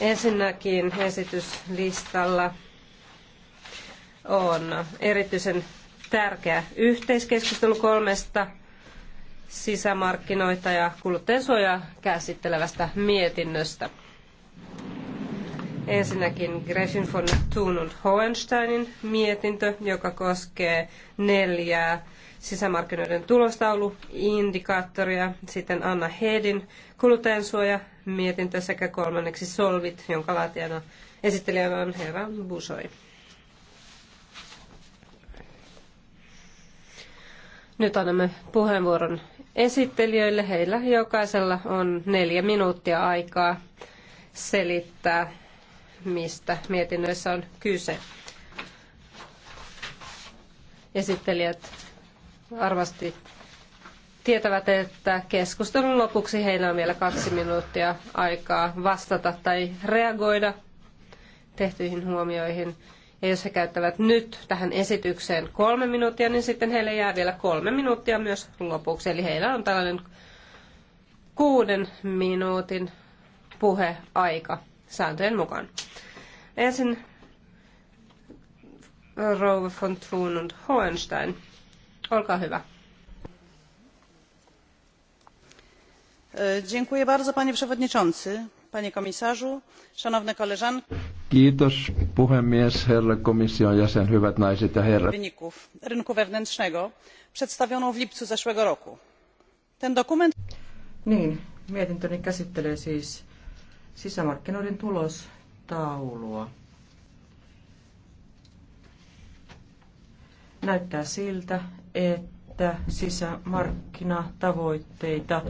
Ensinnäkin esityslistalla on erityisen tärkeä yhteiskeskustelu kolmesta sisämarkkinoita ja kuluttajansuojaa käsittelevästä mietinnöstä. Ensinnäkin Gräfin von Thun und Hohensteinin mietintö, joka koskee neljää sisämarkkinoiden tulostaulu tulostauluindikaattoria, sitten Anna Hedin kuluttajansuoja mietintö sekä kolmanneksi Solvit, jonka laatijana esittelijänä on herra Busoi. Nyt annamme puheenvuoron esittelijöille. Heillä jokaisella on neljä minuuttia aikaa selittää, mistä mietinnöissä on kyse. Esittelijät varmasti tietävät, että keskustelun lopuksi heillä on vielä kaksi minuuttia aikaa vastata tai reagoida tehtyihin huomioihin. Ja jos he käyttävät nyt tähän esitykseen kolme minuuttia, niin sitten heille jää vielä kolme minuuttia myös lopuksi. Eli heillä on tällainen kuuden minuutin puheaika sääntöjen mukaan. Ensin Rouva von Thun und Hohenstein. Olkaa hyvä. E, dziękuję bardzo, panie przewodniczący, panie komisarzu, szanowne koleżanki. Kiitos puhemies, herra komission jäsen, hyvät naiset ja herrat. Wyników rynku wewnętrznego przedstawioną w lipcu zeszłego roku. Ten dokument... Niin, mietintöni käsittelee siis sisämarkkinoiden tulostaulua. Näyttää siltä, että sisämarkkinatavoitteita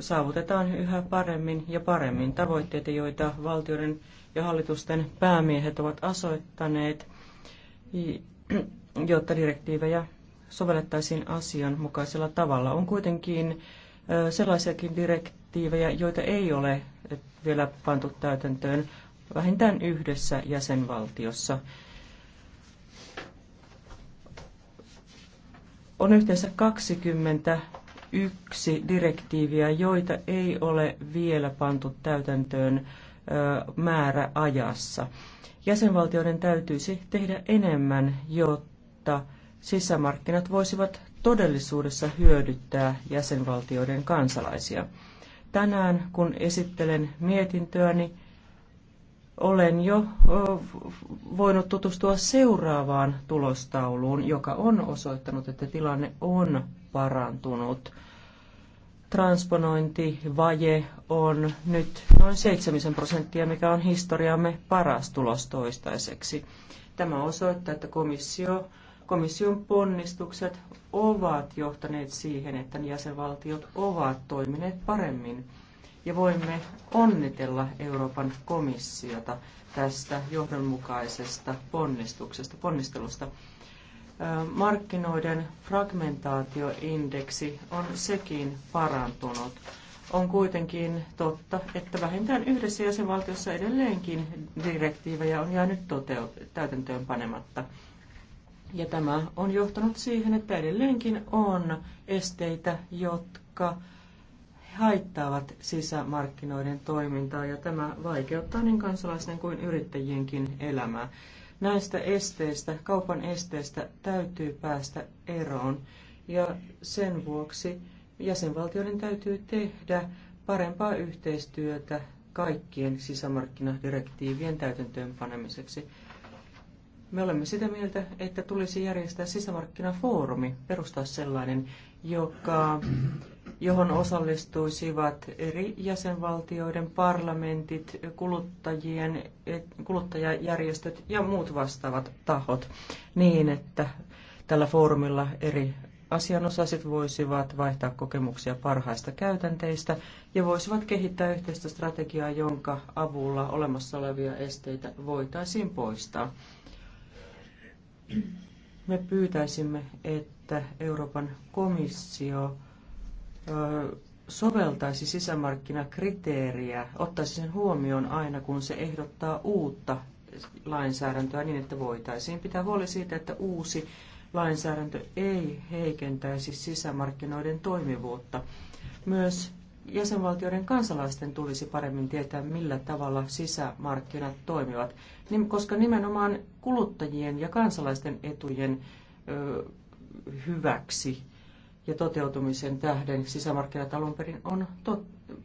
saavutetaan yhä paremmin ja paremmin. Tavoitteita, joita valtioiden ja hallitusten päämiehet ovat asoittaneet, jotta direktiivejä sovellettaisiin asianmukaisella tavalla. On kuitenkin sellaisiakin direktiivejä, joita ei ole vielä pantu täytäntöön vähintään yhdessä jäsenvaltiossa. on yhteensä 21 direktiiviä, joita ei ole vielä pantu täytäntöön määräajassa. Jäsenvaltioiden täytyisi tehdä enemmän, jotta sisämarkkinat voisivat todellisuudessa hyödyttää jäsenvaltioiden kansalaisia. Tänään, kun esittelen mietintöäni, olen jo voinut tutustua seuraavaan tulostauluun, joka on osoittanut, että tilanne on parantunut. Transponointivaje on nyt noin 7 prosenttia, mikä on historiamme paras tulos toistaiseksi. Tämä osoittaa, että komissio, komission ponnistukset ovat johtaneet siihen, että jäsenvaltiot ovat toimineet paremmin ja voimme onnitella Euroopan komissiota tästä johdonmukaisesta ponnistuksesta, ponnistelusta. Markkinoiden fragmentaatioindeksi on sekin parantunut. On kuitenkin totta, että vähintään yhdessä jäsenvaltiossa edelleenkin direktiivejä on jäänyt toteut- täytäntöön panematta. Ja tämä on johtanut siihen, että edelleenkin on esteitä, jotka haittaavat sisämarkkinoiden toimintaa ja tämä vaikeuttaa niin kansalaisten kuin yrittäjienkin elämää. Näistä esteistä, kaupan esteistä täytyy päästä eroon ja sen vuoksi jäsenvaltioiden täytyy tehdä parempaa yhteistyötä kaikkien sisämarkkinadirektiivien täytäntöönpanemiseksi. Me olemme sitä mieltä, että tulisi järjestää sisämarkkinafoorumi, perustaa sellainen, joka johon osallistuisivat eri jäsenvaltioiden parlamentit, kuluttajien, kuluttajajärjestöt ja muut vastaavat tahot niin, että tällä foorumilla eri asianosaiset voisivat vaihtaa kokemuksia parhaista käytänteistä ja voisivat kehittää yhteistä strategiaa, jonka avulla olemassa olevia esteitä voitaisiin poistaa. Me pyytäisimme, että Euroopan komissio soveltaisi sisämarkkinakriteeriä, ottaisi sen huomioon aina, kun se ehdottaa uutta lainsäädäntöä niin, että voitaisiin pitää huoli siitä, että uusi lainsäädäntö ei heikentäisi sisämarkkinoiden toimivuutta. Myös jäsenvaltioiden kansalaisten tulisi paremmin tietää, millä tavalla sisämarkkinat toimivat, koska nimenomaan kuluttajien ja kansalaisten etujen hyväksi ja toteutumisen tähden sisämarkkinat alun perin on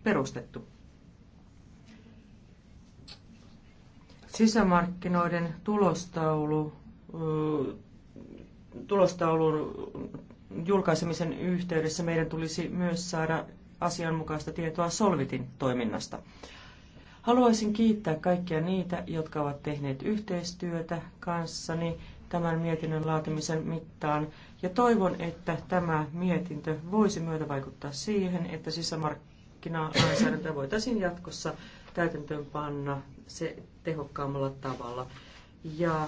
perustettu. Sisämarkkinoiden tulostaulu, tulostaulun julkaisemisen yhteydessä meidän tulisi myös saada asianmukaista tietoa Solvitin toiminnasta. Haluaisin kiittää kaikkia niitä, jotka ovat tehneet yhteistyötä kanssani tämän mietinnön laatimisen mittaan ja toivon, että tämä mietintö voisi vaikuttaa siihen, että sisämarkkinalainsäädäntöä voitaisiin jatkossa täytäntöönpanna se tehokkaammalla tavalla. Ja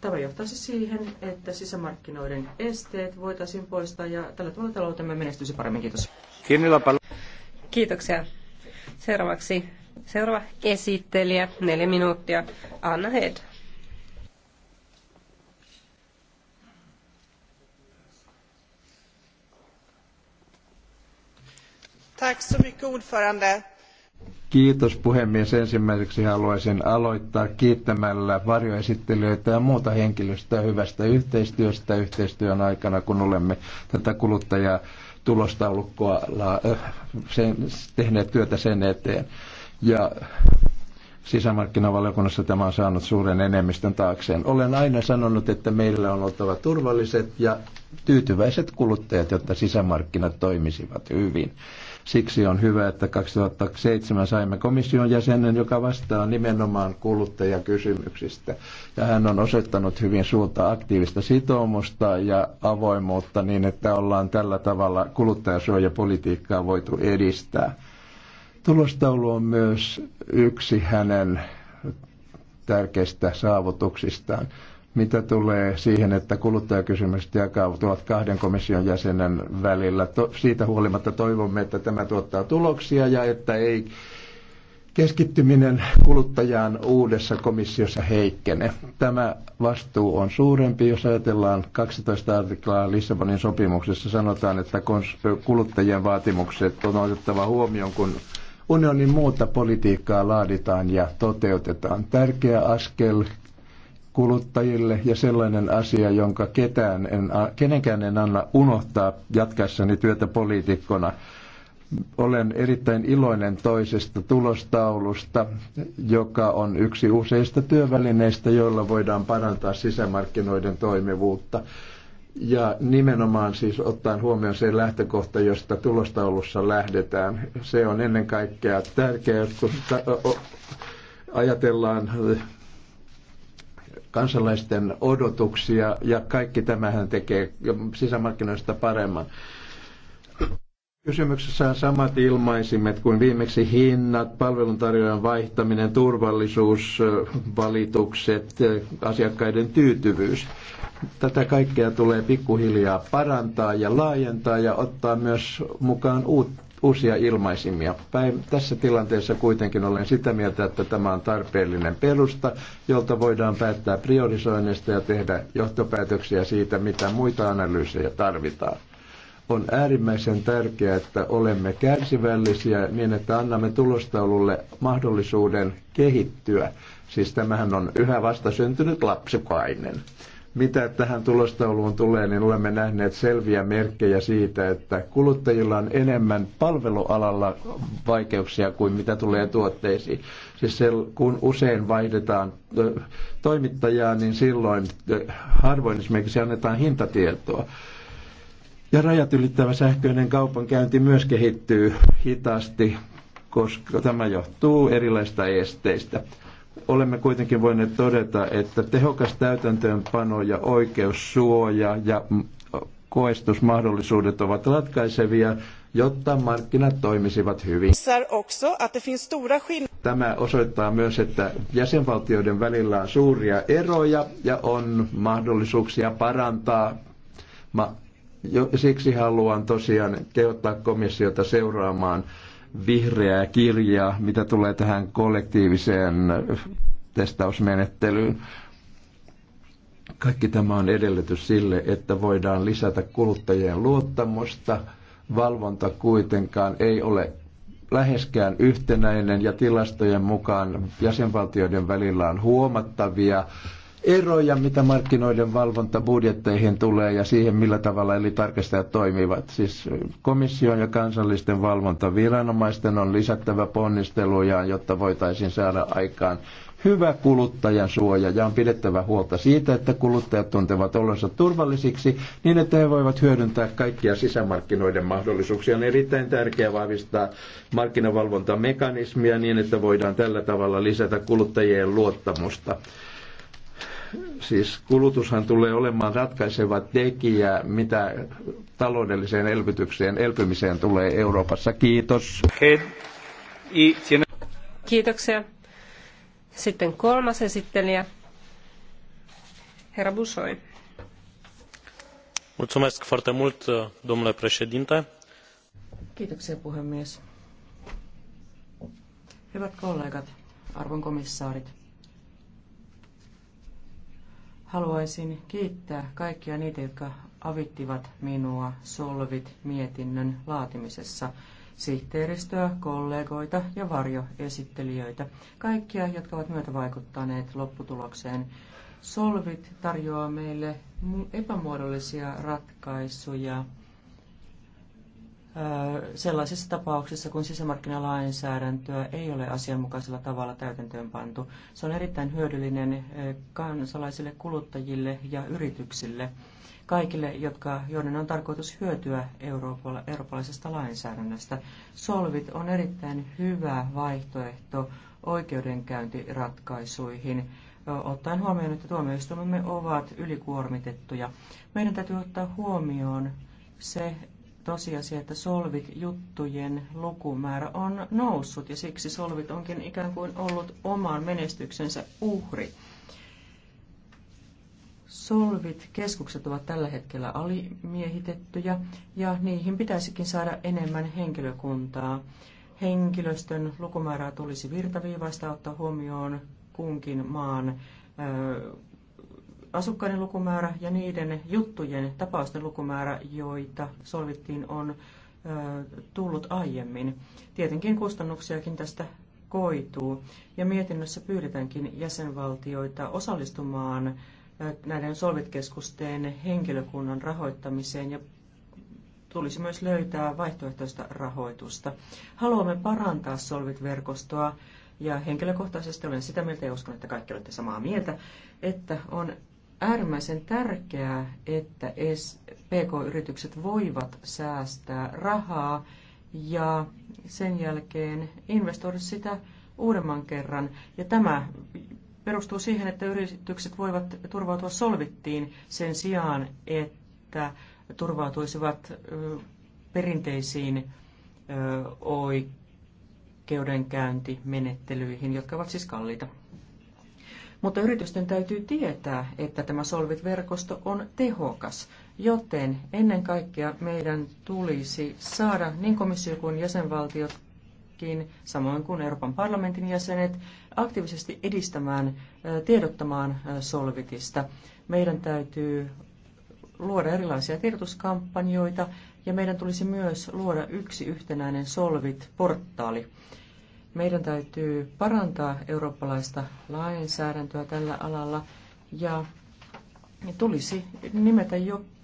tämä johtaisi siihen, että sisämarkkinoiden esteet voitaisiin poistaa ja tällä tavalla taloutemme menestyisi paremmin. Kiitos. Kiitoksia. Seuraavaksi seuraava esittelijä, neljä minuuttia, Anna Hed. Kiitos puhemies. Ensimmäiseksi haluaisin aloittaa kiittämällä varjoesittelijöitä ja muuta henkilöstöä hyvästä yhteistyöstä yhteistyön aikana, kun olemme tätä kuluttajaa tulostaulukkoa äh, sen, tehneet työtä sen eteen. Ja sisämarkkinavaliokunnassa tämä on saanut suuren enemmistön taakseen. Olen aina sanonut, että meillä on oltava turvalliset ja tyytyväiset kuluttajat, jotta sisämarkkinat toimisivat hyvin. Siksi on hyvä, että 2007 saimme komission jäsenen, joka vastaa nimenomaan kuluttajakysymyksistä. Ja hän on osoittanut hyvin suurta aktiivista sitoumusta ja avoimuutta niin, että ollaan tällä tavalla kuluttajasuojapolitiikkaa voitu edistää. Tulostaulu on myös yksi hänen tärkeistä saavutuksistaan mitä tulee siihen, että kuluttajakysymykset jakautuvat kahden komission jäsenen välillä. To, siitä huolimatta toivomme, että tämä tuottaa tuloksia ja että ei keskittyminen kuluttajaan uudessa komissiossa heikkene. Tämä vastuu on suurempi, jos ajatellaan 12 artiklaa Lissabonin sopimuksessa. Sanotaan, että kuluttajien vaatimukset on otettava huomioon, kun unionin muuta politiikkaa laaditaan ja toteutetaan. Tärkeä askel kuluttajille ja sellainen asia, jonka ketään en, kenenkään en anna unohtaa jatkaessani työtä poliitikkona. Olen erittäin iloinen toisesta tulostaulusta, joka on yksi useista työvälineistä, joilla voidaan parantaa sisämarkkinoiden toimivuutta. Ja nimenomaan siis ottaen huomioon se lähtökohta, josta tulostaulussa lähdetään. Se on ennen kaikkea tärkeää, kun ajatellaan kansalaisten odotuksia ja kaikki tämähän tekee sisämarkkinoista paremman. Kysymyksessä on samat ilmaisimet kuin viimeksi hinnat, palveluntarjoajan vaihtaminen, turvallisuus, valitukset, asiakkaiden tyytyvyys. Tätä kaikkea tulee pikkuhiljaa parantaa ja laajentaa ja ottaa myös mukaan uutta uusia ilmaisimia. Päin, tässä tilanteessa kuitenkin olen sitä mieltä, että tämä on tarpeellinen perusta, jolta voidaan päättää priorisoinnista ja tehdä johtopäätöksiä siitä, mitä muita analyysejä tarvitaan. On äärimmäisen tärkeää, että olemme kärsivällisiä niin, että annamme tulostaululle mahdollisuuden kehittyä. Siis tämähän on yhä vasta syntynyt lapsukainen mitä tähän tulostauluun tulee, niin olemme nähneet selviä merkkejä siitä, että kuluttajilla on enemmän palvelualalla vaikeuksia kuin mitä tulee tuotteisiin. Siis kun usein vaihdetaan toimittajaa, niin silloin harvoin esimerkiksi annetaan hintatietoa. Ja rajat ylittävä sähköinen kaupankäynti myös kehittyy hitaasti, koska tämä johtuu erilaisista esteistä. Olemme kuitenkin voineet todeta, että tehokas täytäntöönpano ja oikeussuoja ja koestusmahdollisuudet ovat ratkaisevia, jotta markkinat toimisivat hyvin. Tämä osoittaa myös, että jäsenvaltioiden välillä on suuria eroja ja on mahdollisuuksia parantaa. Mä, siksi haluan tosiaan kehottaa komissiota seuraamaan vihreää kirjaa, mitä tulee tähän kollektiiviseen testausmenettelyyn. Kaikki tämä on edellytys sille, että voidaan lisätä kuluttajien luottamusta. Valvonta kuitenkaan ei ole läheskään yhtenäinen ja tilastojen mukaan jäsenvaltioiden välillä on huomattavia eroja, mitä markkinoiden budjetteihin tulee ja siihen, millä tavalla eli tarkastajat toimivat. Siis komission ja kansallisten valvontaviranomaisten on lisättävä ponnisteluja, jotta voitaisiin saada aikaan hyvä kuluttajan suoja ja on pidettävä huolta siitä, että kuluttajat tuntevat olonsa turvallisiksi niin, että he voivat hyödyntää kaikkia sisämarkkinoiden mahdollisuuksia. On erittäin tärkeää vahvistaa markkinavalvontamekanismia niin, että voidaan tällä tavalla lisätä kuluttajien luottamusta. Siis kulutushan tulee olemaan ratkaiseva tekijä, mitä taloudelliseen elvytykseen, elpymiseen tulee Euroopassa. Kiitos. Kiitoksia. Sitten kolmas esittelijä, herra Busoi. Mulțumesc foarte mult, domnule președinte. Kiitoksia puhemies. Hyvät kollegat, arvon komissaarit. Haluaisin kiittää kaikkia niitä, jotka avittivat minua Solvit-mietinnön laatimisessa sihteeristöä, kollegoita ja varjoesittelijöitä, kaikkia, jotka ovat myötävaikuttaneet lopputulokseen. Solvit tarjoaa meille epämuodollisia ratkaisuja sellaisissa tapauksissa, kun sisämarkkinalainsäädäntöä ei ole asianmukaisella tavalla täytäntöönpantu. Se on erittäin hyödyllinen kansalaisille, kuluttajille ja yrityksille, kaikille, jotka, joiden on tarkoitus hyötyä eurooppalaisesta lainsäädännöstä. Solvit on erittäin hyvä vaihtoehto oikeudenkäyntiratkaisuihin ottaen huomioon, että tuomioistuimemme ovat ylikuormitettuja. Meidän täytyy ottaa huomioon se, tosiasia, että Solvit-juttujen lukumäärä on noussut ja siksi Solvit onkin ikään kuin ollut oman menestyksensä uhri. Solvit-keskukset ovat tällä hetkellä alimiehitettyjä ja niihin pitäisikin saada enemmän henkilökuntaa. Henkilöstön lukumäärää tulisi virtaviivaista ottaa huomioon kunkin maan asukkaiden lukumäärä ja niiden juttujen, tapausten lukumäärä, joita solvittiin, on tullut aiemmin. Tietenkin kustannuksiakin tästä koituu, ja mietinnössä pyydetäänkin jäsenvaltioita osallistumaan näiden solvitkeskusten henkilökunnan rahoittamiseen ja tulisi myös löytää vaihtoehtoista rahoitusta. Haluamme parantaa Solvit-verkostoa ja henkilökohtaisesti olen sitä mieltä ja uskon, että kaikki olette samaa mieltä, että on äärimmäisen tärkeää, että PK-yritykset voivat säästää rahaa ja sen jälkeen investoida sitä uudemman kerran. Ja tämä perustuu siihen, että yritykset voivat turvautua solvittiin sen sijaan, että turvautuisivat perinteisiin oikeudenkäyntimenettelyihin, jotka ovat siis kalliita. Mutta yritysten täytyy tietää, että tämä Solvit-verkosto on tehokas, joten ennen kaikkea meidän tulisi saada niin komissio kuin jäsenvaltiotkin, samoin kuin Euroopan parlamentin jäsenet, aktiivisesti edistämään, tiedottamaan Solvitista. Meidän täytyy luoda erilaisia tiedotuskampanjoita ja meidän tulisi myös luoda yksi yhtenäinen Solvit-portaali. Meidän täytyy parantaa eurooppalaista lainsäädäntöä tällä alalla ja tulisi nimetä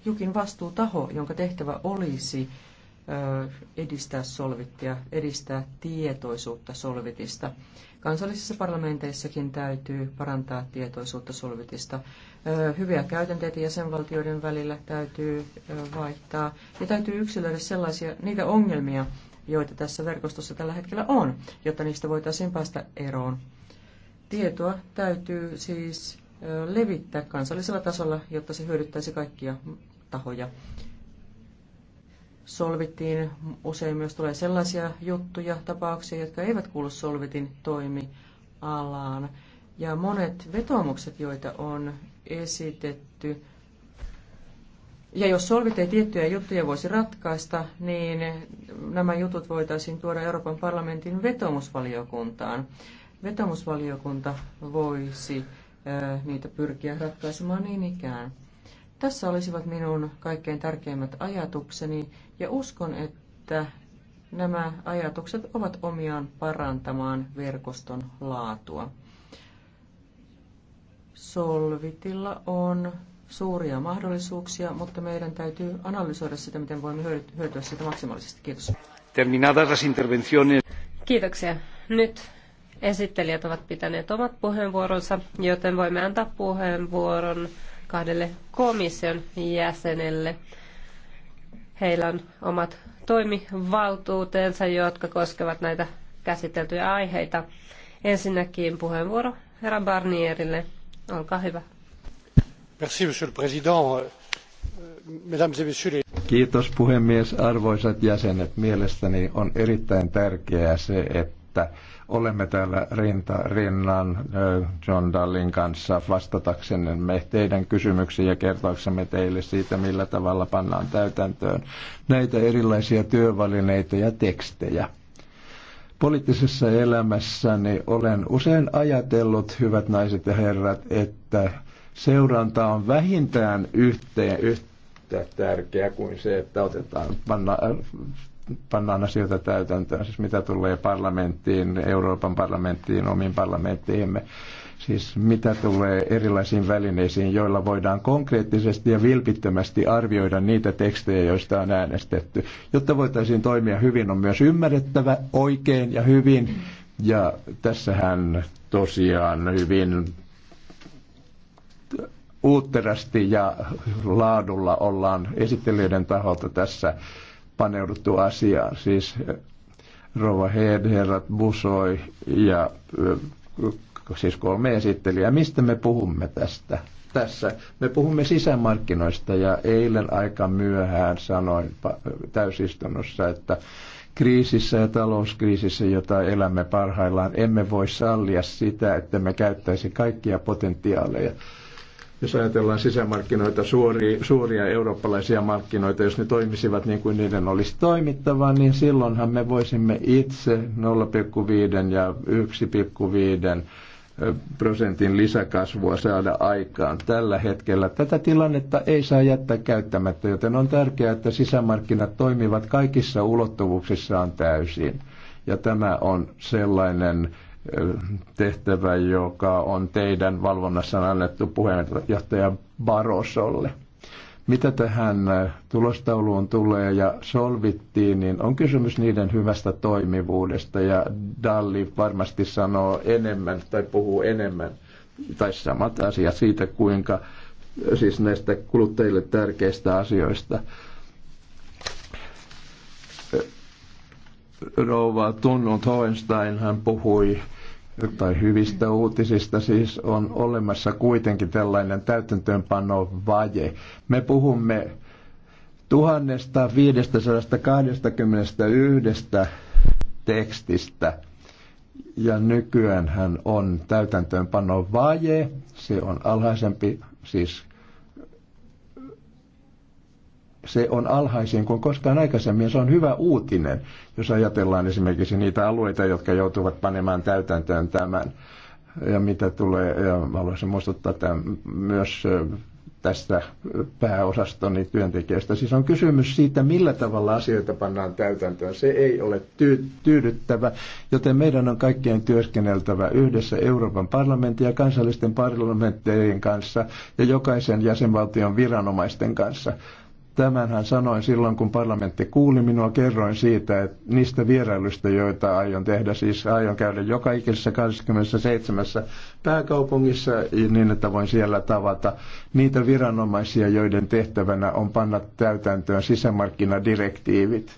jokin vastuutaho, jonka tehtävä olisi edistää solvittia, edistää tietoisuutta solvitista. Kansallisissa parlamenteissakin täytyy parantaa tietoisuutta solvitista. Hyviä käytänteitä jäsenvaltioiden välillä täytyy vaihtaa ja täytyy yksilöidä sellaisia niitä ongelmia, joita tässä verkostossa tällä hetkellä on, jotta niistä voitaisiin päästä eroon. Tietoa täytyy siis levittää kansallisella tasolla, jotta se hyödyttäisi kaikkia tahoja. Solvittiin usein myös tulee sellaisia juttuja, tapauksia, jotka eivät kuulu Solvitin toimialaan. Ja monet vetomukset, joita on esitetty, ja jos solvit ei tiettyjä juttuja voisi ratkaista, niin nämä jutut voitaisiin tuoda Euroopan parlamentin vetomusvaliokuntaan. Vetomusvaliokunta voisi äh, niitä pyrkiä ratkaisemaan niin ikään. Tässä olisivat minun kaikkein tärkeimmät ajatukseni ja uskon, että nämä ajatukset ovat omiaan parantamaan verkoston laatua. Solvitilla on suuria mahdollisuuksia, mutta meidän täytyy analysoida sitä, miten voimme hyötyä siitä maksimaalisesti. Kiitos. Terminadas las intervenciones. Kiitoksia. Nyt esittelijät ovat pitäneet omat puheenvuoronsa, joten voimme antaa puheenvuoron kahdelle komission jäsenelle. Heillä on omat toimivaltuutensa, jotka koskevat näitä käsiteltyjä aiheita. Ensinnäkin puheenvuoro herra Barnierille. Olkaa hyvä monsieur le président euh, mesdames et messieurs les Kiitos puhemies, arvoisat jäsenet. Mielestäni on erittäin tärkeää se, että olemme täällä rinta rinnan John Dallin kanssa vastataksemme teidän kysymyksiin ja kertoaksemme teille siitä, millä tavalla pannaan täytäntöön näitä erilaisia työvälineitä ja tekstejä. Poliittisessa elämässäni olen usein ajatellut, hyvät naiset ja herrat, että seuranta on vähintään yhteen, yhtä tärkeä kuin se, että otetaan, panna, pannaan asioita täytäntöön, siis mitä tulee parlamenttiin, Euroopan parlamenttiin, omiin parlamenttiimme. Siis mitä tulee erilaisiin välineisiin, joilla voidaan konkreettisesti ja vilpittömästi arvioida niitä tekstejä, joista on äänestetty. Jotta voitaisiin toimia hyvin, on myös ymmärrettävä oikein ja hyvin. Ja tässähän tosiaan hyvin uutterasti ja laadulla ollaan esittelijöiden taholta tässä paneuduttu asiaan. Siis eh, Rova Head, herrat Busoi ja eh, siis kolme esittelijää. Mistä me puhumme tästä? Tässä me puhumme sisämarkkinoista ja eilen aika myöhään sanoin täysistunnossa, että kriisissä ja talouskriisissä, jota elämme parhaillaan, emme voi sallia sitä, että me käyttäisi kaikkia potentiaaleja jos ajatellaan sisämarkkinoita, suoria, suuria eurooppalaisia markkinoita, jos ne toimisivat niin kuin niiden olisi toimittava, niin silloinhan me voisimme itse 0,5 ja 1,5 prosentin lisäkasvua saada aikaan tällä hetkellä. Tätä tilannetta ei saa jättää käyttämättä, joten on tärkeää, että sisämarkkinat toimivat kaikissa ulottuvuuksissaan täysin. Ja tämä on sellainen tehtävä, joka on teidän valvonnassa annettu puheenjohtaja Barosolle. Mitä tähän tulostauluun tulee ja solvittiin, niin on kysymys niiden hyvästä toimivuudesta ja Dalli varmasti sanoo enemmän tai puhuu enemmän tai samat asiat siitä, kuinka siis näistä kuluttajille tärkeistä asioista. Rouva Tunnut Hohenstein, hän puhui tai hyvistä uutisista siis on olemassa kuitenkin tällainen täytäntöönpanovaje. Me puhumme 1521 tekstistä ja nykyään hän on täytäntöönpanovaje, se on alhaisempi siis se on alhaisin kuin koskaan aikaisemmin. Se on hyvä uutinen, jos ajatellaan esimerkiksi niitä alueita, jotka joutuvat panemaan täytäntöön tämän. Ja mitä tulee, ja haluaisin muistuttaa tämän, myös tästä pääosastoni työntekijästä. Siis on kysymys siitä, millä tavalla asioita pannaan täytäntöön. Se ei ole tyy- tyydyttävä, joten meidän on kaikkien työskenneltävä yhdessä Euroopan parlamentin ja kansallisten parlamenttien kanssa ja jokaisen jäsenvaltion viranomaisten kanssa. Tämän hän sanoi silloin, kun parlamentti kuuli minua, kerroin siitä, että niistä vierailuista, joita aion tehdä, siis aion käydä joka ikisessä 27 pääkaupungissa, niin että voin siellä tavata niitä viranomaisia, joiden tehtävänä on panna täytäntöön sisämarkkinadirektiivit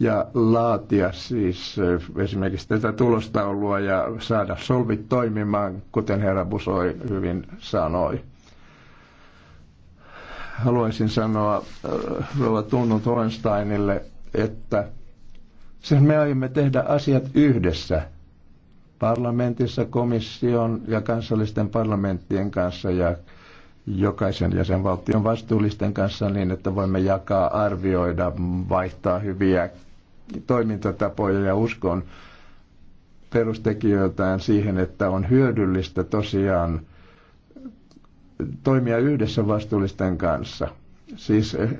ja laatia siis eh, esimerkiksi tätä tulostaulua ja saada solvit toimimaan, kuten herra Busoi hyvin sanoi haluaisin sanoa äh, Rova Tunnu Thorensteinille, että sen me aiomme tehdä asiat yhdessä parlamentissa, komission ja kansallisten parlamenttien kanssa ja jokaisen jäsenvaltion vastuullisten kanssa niin, että voimme jakaa, arvioida, vaihtaa hyviä toimintatapoja ja uskon perustekijöiltään siihen, että on hyödyllistä tosiaan toimia yhdessä vastuullisten kanssa. Siis eh,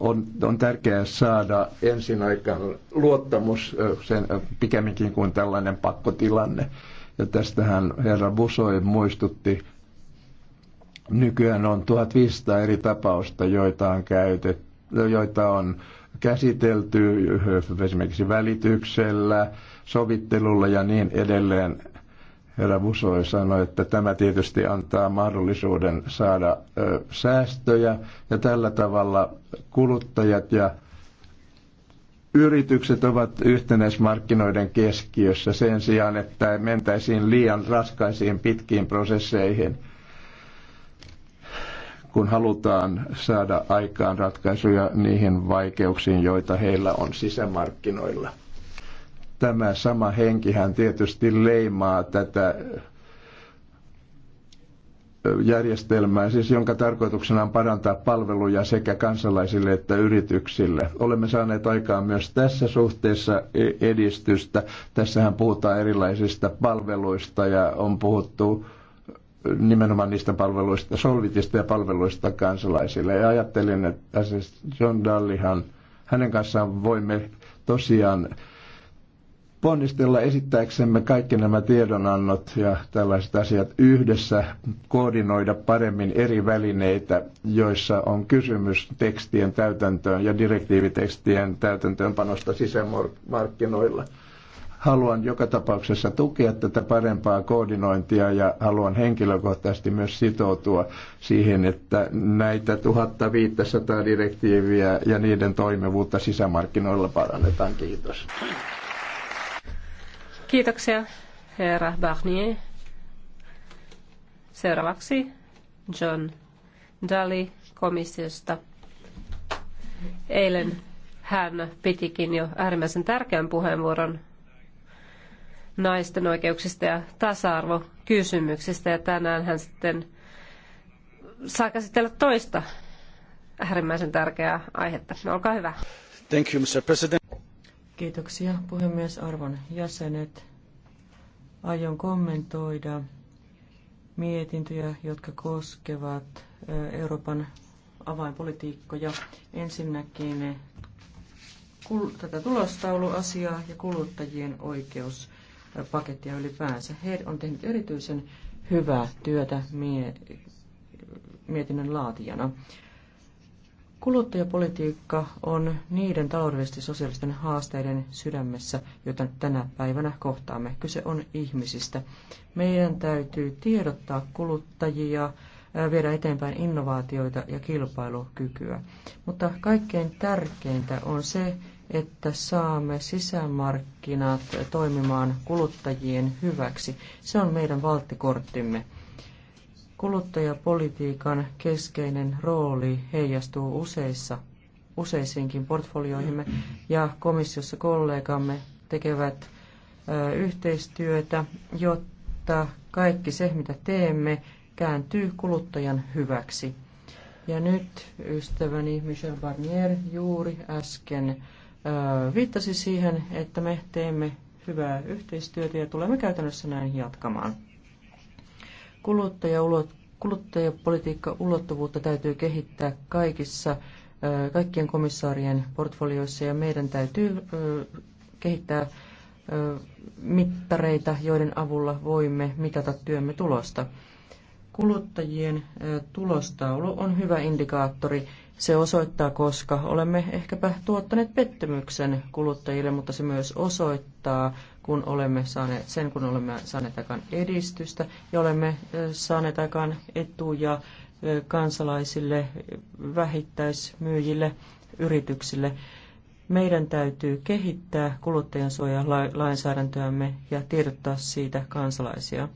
on, on tärkeää saada ensin aikaan luottamus eh, sen, eh, pikemminkin kuin tällainen pakkotilanne. Ja tästähän herra Busoi muistutti, nykyään on 1500 eri tapausta, joita on käytetty, joita on käsitelty esimerkiksi välityksellä, sovittelulla ja niin edelleen. Herra Busoi sanoi, että tämä tietysti antaa mahdollisuuden saada ö, säästöjä ja tällä tavalla kuluttajat ja yritykset ovat yhtenäismarkkinoiden keskiössä sen sijaan, että mentäisiin liian raskaisiin pitkiin prosesseihin, kun halutaan saada aikaan ratkaisuja niihin vaikeuksiin, joita heillä on sisämarkkinoilla. Tämä sama henkihän tietysti leimaa tätä järjestelmää, siis jonka tarkoituksena on parantaa palveluja sekä kansalaisille että yrityksille. Olemme saaneet aikaan myös tässä suhteessa e- edistystä. Tässähän puhutaan erilaisista palveluista ja on puhuttu nimenomaan niistä palveluista, solvitista ja palveluista kansalaisille. Ja ajattelin, että siis John Dallihan, hänen kanssaan voimme tosiaan ponnistella esittääksemme kaikki nämä tiedonannot ja tällaiset asiat yhdessä, koordinoida paremmin eri välineitä, joissa on kysymys tekstien täytäntöön ja direktiivitekstien täytäntöönpanosta sisämarkkinoilla. Haluan joka tapauksessa tukea tätä parempaa koordinointia ja haluan henkilökohtaisesti myös sitoutua siihen, että näitä 1500 direktiiviä ja niiden toimivuutta sisämarkkinoilla parannetaan. Kiitos. Kiitoksia, herra Barnier. Seuraavaksi John Daly komissiosta. Eilen hän pitikin jo äärimmäisen tärkeän puheenvuoron naisten oikeuksista ja tasa-arvokysymyksistä. Ja tänään hän sitten saa käsitellä toista äärimmäisen tärkeää aihetta. Olkaa hyvä. Thank you, Mr. President. Kiitoksia puhemies arvon jäsenet. Aion kommentoida mietintöjä, jotka koskevat Euroopan avainpolitiikkoja. Ensinnäkin tätä tulostauluasiaa ja kuluttajien oikeuspakettia ylipäänsä. He on tehnyt erityisen hyvää työtä mie- mietinnön laatijana. Kuluttajapolitiikka on niiden taloudellisesti sosiaalisten haasteiden sydämessä, joita tänä päivänä kohtaamme. Kyse on ihmisistä. Meidän täytyy tiedottaa kuluttajia, viedä eteenpäin innovaatioita ja kilpailukykyä. Mutta kaikkein tärkeintä on se, että saamme sisämarkkinat toimimaan kuluttajien hyväksi. Se on meidän valttikorttimme. Kuluttajapolitiikan keskeinen rooli heijastuu useissa, useisiinkin portfolioihimme ja komissiossa kollegamme tekevät ö, yhteistyötä, jotta kaikki se, mitä teemme, kääntyy kuluttajan hyväksi. Ja nyt ystäväni Michel Barnier juuri äsken ö, viittasi siihen, että me teemme hyvää yhteistyötä ja tulemme käytännössä näin jatkamaan. Kuluttajapolitiikka-ulottuvuutta täytyy kehittää kaikissa, kaikkien komissaarien portfolioissa ja meidän täytyy kehittää mittareita, joiden avulla voimme mitata työmme tulosta. Kuluttajien tulostaulu on hyvä indikaattori. Se osoittaa, koska olemme ehkäpä tuottaneet pettymyksen kuluttajille, mutta se myös osoittaa, kun olemme saaneet, sen kun olemme saaneet aikaan edistystä ja olemme saaneet aikaan etuja kansalaisille, vähittäismyyjille, yrityksille. Meidän täytyy kehittää kuluttajansuojalainsäädäntöämme ja tiedottaa siitä kansalaisia.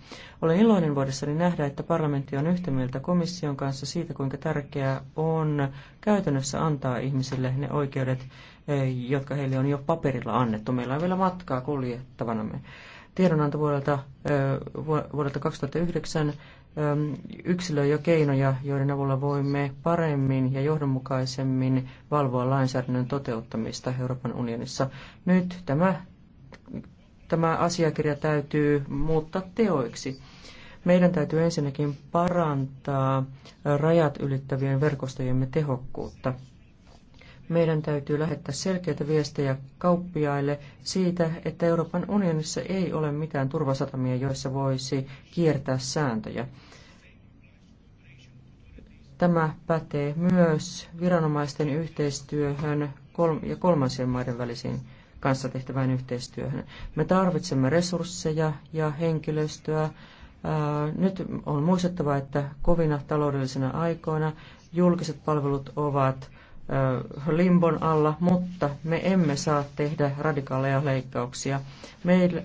Olen iloinen vuodessani nähdä, että parlamentti on yhtä mieltä komission kanssa siitä, kuinka tärkeää on käytännössä antaa ihmisille ne oikeudet, jotka heille on jo paperilla annettu. Meillä on vielä matkaa me Tiedonanto vuodelta, vuodelta 2009 yksilöi jo keinoja, joiden avulla voimme paremmin ja johdonmukaisemmin valvoa lainsäädännön toteuttamista Euroopan unionissa. Nyt tämä, tämä asiakirja täytyy muuttaa teoiksi. Meidän täytyy ensinnäkin parantaa rajat ylittävien verkostojemme tehokkuutta. Meidän täytyy lähettää selkeitä viestejä kauppiaille siitä, että Euroopan unionissa ei ole mitään turvasatamia, joissa voisi kiertää sääntöjä. Tämä pätee myös viranomaisten yhteistyöhön ja kolmansien maiden välisiin kanssa tehtävään yhteistyöhön. Me tarvitsemme resursseja ja henkilöstöä. Nyt on muistettava, että kovina taloudellisina aikoina julkiset palvelut ovat limbon alla, mutta me emme saa tehdä radikaaleja leikkauksia.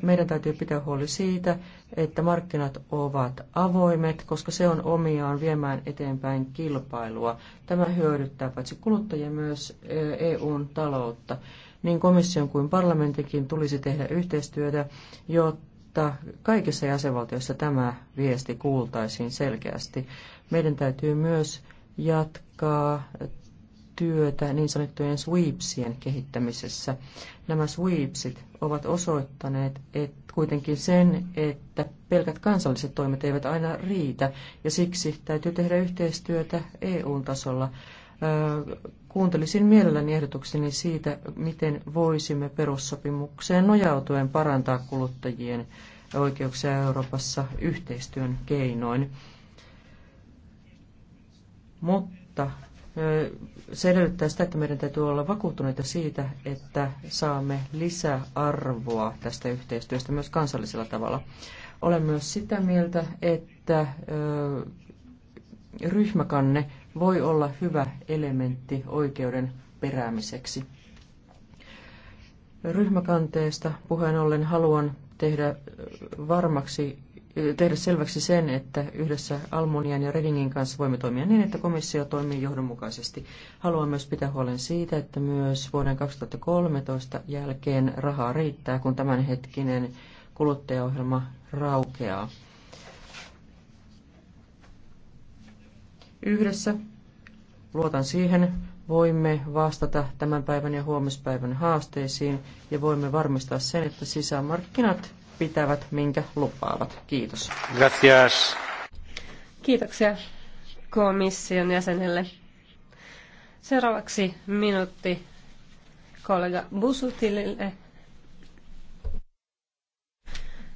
Meidän täytyy pitää huoli siitä, että markkinat ovat avoimet, koska se on omiaan viemään eteenpäin kilpailua. Tämä hyödyttää paitsi kuluttajia myös EUn taloutta. Niin komission kuin parlamentikin tulisi tehdä yhteistyötä, jotta kaikissa jäsenvaltioissa tämä viesti kuultaisiin selkeästi. Meidän täytyy myös jatkaa työtä niin sanottujen sweepsien kehittämisessä. Nämä sweepsit ovat osoittaneet et kuitenkin sen, että pelkät kansalliset toimet eivät aina riitä, ja siksi täytyy tehdä yhteistyötä EU-tasolla. Kuuntelisin mielelläni ehdotukseni siitä, miten voisimme perussopimukseen nojautuen parantaa kuluttajien oikeuksia Euroopassa yhteistyön keinoin. Mutta se edellyttää sitä, että meidän täytyy olla vakuuttuneita siitä, että saamme lisäarvoa tästä yhteistyöstä myös kansallisella tavalla. Olen myös sitä mieltä, että ryhmäkanne voi olla hyvä elementti oikeuden peräämiseksi. Ryhmäkanteesta puheen ollen haluan tehdä varmaksi tehdä selväksi sen, että yhdessä Almunian ja Redingin kanssa voimme toimia niin, että komissio toimii johdonmukaisesti. Haluan myös pitää huolen siitä, että myös vuoden 2013 jälkeen rahaa riittää, kun tämänhetkinen kuluttajaohjelma raukeaa. Yhdessä, luotan siihen, voimme vastata tämän päivän ja huomispäivän haasteisiin ja voimme varmistaa sen, että sisämarkkinat pitävät, minkä lupaavat. Kiitos. Gracias. Kiitoksia komission jäsenelle. Seuraavaksi minuutti kollega Busutilille.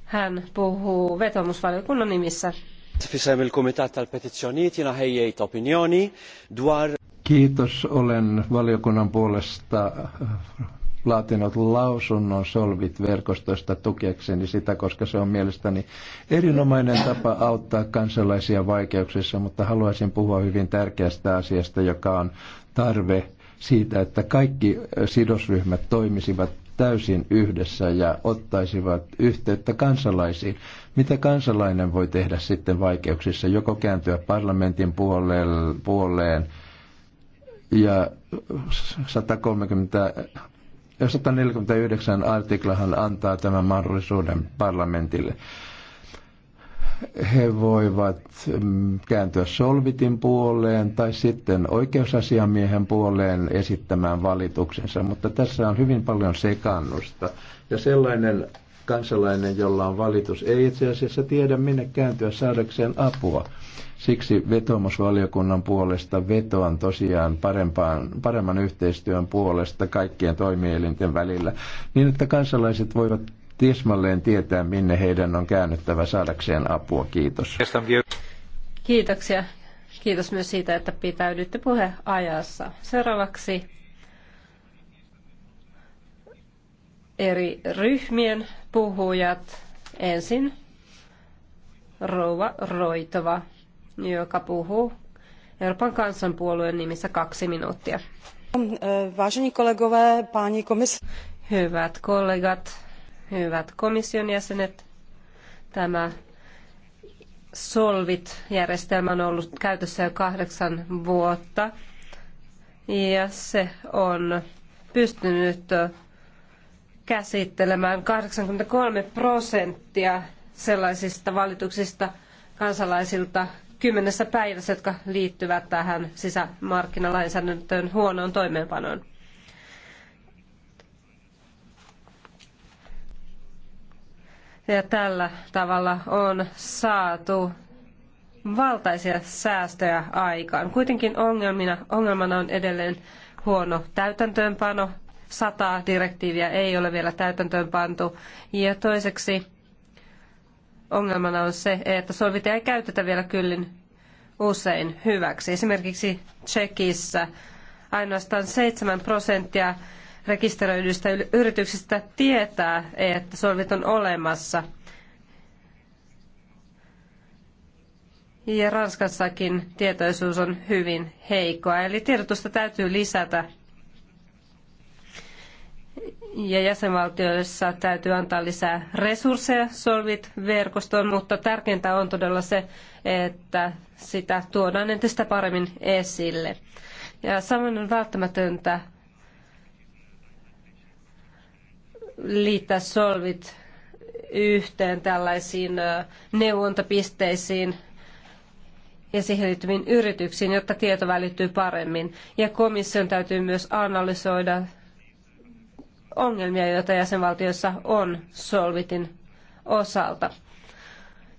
Hän puhuu vetomusvaliokunnan nimissä. Kiitos, olen valiokunnan puolesta laatinut lausunnon Solvit-verkostosta tukekseni sitä, koska se on mielestäni erinomainen tapa auttaa kansalaisia vaikeuksissa, mutta haluaisin puhua hyvin tärkeästä asiasta, joka on tarve siitä, että kaikki sidosryhmät toimisivat täysin yhdessä ja ottaisivat yhteyttä kansalaisiin. Mitä kansalainen voi tehdä sitten vaikeuksissa? Joko kääntyä parlamentin puoleen, puoleen ja 130 149 artiklahan antaa tämän mahdollisuuden parlamentille. He voivat mm, kääntyä Solvitin puoleen tai sitten oikeusasiamiehen puoleen esittämään valituksensa, mutta tässä on hyvin paljon sekannusta. Ja sellainen kansalainen, jolla on valitus, ei itse asiassa tiedä minne kääntyä saadakseen apua. Siksi vetomusvaliokunnan puolesta vetoan tosiaan parempaan, paremman yhteistyön puolesta kaikkien toimielinten välillä, niin että kansalaiset voivat tismalleen tietää, minne heidän on käännyttävä saadakseen apua. Kiitos. Kiitoksia. Kiitos myös siitä, että pitäydytte puheajassa. Seuraavaksi eri ryhmien puhujat. Ensin rouva Roitova joka puhuu Euroopan kansanpuolueen nimissä kaksi minuuttia. Vážení kolegové, páni komis... Hyvät kollegat, hyvät komission jäsenet, tämä Solvit-järjestelmä on ollut käytössä jo kahdeksan vuotta ja se on pystynyt käsittelemään 83 prosenttia sellaisista valituksista kansalaisilta, kymmenessä päivässä, jotka liittyvät tähän sisämarkkinalainsäädäntöön huonoon toimeenpanoon. Ja tällä tavalla on saatu valtaisia säästöjä aikaan. Kuitenkin ongelmina, ongelmana on edelleen huono täytäntöönpano. Sata direktiiviä ei ole vielä täytäntöönpantu. Ja toiseksi ongelmana on se, että solvitia ei käytetä vielä kyllin usein hyväksi. Esimerkiksi Tsekissä ainoastaan 7 prosenttia rekisteröidyistä yrityksistä tietää, että solvit on olemassa. Ja Ranskassakin tietoisuus on hyvin heikkoa, eli tiedotusta täytyy lisätä ja jäsenvaltioissa täytyy antaa lisää resursseja Solvit-verkostoon, mutta tärkeintä on todella se, että sitä tuodaan entistä paremmin esille. Ja samoin on välttämätöntä liittää Solvit yhteen tällaisiin neuvontapisteisiin ja siihen liittyviin yrityksiin, jotta tieto välittyy paremmin. Ja komission täytyy myös analysoida ongelmia, joita jäsenvaltioissa on solvitin osalta.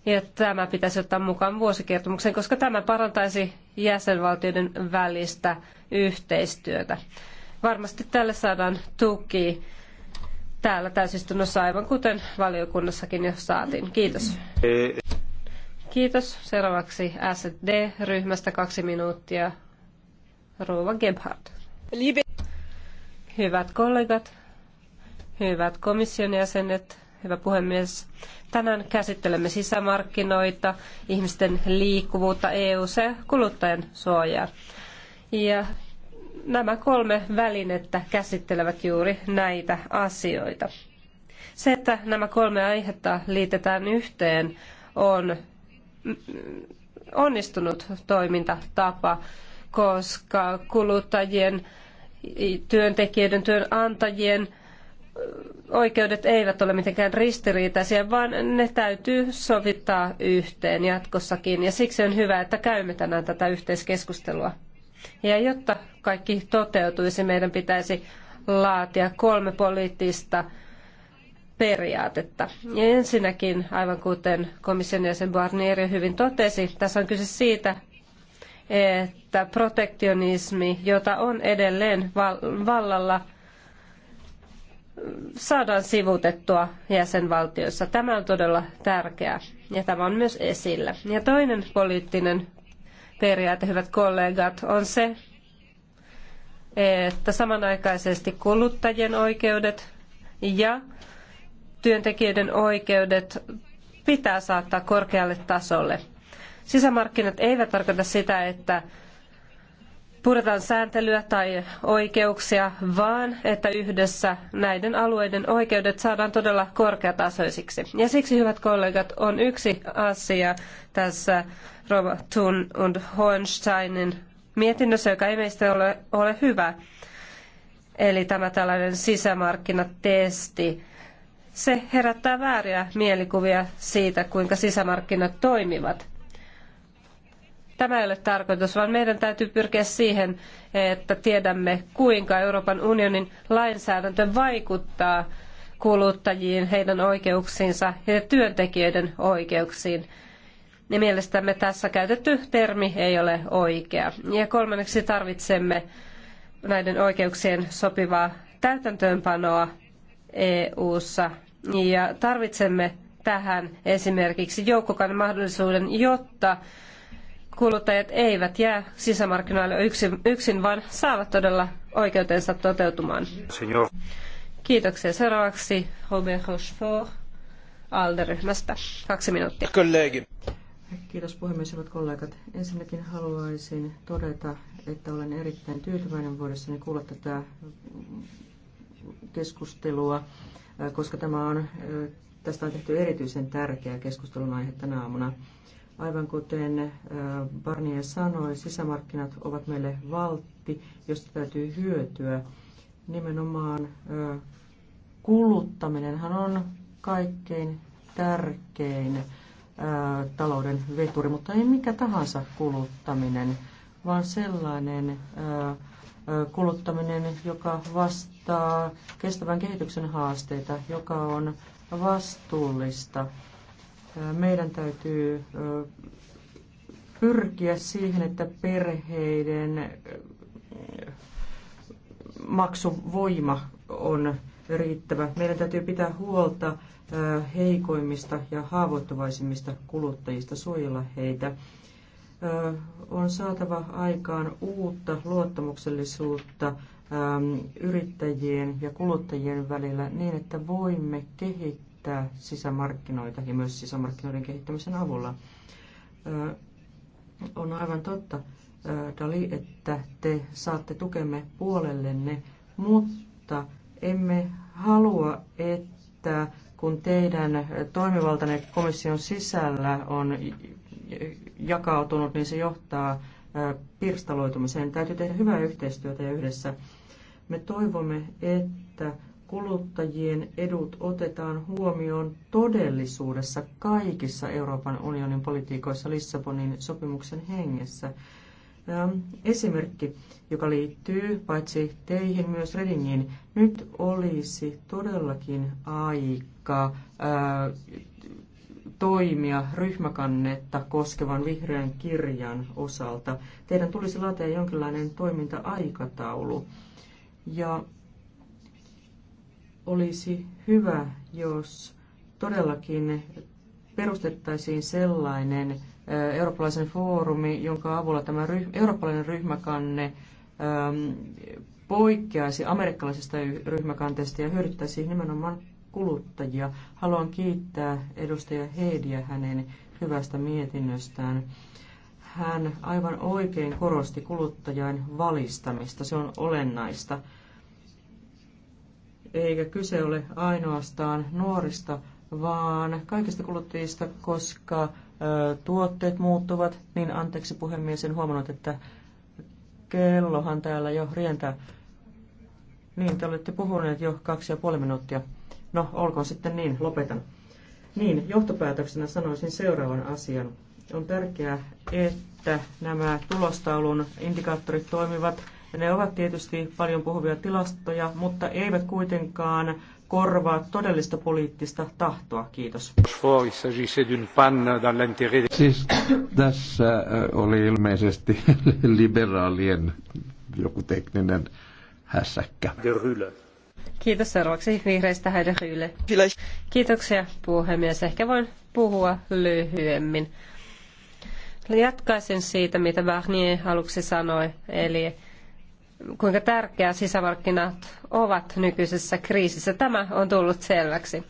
Ja tämä pitäisi ottaa mukaan vuosikertomukseen, koska tämä parantaisi jäsenvaltioiden välistä yhteistyötä. Varmasti tälle saadaan tuki täällä täysistunnossa, aivan kuten valiokunnassakin jo saatiin. Kiitos. Kiitos. Seuraavaksi SD-ryhmästä kaksi minuuttia. Rouva Gebhardt. Hyvät kollegat, Hyvät komission jäsenet, hyvä puhemies. Tänään käsittelemme sisämarkkinoita, ihmisten liikkuvuutta EU-ssa ja kuluttajan suojaa. Ja nämä kolme välinettä käsittelevät juuri näitä asioita. Se, että nämä kolme aihetta liitetään yhteen, on onnistunut toimintatapa, koska kuluttajien, työntekijöiden, työnantajien – oikeudet eivät ole mitenkään ristiriitaisia, vaan ne täytyy sovittaa yhteen jatkossakin. Ja siksi on hyvä, että käymme tänään tätä yhteiskeskustelua. Ja jotta kaikki toteutuisi, meidän pitäisi laatia kolme poliittista periaatetta. Ja ensinnäkin, aivan kuten komission jäsen Barnier hyvin totesi, tässä on kyse siitä, että protektionismi, jota on edelleen vallalla – saadaan sivutettua jäsenvaltioissa. Tämä on todella tärkeää ja tämä on myös esillä. Ja toinen poliittinen periaate, hyvät kollegat, on se, että samanaikaisesti kuluttajien oikeudet ja työntekijöiden oikeudet pitää saattaa korkealle tasolle. Sisämarkkinat eivät tarkoita sitä, että puretaan sääntelyä tai oikeuksia, vaan että yhdessä näiden alueiden oikeudet saadaan todella korkeatasoisiksi. Ja siksi, hyvät kollegat, on yksi asia tässä Rova Thun und Hohensteinin mietinnössä, joka ei meistä ole, ole hyvä. Eli tämä tällainen sisämarkkinatesti. Se herättää vääriä mielikuvia siitä, kuinka sisämarkkinat toimivat. Tämä ei ole tarkoitus, vaan meidän täytyy pyrkiä siihen, että tiedämme, kuinka Euroopan unionin lainsäädäntö vaikuttaa kuluttajiin, heidän oikeuksiinsa ja työntekijöiden oikeuksiin. Ja mielestämme tässä käytetty termi ei ole oikea. Ja kolmanneksi tarvitsemme näiden oikeuksien sopivaa täytäntöönpanoa EU-ssa. Ja tarvitsemme tähän esimerkiksi joukkokan mahdollisuuden, jotta kuluttajat eivät jää sisämarkkinoille yksin, yksin vaan saavat todella oikeutensa toteutumaan. Senor. Kiitoksia. Seuraavaksi Robert Rochefort ALDE-ryhmästä. Kaksi minuuttia. Kollegi. Kiitos puhemies, hyvät kollegat. Ensinnäkin haluaisin todeta, että olen erittäin tyytyväinen vuodessani kuulla tätä keskustelua, koska tämä on, tästä on tehty erityisen tärkeä keskustelun aihe tänä aamuna. Aivan kuten Barnier sanoi, sisämarkkinat ovat meille valtti, josta täytyy hyötyä. Nimenomaan kuluttaminenhan on kaikkein tärkein talouden veturi, mutta ei mikä tahansa kuluttaminen, vaan sellainen kuluttaminen, joka vastaa kestävän kehityksen haasteita, joka on vastuullista meidän täytyy pyrkiä siihen, että perheiden maksuvoima on riittävä. Meidän täytyy pitää huolta heikoimmista ja haavoittuvaisimmista kuluttajista, suojella heitä. On saatava aikaan uutta luottamuksellisuutta yrittäjien ja kuluttajien välillä niin, että voimme kehittää kehittää sisämarkkinoita ja myös sisämarkkinoiden kehittämisen avulla. On aivan totta, Dali, että te saatte tukemme puolellenne, mutta emme halua, että kun teidän toimivaltanne komission sisällä on jakautunut, niin se johtaa pirstaloitumiseen. Täytyy tehdä hyvää yhteistyötä ja yhdessä. Me toivomme, että kuluttajien edut otetaan huomioon todellisuudessa kaikissa Euroopan unionin politiikoissa Lissabonin sopimuksen hengessä. Ähm, esimerkki, joka liittyy paitsi teihin myös Redingiin. Nyt olisi todellakin aika ää, äh, toimia ryhmäkannetta koskevan vihreän kirjan osalta. Teidän tulisi laatia jonkinlainen toiminta-aikataulu. Ja olisi hyvä, jos todellakin perustettaisiin sellainen eurooppalaisen foorumi, jonka avulla tämä ryh- eurooppalainen ryhmäkanne äm, poikkeaisi amerikkalaisesta ryhmäkanteesta ja hyödyttäisi nimenomaan kuluttajia. Haluan kiittää edustaja Heidiä hänen hyvästä mietinnöstään. Hän aivan oikein korosti kuluttajan valistamista. Se on olennaista eikä kyse ole ainoastaan nuorista, vaan kaikista kuluttajista, koska tuotteet muuttuvat. Niin anteeksi puhemies, en huomannut, että kellohan täällä jo rientää. Niin, te olette puhuneet jo kaksi ja puoli minuuttia. No, olkoon sitten niin, lopetan. Niin, johtopäätöksenä sanoisin seuraavan asian. On tärkeää, että nämä tulostaulun indikaattorit toimivat ne ovat tietysti paljon puhuvia tilastoja, mutta eivät kuitenkaan korvaa todellista poliittista tahtoa. Kiitos. Siis tässä oli ilmeisesti liberaalien joku tekninen hässäkkä. Kiitos seuraavaksi vihreistä Heide Kiitoksia puhemies. Ehkä voin puhua lyhyemmin. Jatkaisin siitä, mitä Barnier aluksi sanoi, eli kuinka tärkeää sisämarkkinat ovat nykyisessä kriisissä. Tämä on tullut selväksi.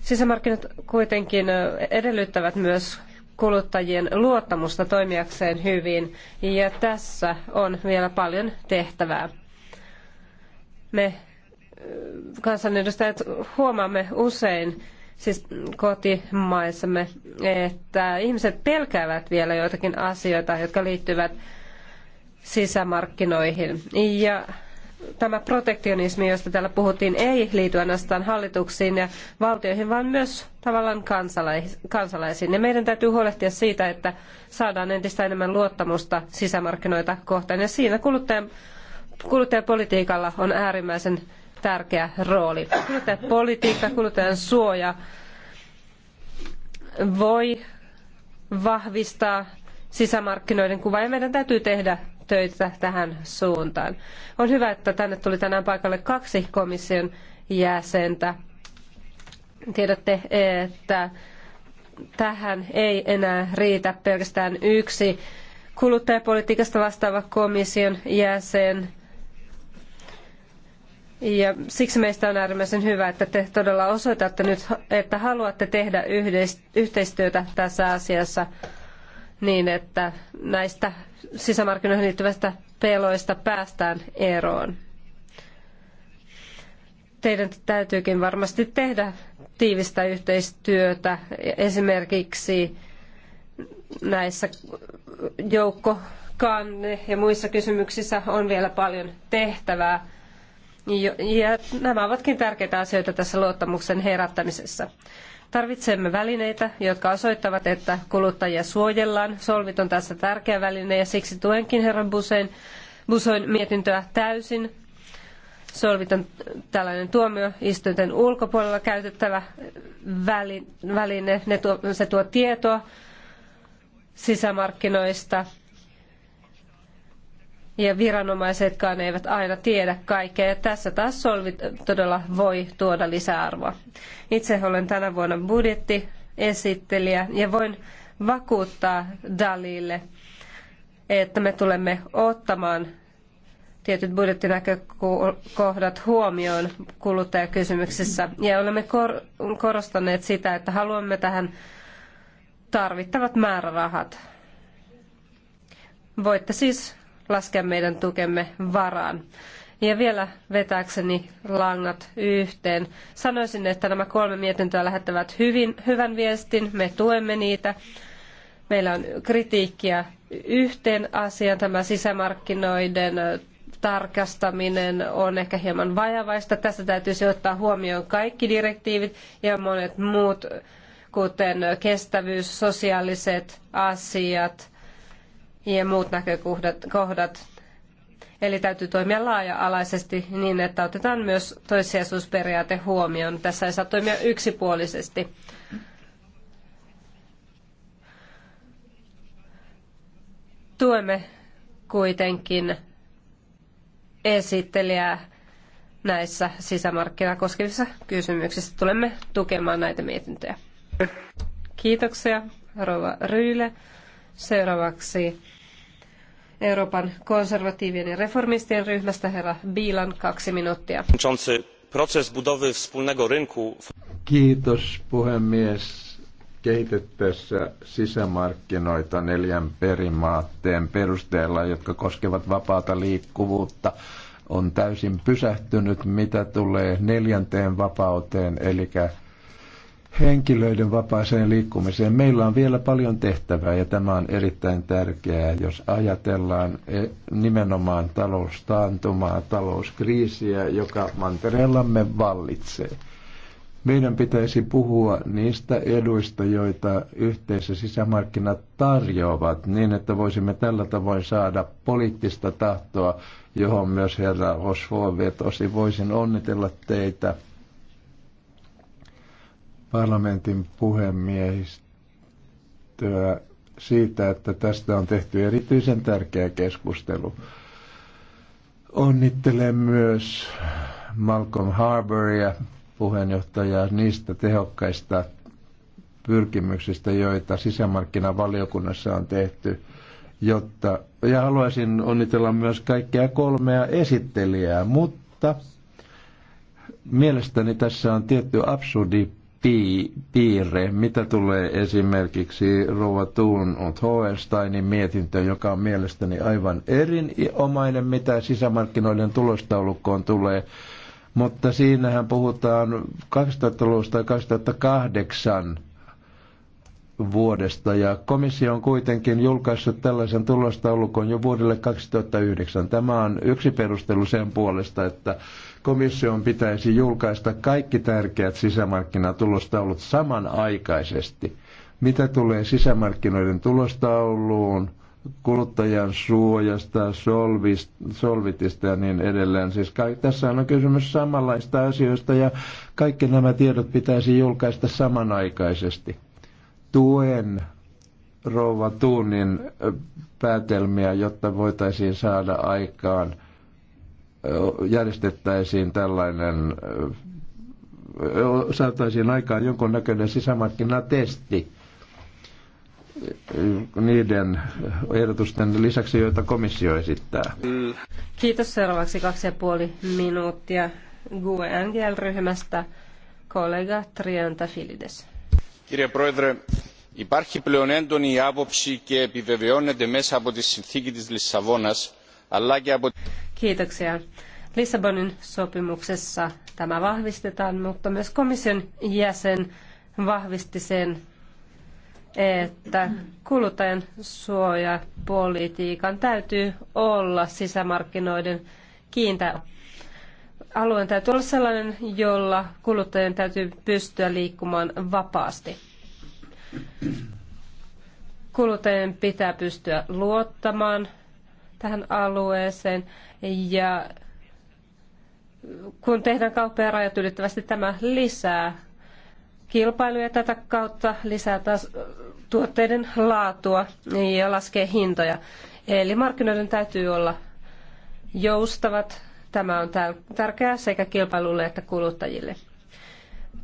Sisämarkkinat kuitenkin edellyttävät myös kuluttajien luottamusta toimijakseen hyvin, ja tässä on vielä paljon tehtävää. Me kansanedustajat huomaamme usein siis kotimaissamme, että ihmiset pelkäävät vielä joitakin asioita, jotka liittyvät sisämarkkinoihin. Ja tämä protektionismi, josta täällä puhuttiin, ei liity ainoastaan hallituksiin ja valtioihin, vaan myös tavallaan kansalaisiin. Ja meidän täytyy huolehtia siitä, että saadaan entistä enemmän luottamusta sisämarkkinoita kohtaan. Ja siinä kuluttajan, kuluttajapolitiikalla on äärimmäisen tärkeä rooli. Kuluttajapolitiikka, kuluttajan suoja voi vahvistaa sisämarkkinoiden kuvaa ja meidän täytyy tehdä töitä tähän suuntaan. On hyvä, että tänne tuli tänään paikalle kaksi komission jäsentä. Tiedätte, että tähän ei enää riitä pelkästään yksi kuluttajapolitiikasta vastaava komission jäsen. Ja siksi meistä on äärimmäisen hyvä, että te todella osoitatte nyt, että haluatte tehdä yhteistyötä tässä asiassa niin, että näistä sisämarkkinoihin liittyvästä peloista päästään eroon. Teidän täytyykin varmasti tehdä tiivistä yhteistyötä esimerkiksi näissä joukkokanne ja muissa kysymyksissä on vielä paljon tehtävää. Ja nämä ovatkin tärkeitä asioita tässä luottamuksen herättämisessä. Tarvitsemme välineitä, jotka osoittavat, että kuluttajia suojellaan. Solvit on tässä tärkeä väline ja siksi tuenkin herran Busein, Busoin mietintöä täysin. Solvit on tällainen tuomioistuinten ulkopuolella käytettävä väline. Ne tuo, se tuo tietoa sisämarkkinoista – ja viranomaisetkaan eivät aina tiedä kaikkea. Ja tässä taas solvit todella voi tuoda lisäarvoa. Itse olen tänä vuonna budjettiesittelijä ja voin vakuuttaa Dalille, että me tulemme ottamaan tietyt budjettinäkökohdat huomioon kuluttajakysymyksissä. Ja olemme korostaneet sitä, että haluamme tähän tarvittavat määrärahat. Voitte siis laskea meidän tukemme varaan. Ja vielä vetääkseni langat yhteen. Sanoisin, että nämä kolme mietintöä lähettävät hyvin, hyvän viestin. Me tuemme niitä. Meillä on kritiikkiä yhteen asiaan. Tämä sisämarkkinoiden tarkastaminen on ehkä hieman vajavaista. Tässä täytyisi ottaa huomioon kaikki direktiivit ja monet muut, kuten kestävyys, sosiaaliset asiat – ja muut näkökohdat. kohdat, Eli täytyy toimia laaja-alaisesti niin, että otetaan myös toissijaisuusperiaate huomioon. Tässä ei saa toimia yksipuolisesti. Tuemme kuitenkin esittelijää näissä sisämarkkinaa koskevissa kysymyksissä. Tulemme tukemaan näitä mietintöjä. Kiitoksia, Rova Ryyle. Seuraavaksi Euroopan konservatiivien ja reformistien ryhmästä herra Biilan kaksi minuuttia. Proces budowy wspólnego rynku. Kiitos puhemies. Kehitettäessä sisämarkkinoita neljän perimaatteen perusteella, jotka koskevat vapaata liikkuvuutta, on täysin pysähtynyt, mitä tulee neljänteen vapauteen, eli henkilöiden vapaaseen liikkumiseen. Meillä on vielä paljon tehtävää ja tämä on erittäin tärkeää, jos ajatellaan e, nimenomaan taloustaantumaa, talouskriisiä, joka mantereellamme vallitsee. Meidän pitäisi puhua niistä eduista, joita yhteisö sisämarkkinat tarjoavat, niin että voisimme tällä tavoin saada poliittista tahtoa, johon myös herra Osvo vetosi. Voisin onnitella teitä parlamentin puhemiehistöä siitä, että tästä on tehty erityisen tärkeä keskustelu. Onnittelen myös Malcolm Harbouria, puheenjohtajaa, niistä tehokkaista pyrkimyksistä, joita sisämarkkinavaliokunnassa on tehty. Jotta, ja haluaisin onnitella myös kaikkia kolmea esittelijää, mutta mielestäni tässä on tietty absurdi piirre, mitä tulee esimerkiksi Rova Tuun Hohensteinin mietintö, joka on mielestäni aivan erinomainen, mitä sisämarkkinoiden tulostaulukkoon tulee. Mutta siinähän puhutaan 2000-luvusta ja 2008 vuodesta ja komissio on kuitenkin julkaissut tällaisen tulostaulukon jo vuodelle 2009. Tämä on yksi perustelu sen puolesta, että komission pitäisi julkaista kaikki tärkeät sisämarkkinatulostaulut samanaikaisesti. Mitä tulee sisämarkkinoiden tulostauluun, kuluttajan suojasta, solvitista ja niin edelleen. Siis ka- tässä on kysymys samanlaista asioista ja kaikki nämä tiedot pitäisi julkaista samanaikaisesti. Tuen rouva Tuunin päätelmiä, jotta voitaisiin saada aikaan – järjestettäisiin tällainen, saataisiin aikaan jonkunnäköinen sisämarkkinatesti niiden ehdotusten lisäksi, joita komissio esittää. Kiitos. Seuraavaksi kaksi ja puoli minuuttia GUE NGL-ryhmästä kollega Trianta Filides. Κύριε Πρόεδρε, υπάρχει πλέον έντονη άποψη και επιβεβαιώνεται μέσα από τη συνθήκη της Λισαβόνας, αλλά και από... Kiitoksia. Lissabonin sopimuksessa tämä vahvistetaan, mutta myös komission jäsen vahvisti sen, että kuluttajan suojapolitiikan täytyy olla sisämarkkinoiden kiintä. Alueen täytyy olla sellainen, jolla kuluttajien täytyy pystyä liikkumaan vapaasti. Kuluttajien pitää pystyä luottamaan tähän alueeseen ja kun tehdään kauppoja rajat ylittävästi, tämä lisää kilpailuja tätä kautta, lisää taas tuotteiden laatua ja laskee hintoja. Eli markkinoiden täytyy olla joustavat. Tämä on tärkeää sekä kilpailulle että kuluttajille.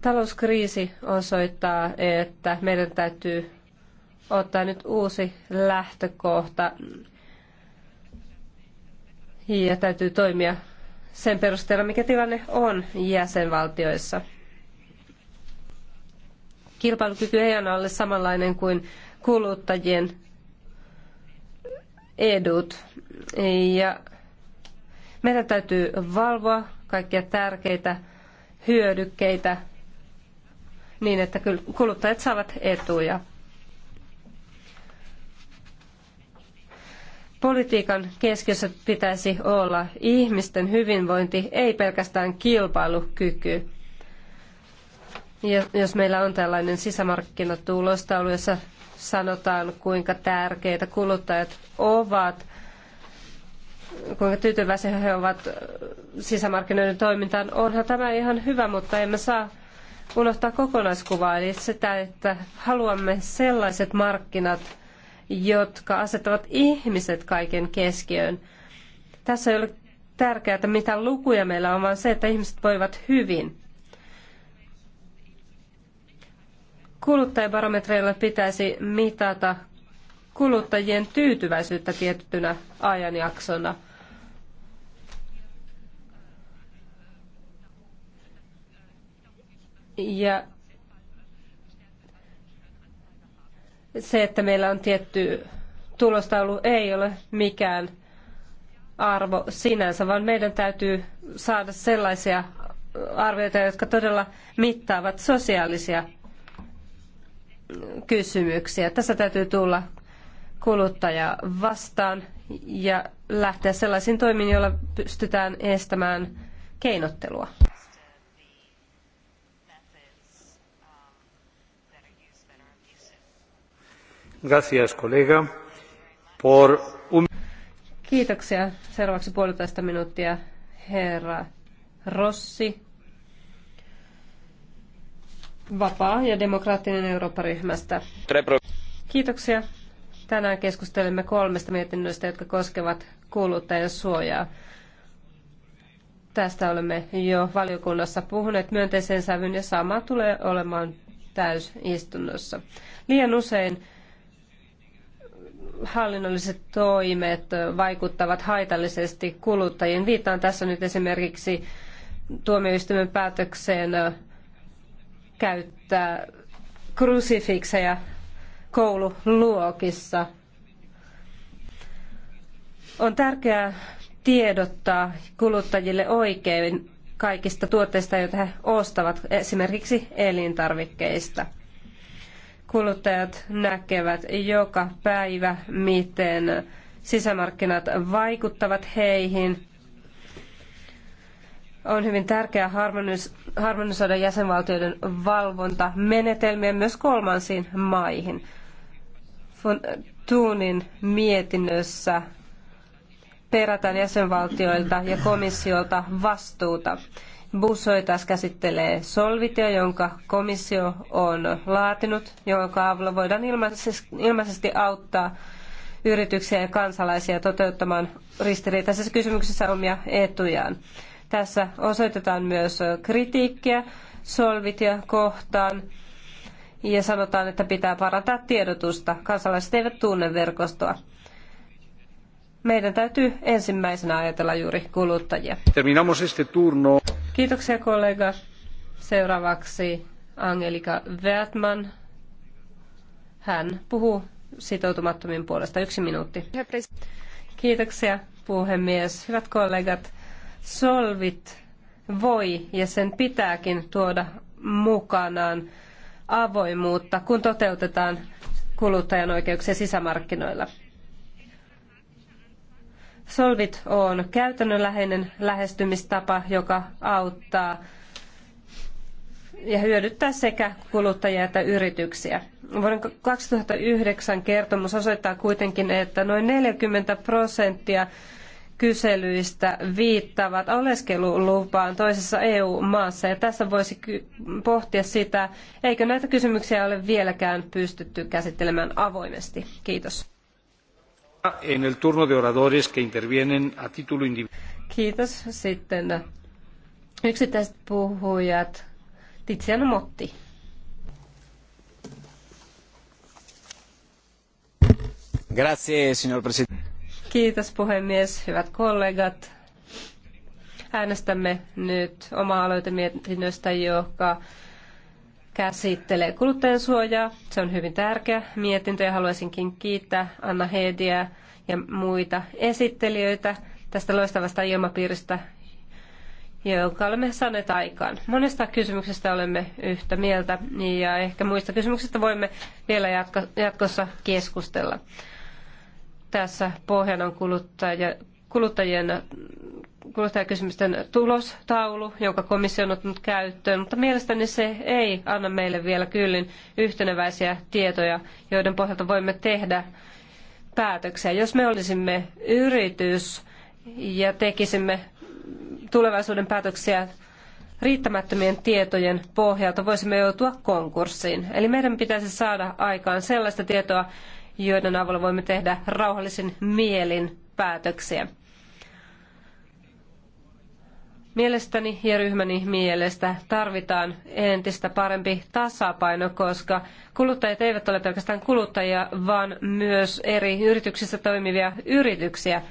Talouskriisi osoittaa, että meidän täytyy ottaa nyt uusi lähtökohta ja täytyy toimia sen perusteella, mikä tilanne on jäsenvaltioissa. Kilpailukyky ei aina ole samanlainen kuin kuluttajien edut. Ja meidän täytyy valvoa kaikkia tärkeitä hyödykkeitä niin, että kuluttajat saavat etuja. Politiikan keskiössä pitäisi olla ihmisten hyvinvointi, ei pelkästään kilpailukyky. Ja jos meillä on tällainen sisämarkkinatulostaulu, jossa sanotaan, kuinka tärkeitä kuluttajat ovat, kuinka tyytyväisiä he ovat sisämarkkinoiden toimintaan, onhan tämä ihan hyvä, mutta emme saa unohtaa kokonaiskuvaa, eli sitä, että haluamme sellaiset markkinat, jotka asettavat ihmiset kaiken keskiöön. Tässä ei ole tärkeää, mitä lukuja meillä on, vaan se, että ihmiset voivat hyvin. Kuluttajabarometreilla pitäisi mitata kuluttajien tyytyväisyyttä tiettynä ajanjaksona. Ja Se, että meillä on tietty tulostaulu, ei ole mikään arvo sinänsä, vaan meidän täytyy saada sellaisia arvioita, jotka todella mittaavat sosiaalisia kysymyksiä. Tässä täytyy tulla kuluttajaa vastaan ja lähteä sellaisiin toimiin, joilla pystytään estämään keinottelua. Kiitoksia. Seuraavaksi puolitoista minuuttia herra Rossi. Vapaa ja demokraattinen Eurooppa-ryhmästä. Kiitoksia. Tänään keskustelemme kolmesta mietinnöstä, jotka koskevat kuluttajan suojaa. Tästä olemme jo valiokunnassa puhuneet myönteisen sävyn ja sama tulee olemaan täysistunnossa. Liian usein hallinnolliset toimet vaikuttavat haitallisesti kuluttajien. Viittaan tässä nyt esimerkiksi tuomioistuimen päätökseen äh, käyttää krusifiksejä koululuokissa. On tärkeää tiedottaa kuluttajille oikein kaikista tuotteista, joita he ostavat, esimerkiksi elintarvikkeista kuluttajat näkevät joka päivä, miten sisämarkkinat vaikuttavat heihin. On hyvin tärkeää harmonisoida jäsenvaltioiden valvontamenetelmiä myös kolmansiin maihin. Tuunin mietinnössä perätään jäsenvaltioilta ja komissiolta vastuuta. Bussoi taas käsittelee solvitia, jonka komissio on laatinut, jonka avulla voidaan ilmaisesti auttaa yrityksiä ja kansalaisia toteuttamaan ristiriitaisessa kysymyksessä omia etujaan. Tässä osoitetaan myös kritiikkiä solvitia kohtaan ja sanotaan, että pitää parantaa tiedotusta. Kansalaiset eivät tunne verkostoa meidän täytyy ensimmäisenä ajatella juuri kuluttajia. Terminamos este turno. Kiitoksia kollega. Seuraavaksi Angelika Wertman. Hän puhuu sitoutumattomin puolesta. Yksi minuutti. Kiitoksia puhemies. Hyvät kollegat, solvit voi ja sen pitääkin tuoda mukanaan avoimuutta, kun toteutetaan kuluttajan oikeuksia sisämarkkinoilla. Solvit on käytännönläheinen lähestymistapa, joka auttaa ja hyödyttää sekä kuluttajia että yrityksiä. Vuoden 2009 kertomus osoittaa kuitenkin, että noin 40 prosenttia kyselyistä viittavat oleskelulupaan toisessa EU-maassa. Ja tässä voisi pohtia sitä, eikö näitä kysymyksiä ole vieläkään pystytty käsittelemään avoimesti. Kiitos en Sitten yksittäiset puhujat. Tiziano Motti. Grazie, signor Presidente. Kiitos puhemies, hyvät kollegat. Äänestämme nyt oma-aloitemietinnöstä, joka käsittelee. Kuluttajansuojaa, se on hyvin tärkeä mietintö ja haluaisinkin kiittää Anna Hediä ja muita esittelijöitä tästä loistavasta ilmapiiristä, jonka olemme saaneet aikaan. Monesta kysymyksestä olemme yhtä mieltä ja ehkä muista kysymyksistä voimme vielä jatkossa keskustella. Tässä pohjana on kuluttaja, kuluttajien kuluttajakysymysten tulostaulu, jonka komissio on ottanut käyttöön, mutta mielestäni se ei anna meille vielä kyllin yhteneväisiä tietoja, joiden pohjalta voimme tehdä päätöksiä. Jos me olisimme yritys ja tekisimme tulevaisuuden päätöksiä riittämättömien tietojen pohjalta, voisimme joutua konkurssiin. Eli meidän pitäisi saada aikaan sellaista tietoa, joiden avulla voimme tehdä rauhallisin mielin päätöksiä. Mielestäni ja ryhmäni mielestä tarvitaan entistä parempi tasapaino, koska kuluttajat eivät ole pelkästään kuluttajia, vaan myös eri yrityksissä toimivia yrityksiä.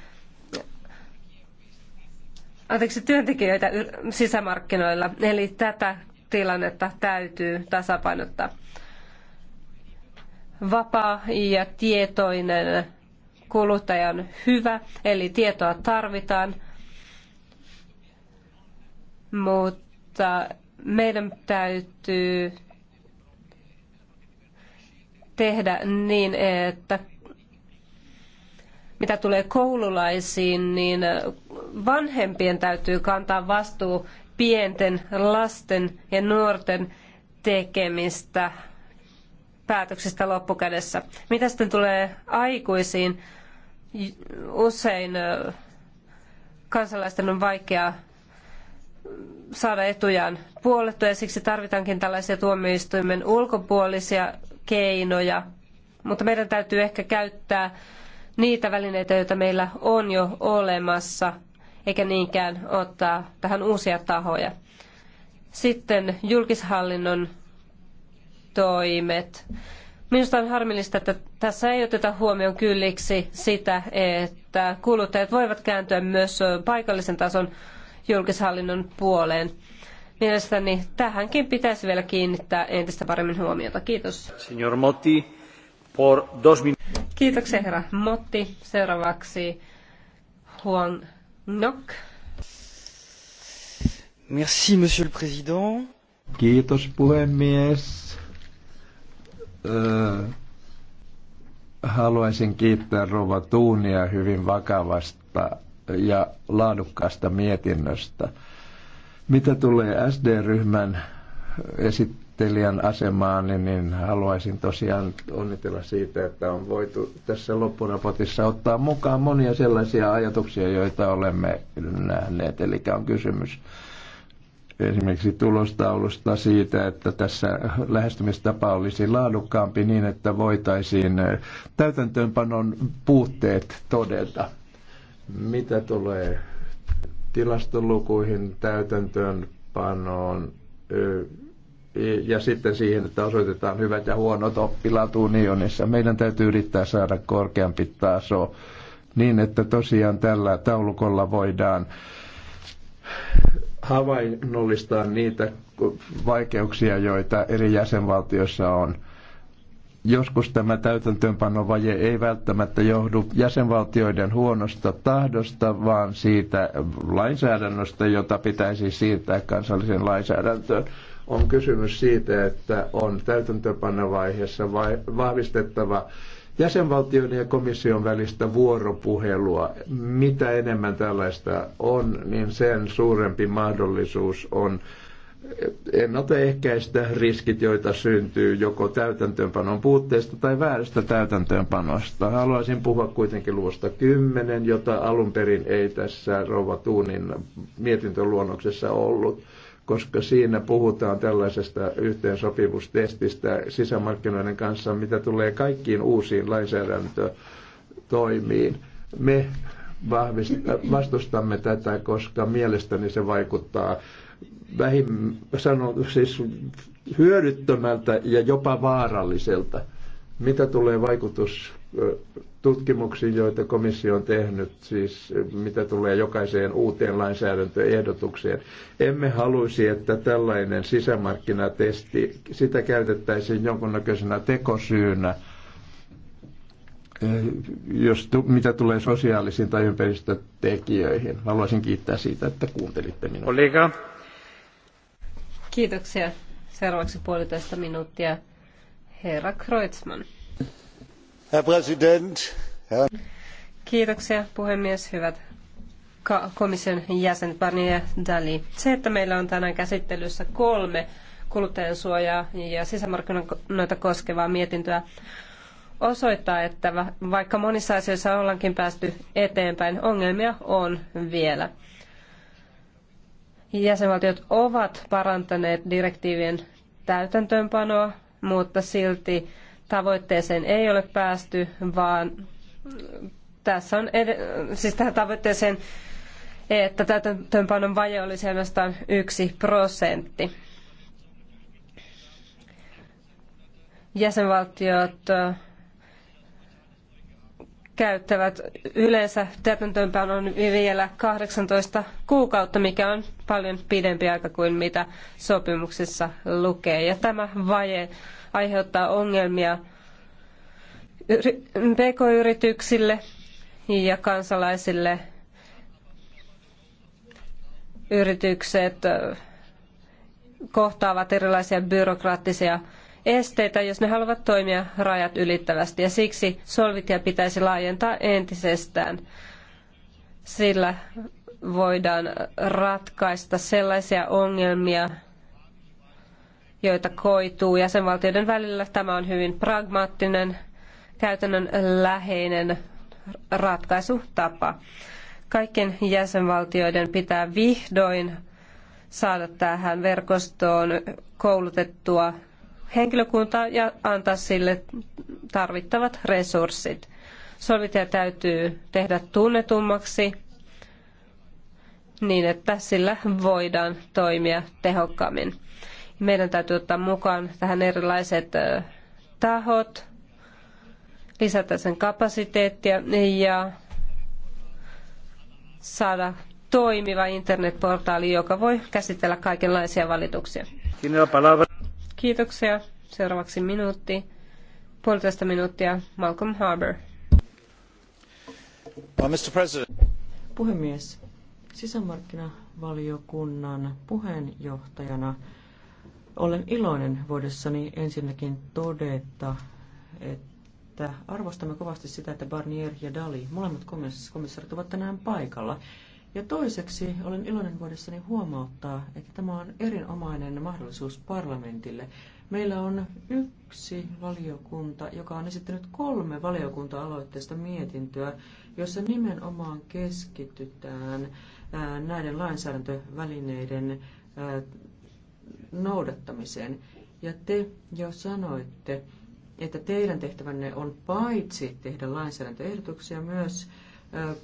Anteeksi, työntekijöitä sisämarkkinoilla. Eli tätä tilannetta täytyy tasapainottaa. Vapaa ja tietoinen kuluttaja on hyvä, eli tietoa tarvitaan – mutta meidän täytyy tehdä niin, että mitä tulee koululaisiin, niin vanhempien täytyy kantaa vastuu pienten lasten ja nuorten tekemistä päätöksistä loppukädessä. Mitä sitten tulee aikuisiin, usein kansalaisten on vaikea saada etujaan puolettua ja siksi tarvitaankin tällaisia tuomioistuimen ulkopuolisia keinoja. Mutta meidän täytyy ehkä käyttää niitä välineitä, joita meillä on jo olemassa, eikä niinkään ottaa tähän uusia tahoja. Sitten julkishallinnon toimet. Minusta on harmillista, että tässä ei oteta huomioon kylliksi sitä, että kuluttajat voivat kääntyä myös paikallisen tason julkishallinnon puoleen. Mielestäni tähänkin pitäisi vielä kiinnittää entistä paremmin huomiota. Kiitos. Signor Motti, por dos min- Kiitoksia herra Motti. Seuraavaksi Juan Nok. Merci, monsieur le président. Kiitos puhemies. Öö, haluaisin kiittää Rova Tuunia hyvin vakavasta ja laadukkaasta mietinnöstä. Mitä tulee SD-ryhmän esittelijän asemaan, niin, niin haluaisin tosiaan onnitella siitä, että on voitu tässä loppuraportissa ottaa mukaan monia sellaisia ajatuksia, joita olemme nähneet. Eli on kysymys esimerkiksi tulostaulusta siitä, että tässä lähestymistapa olisi laadukkaampi niin, että voitaisiin täytäntöönpanon puutteet todeta. Mitä tulee tilastolukuihin, täytäntöönpanoon ja sitten siihen, että osoitetaan hyvät ja huonot oppilaat unionissa. Meidän täytyy yrittää saada korkeampi taso niin, että tosiaan tällä taulukolla voidaan havainnollistaa niitä vaikeuksia, joita eri jäsenvaltioissa on. Joskus tämä täytäntöönpanovaje ei välttämättä johdu jäsenvaltioiden huonosta tahdosta, vaan siitä lainsäädännöstä, jota pitäisi siirtää kansalliseen lainsäädäntöön. On kysymys siitä, että on täytäntöönpanovaiheessa vahvistettava jäsenvaltioiden ja komission välistä vuoropuhelua. Mitä enemmän tällaista on, niin sen suurempi mahdollisuus on ennaltaehkäistä riskit, joita syntyy joko täytäntöönpanon puutteesta tai väärästä täytäntöönpanosta. Haluaisin puhua kuitenkin luosta 10, jota alun perin ei tässä Rova Tuunin mietintöluonnoksessa ollut koska siinä puhutaan tällaisesta yhteensopivuustestistä sisämarkkinoiden kanssa, mitä tulee kaikkiin uusiin lainsäädäntötoimiin. Me vastustamme tätä, koska mielestäni se vaikuttaa vähin sanon, siis hyödyttömältä ja jopa vaaralliselta. Mitä tulee vaikutus tutkimuksiin, joita komissio on tehnyt, siis mitä tulee jokaiseen uuteen lainsäädäntöehdotukseen. Emme haluaisi, että tällainen sisämarkkinatesti, sitä käytettäisiin jonkunnäköisenä tekosyynä, jos, mitä tulee sosiaalisiin tai ympäristötekijöihin. Haluaisin kiittää siitä, että kuuntelitte minua. Oliko? Kiitoksia. Seuraavaksi puolitoista minuuttia herra Kreutzmann. Herr Präsident. Herr... Kiitoksia puhemies, hyvät komission jäsen Barnier ja Dali. Se, että meillä on tänään käsittelyssä kolme kuluttajansuojaa ja sisämarkkinoita koskevaa mietintöä, osoittaa, että vaikka monissa asioissa ollaankin päästy eteenpäin, ongelmia on vielä jäsenvaltiot ovat parantaneet direktiivien täytäntöönpanoa, mutta silti tavoitteeseen ei ole päästy, vaan tässä on ed- siis tähän tavoitteeseen, että täytäntöönpanon vaje olisi ainoastaan yksi prosentti. Jäsenvaltiot käyttävät. Yleensä täytäntöönpäin on vielä 18 kuukautta, mikä on paljon pidempi aika kuin mitä sopimuksessa lukee. Ja tämä vaje aiheuttaa ongelmia pk-yrityksille ja kansalaisille. Yritykset kohtaavat erilaisia byrokraattisia esteitä, jos ne haluavat toimia rajat ylittävästi, ja siksi solvitia pitäisi laajentaa entisestään. Sillä voidaan ratkaista sellaisia ongelmia, joita koituu jäsenvaltioiden välillä. Tämä on hyvin pragmaattinen, käytännön läheinen ratkaisutapa. Kaikkien jäsenvaltioiden pitää vihdoin saada tähän verkostoon koulutettua henkilökuntaa ja antaa sille tarvittavat resurssit. Solvitia täytyy tehdä tunnetummaksi niin, että sillä voidaan toimia tehokkaammin. Meidän täytyy ottaa mukaan tähän erilaiset tahot, lisätä sen kapasiteettia ja saada toimiva internetportaali, joka voi käsitellä kaikenlaisia valituksia. Kiitoksia. Seuraavaksi minuutti, puolitoista minuuttia, Malcolm Harbour. Mr. President. Puhemies, sisämarkkinavaliokunnan puheenjohtajana olen iloinen voidessani ensinnäkin todeta, että arvostamme kovasti sitä, että Barnier ja Dali, molemmat komissaarit, ovat tänään paikalla. Ja toiseksi olen iloinen voidessani huomauttaa, että tämä on erinomainen mahdollisuus parlamentille. Meillä on yksi valiokunta, joka on esittänyt kolme valiokunta-aloitteista mietintöä, jossa nimenomaan keskitytään näiden lainsäädäntövälineiden noudattamiseen. Ja te jo sanoitte, että teidän tehtävänne on paitsi tehdä lainsäädäntöehdotuksia myös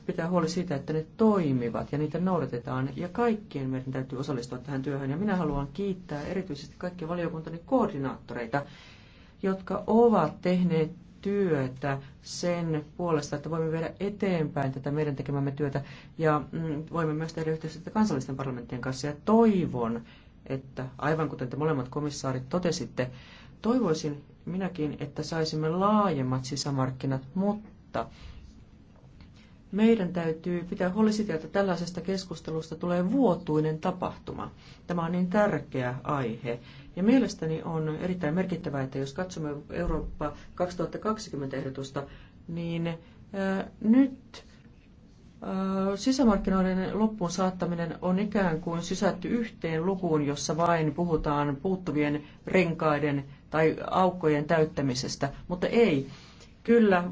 pitää huoli siitä, että ne toimivat ja niitä noudatetaan. Ja kaikkien meidän täytyy osallistua tähän työhön. Ja minä haluan kiittää erityisesti kaikkia valiokuntani koordinaattoreita, jotka ovat tehneet työtä sen puolesta, että voimme viedä eteenpäin tätä meidän tekemämme työtä ja mm, voimme myös tehdä yhteistyötä kansallisten parlamenttien kanssa. Ja toivon, että aivan kuten te molemmat komissaarit totesitte, toivoisin minäkin, että saisimme laajemmat sisämarkkinat, mutta meidän täytyy pitää huoli siitä, että tällaisesta keskustelusta tulee vuotuinen tapahtuma. Tämä on niin tärkeä aihe. Ja mielestäni on erittäin merkittävää, että jos katsomme Eurooppa 2020-ehdotusta, niin äh, nyt Sisämarkkinoiden loppuun saattaminen on ikään kuin sysätty yhteen lukuun, jossa vain puhutaan puuttuvien renkaiden tai aukkojen täyttämisestä, mutta ei. Kyllä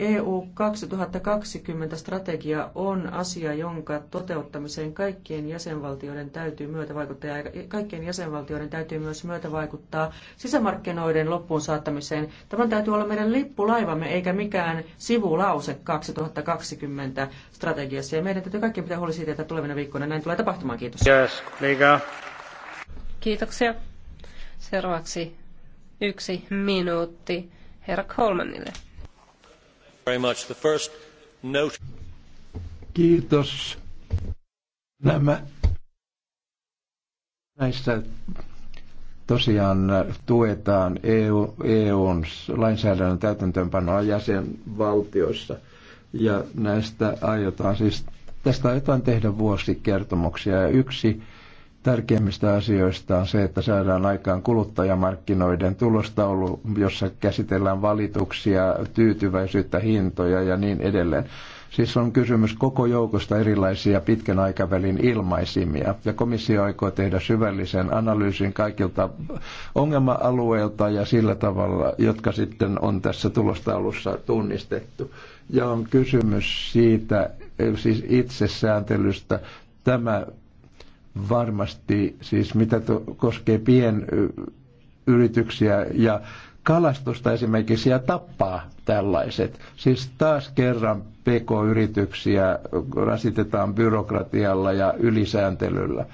EU 2020 strategia on asia, jonka toteuttamiseen kaikkien jäsenvaltioiden täytyy myötävaikuttaa ja e- kaikkien jäsenvaltioiden täytyy myös myötävaikuttaa sisämarkkinoiden loppuun saattamiseen. Tämän täytyy olla meidän lippulaivamme eikä mikään sivulause 2020 strategiassa. Ja meidän täytyy kaikkien pitää huoli siitä, että tulevina viikkoina näin tulee tapahtumaan. Kiitos. Yes, Kiitoksia. Seuraavaksi yksi minuutti herra Kolmanille. Kiitos. Nämä näistä tosiaan tuetaan EU, EUn lainsäädännön täytäntöönpanoa jäsenvaltioissa. Ja näistä aiotaan siis, tästä aiotaan tehdä vuosikertomuksia. Ja yksi tärkeimmistä asioista on se, että saadaan aikaan kuluttajamarkkinoiden tulostaulu, jossa käsitellään valituksia, tyytyväisyyttä, hintoja ja niin edelleen. Siis on kysymys koko joukosta erilaisia pitkän aikavälin ilmaisimia. Ja komissio aikoo tehdä syvällisen analyysin kaikilta ongelma-alueilta ja sillä tavalla, jotka sitten on tässä tulostaulussa tunnistettu. Ja on kysymys siitä, siis itsesääntelystä. Tämä varmasti, siis mitä to, koskee pienyrityksiä ja kalastusta esimerkiksi ja tappaa tällaiset. Siis taas kerran PK-yrityksiä rasitetaan byrokratialla ja ylisääntelyllä.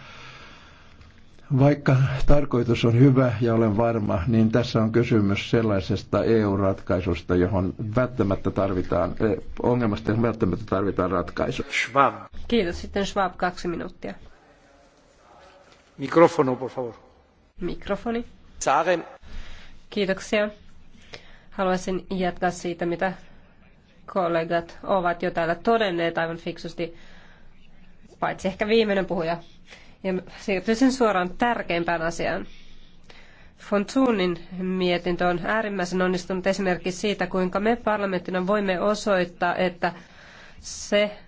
Vaikka tarkoitus on hyvä ja olen varma, niin tässä on kysymys sellaisesta EU-ratkaisusta, johon välttämättä tarvitaan, eh, ongelmasta välttämättä tarvitaan ratkaisu. Schwab. Kiitos. Sitten Schwab kaksi minuuttia. Mikrofonu, por favor. Mikrofoni. Kiitoksia. Haluaisin jatkaa siitä, mitä kollegat ovat jo täällä todenneet aivan fiksusti, paitsi ehkä viimeinen puhuja. Ja siirtyisin suoraan tärkeimpään asiaan. Fontunin mietintö on äärimmäisen onnistunut esimerkki siitä, kuinka me parlamenttina voimme osoittaa, että se,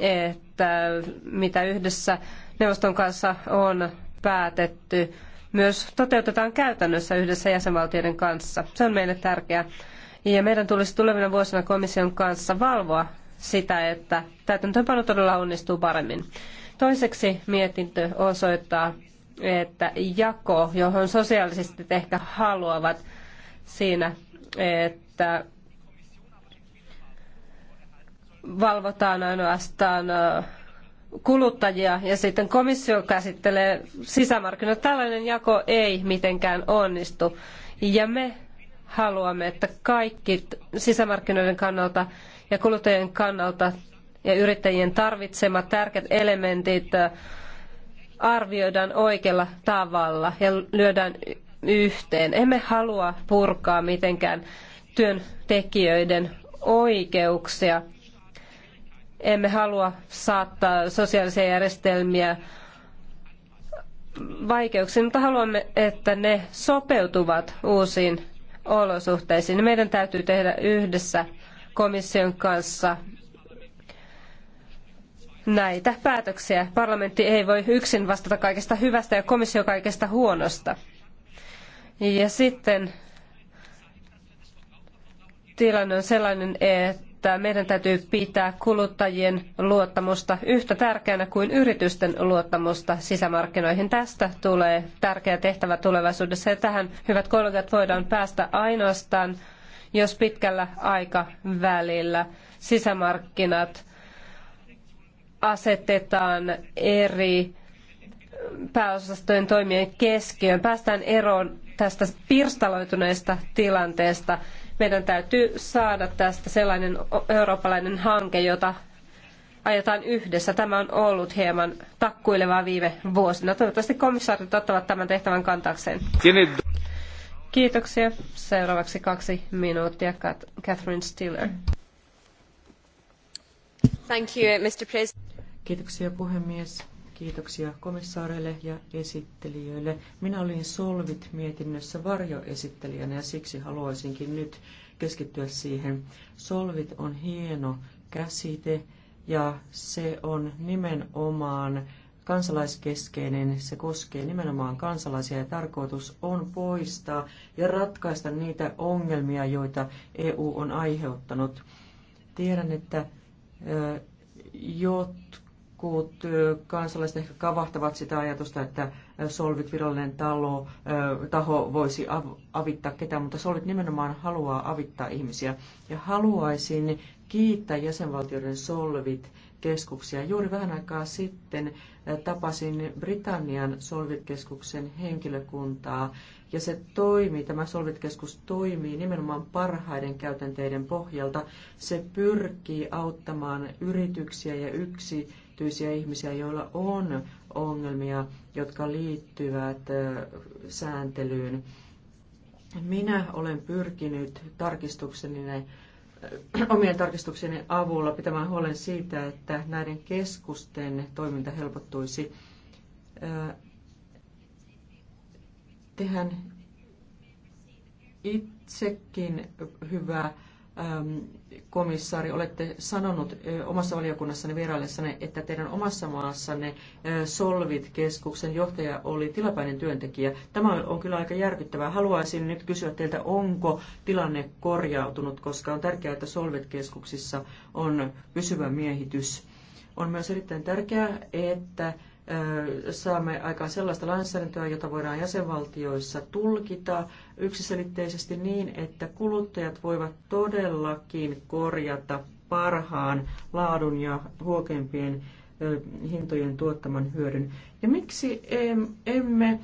että mitä yhdessä neuvoston kanssa on päätetty, myös toteutetaan käytännössä yhdessä jäsenvaltioiden kanssa. Se on meille tärkeää. Ja meidän tulisi tulevina vuosina komission kanssa valvoa sitä, että täytäntöönpano todella onnistuu paremmin. Toiseksi mietintö osoittaa, että jako, johon sosiaalisesti ehkä haluavat siinä, että valvotaan ainoastaan kuluttajia ja sitten komissio käsittelee sisämarkkinoita. Tällainen jako ei mitenkään onnistu. Ja me haluamme, että kaikki sisämarkkinoiden kannalta ja kuluttajien kannalta ja yrittäjien tarvitsemat tärkeät elementit äh, arvioidaan oikealla tavalla ja lyödään yhteen. Emme halua purkaa mitenkään työntekijöiden oikeuksia – emme halua saattaa sosiaalisia järjestelmiä vaikeuksiin, mutta haluamme, että ne sopeutuvat uusiin olosuhteisiin. Meidän täytyy tehdä yhdessä komission kanssa näitä päätöksiä. Parlamentti ei voi yksin vastata kaikesta hyvästä ja komissio kaikesta huonosta. Ja sitten tilanne on sellainen, että että meidän täytyy pitää kuluttajien luottamusta yhtä tärkeänä kuin yritysten luottamusta sisämarkkinoihin. Tästä tulee tärkeä tehtävä tulevaisuudessa ja tähän, hyvät kollegat, voidaan päästä ainoastaan, jos pitkällä aikavälillä sisämarkkinat asetetaan eri pääosastojen toimien keskiöön. Päästään eroon tästä pirstaloituneesta tilanteesta meidän täytyy saada tästä sellainen eurooppalainen hanke, jota ajetaan yhdessä. Tämä on ollut hieman takkuilevaa viime vuosina. Toivottavasti komissaarit ottavat tämän tehtävän kantakseen. Kiitoksia. Seuraavaksi kaksi minuuttia Catherine Stiller. Thank you, Mr. President. Kiitoksia puhemies. Kiitoksia komissaareille ja esittelijöille. Minä olin Solvit-mietinnössä varjoesittelijänä ja siksi haluaisinkin nyt keskittyä siihen. Solvit on hieno käsite ja se on nimenomaan kansalaiskeskeinen, se koskee nimenomaan kansalaisia ja tarkoitus on poistaa ja ratkaista niitä ongelmia, joita EU on aiheuttanut. Tiedän, että jotkut jotkut kansalaiset ehkä kavahtavat sitä ajatusta, että Solvit, virallinen talo, taho voisi av- avittaa ketään, mutta Solvit nimenomaan haluaa avittaa ihmisiä. Ja haluaisin kiittää jäsenvaltioiden Solvit-keskuksia. Juuri vähän aikaa sitten tapasin Britannian Solvit-keskuksen henkilökuntaa, ja se toimii, tämä Solvit-keskus toimii nimenomaan parhaiden käytänteiden pohjalta. Se pyrkii auttamaan yrityksiä ja yksi yksityisiä ihmisiä, joilla on ongelmia, jotka liittyvät sääntelyyn. Minä olen pyrkinyt tarkistukseni omien tarkistukseni avulla pitämään huolen siitä, että näiden keskusten toiminta helpottuisi. Tehän itsekin hyvä Ähm, komissaari, olette sanonut omassa valiokunnassanne vieraillessanne, että teidän omassa maassanne Solvit-keskuksen johtaja oli tilapäinen työntekijä. Tämä on kyllä aika järkyttävää. Haluaisin nyt kysyä teiltä, onko tilanne korjautunut, koska on tärkeää, että Solvit-keskuksissa on pysyvä miehitys. On myös erittäin tärkeää, että saamme aikaan sellaista lainsäädäntöä, jota voidaan jäsenvaltioissa tulkita yksiselitteisesti niin, että kuluttajat voivat todellakin korjata parhaan laadun ja huokempien hintojen tuottaman hyödyn. Ja miksi emme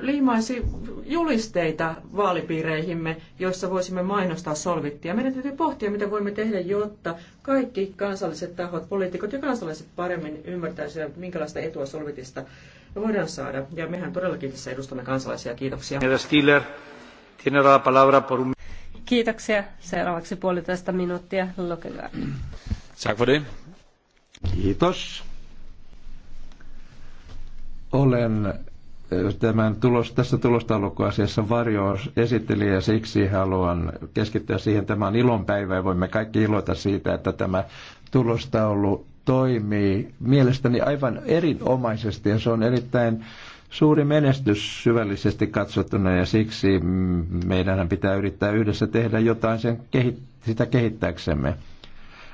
liimaisi julisteita vaalipiireihimme, joissa voisimme mainostaa solvittia. Meidän täytyy pohtia, mitä voimme tehdä, jotta kaikki kansalliset tahot, poliitikot ja kansalaiset paremmin ymmärtäisivät, minkälaista etua solvitista voidaan saada. Ja mehän todellakin tässä edustamme kansalaisia. Kiitoksia. Stiller, tiene la palabra por un... Kiitoksia. Seuraavaksi puolitoista minuuttia. Lokegaard. Kiitos. Olen tämän tulos, tässä tulostaulukkoasiassa varjo esitteli ja siksi haluan keskittyä siihen. Tämä on ilonpäivä ja voimme kaikki iloita siitä, että tämä tulostaulu toimii mielestäni aivan erinomaisesti ja se on erittäin suuri menestys syvällisesti katsottuna ja siksi meidän pitää yrittää yhdessä tehdä jotain sen kehit- sitä kehittääksemme.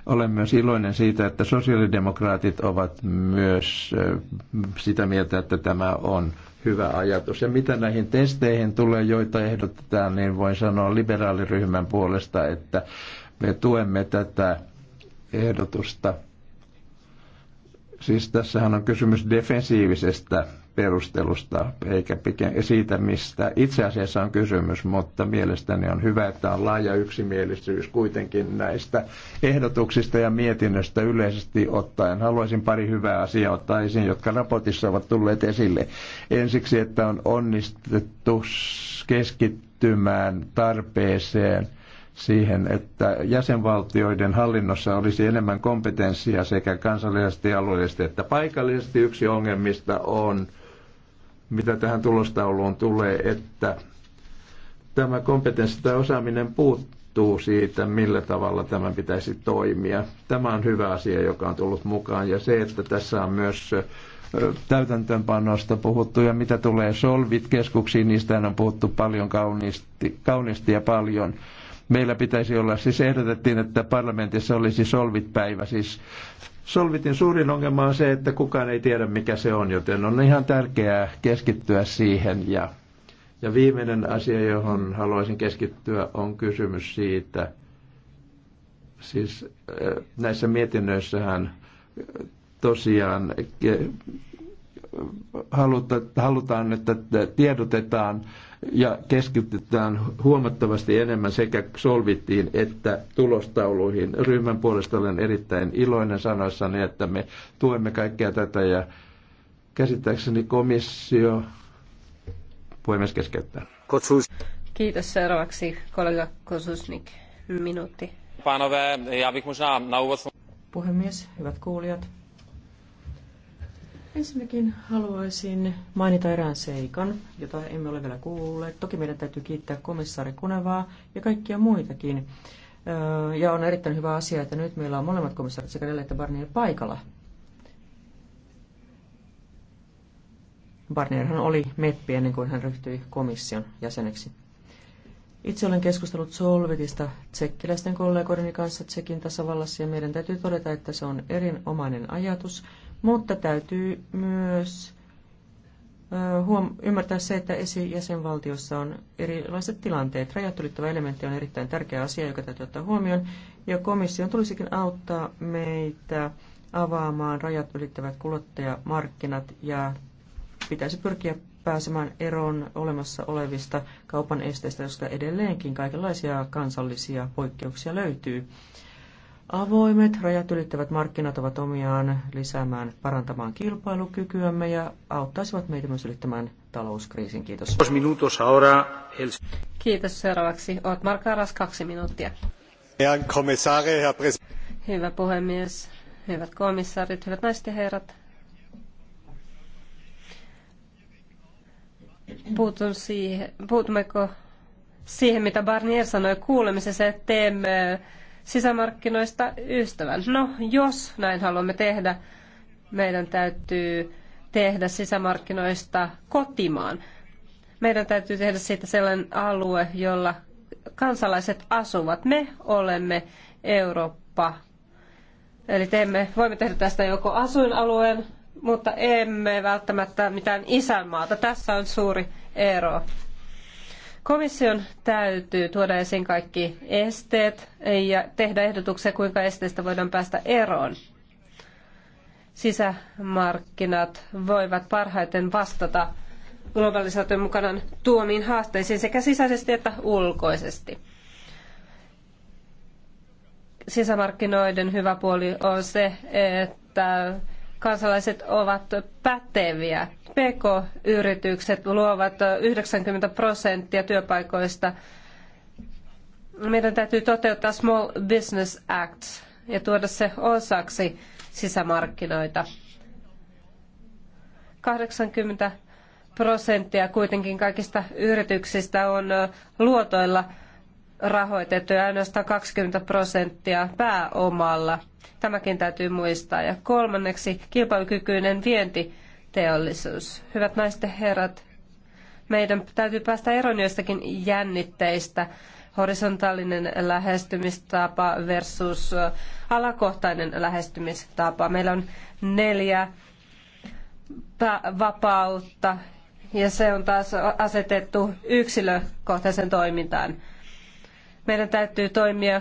Olen myös iloinen siitä, että sosiaalidemokraatit ovat myös sitä mieltä, että tämä on hyvä ajatus. Ja mitä näihin testeihin tulee, joita ehdotetaan, niin voin sanoa liberaaliryhmän puolesta, että me tuemme tätä ehdotusta. Siis tässähän on kysymys defensiivisestä perustelusta eikä siitä, mistä itse asiassa on kysymys, mutta mielestäni on hyvä, että on laaja yksimielisyys kuitenkin näistä ehdotuksista ja mietinnöstä yleisesti ottaen. Haluaisin pari hyvää asiaa ottaa esiin, jotka raportissa ovat tulleet esille. Ensiksi, että on onnistettu keskittymään tarpeeseen – siihen, että jäsenvaltioiden hallinnossa olisi enemmän kompetenssia sekä kansallisesti, alueellisesti että paikallisesti. Yksi ongelmista on mitä tähän tulostauluun tulee, että tämä kompetenssi tai osaaminen puuttuu siitä, millä tavalla tämän pitäisi toimia. Tämä on hyvä asia, joka on tullut mukaan ja se, että tässä on myös täytäntöönpanosta puhuttu ja mitä tulee Solvit-keskuksiin, niistä on puhuttu paljon kauniisti, kauniisti ja paljon. Meillä pitäisi olla, siis ehdotettiin, että parlamentissa olisi Solvit-päivä, siis Solvitin suurin ongelma on se, että kukaan ei tiedä mikä se on, joten on ihan tärkeää keskittyä siihen. Ja, ja viimeinen asia, johon haluaisin keskittyä, on kysymys siitä, siis äh, näissä mietinnöissähän äh, tosiaan äh, haluta, halutaan, että tiedotetaan ja keskitytään huomattavasti enemmän sekä solvittiin että tulostauluihin. Ryhmän puolesta olen erittäin iloinen sanoissani, että me tuemme kaikkea tätä ja käsittääkseni komissio puhemies keskeyttää. Kutsuus. Kiitos. Seuraavaksi kollega Kosusnik. Minuutti. Panove ja bych možná na úvod... Puhemies, hyvät kuulijat. Ensinnäkin haluaisin mainita erään seikan, jota emme ole vielä kuulleet. Toki meidän täytyy kiittää komissaari Kunevaa ja kaikkia muitakin. Öö, ja on erittäin hyvä asia, että nyt meillä on molemmat komissaarit sekä Delle että Barnier paikalla. Barnierhan oli meppi ennen kuin hän ryhtyi komission jäseneksi. Itse olen keskustellut Solvitista tsekkiläisten kollegoideni kanssa Tsekin tasavallassa ja meidän täytyy todeta, että se on erinomainen ajatus – mutta täytyy myös huom- ymmärtää se, että esijäsenvaltiossa on erilaiset tilanteet. Rajat ylittävä elementti on erittäin tärkeä asia, joka täytyy ottaa huomioon, ja komission tulisikin auttaa meitä avaamaan rajat ylittävät kuluttajamarkkinat ja pitäisi pyrkiä pääsemään eroon olemassa olevista kaupan esteistä, josta edelleenkin kaikenlaisia kansallisia poikkeuksia löytyy. Avoimet rajat ylittävät markkinat ovat omiaan lisäämään, parantamaan kilpailukykyämme ja auttaisivat meitä myös ylittämään talouskriisin. Kiitos. Kiitos. Seuraavaksi Otmar Karas, kaksi minuuttia. Hyvä puhemies, hyvät komissaarit, hyvät naiset ja herrat. Puutun siihen, puutummeko siihen, mitä Barnier sanoi kuulemisessa, että teemme sisämarkkinoista ystävän. No, jos näin haluamme tehdä, meidän täytyy tehdä sisämarkkinoista kotimaan. Meidän täytyy tehdä siitä sellainen alue, jolla kansalaiset asuvat. Me olemme Eurooppa. Eli teemme, voimme tehdä tästä joko asuinalueen, mutta emme välttämättä mitään isänmaata. Tässä on suuri ero. Komission täytyy tuoda esiin kaikki esteet ja tehdä ehdotuksia, kuinka esteistä voidaan päästä eroon. Sisämarkkinat voivat parhaiten vastata globalisaation mukanaan tuomiin haasteisiin sekä sisäisesti että ulkoisesti. Sisämarkkinoiden hyvä puoli on se, että kansalaiset ovat päteviä. PK-yritykset luovat 90 prosenttia työpaikoista. Meidän täytyy toteuttaa Small Business Act ja tuoda se osaksi sisämarkkinoita. 80 prosenttia kuitenkin kaikista yrityksistä on luotoilla – rahoitettu ja ainoastaan 20 prosenttia pääomalla. Tämäkin täytyy muistaa. Ja kolmanneksi kilpailukykyinen vientiteollisuus. Hyvät naiset ja herrat, meidän täytyy päästä eroon joistakin jännitteistä. Horisontaalinen lähestymistapa versus alakohtainen lähestymistapa. Meillä on neljä vapautta ja se on taas asetettu yksilökohtaisen toimintaan. Meidän täytyy toimia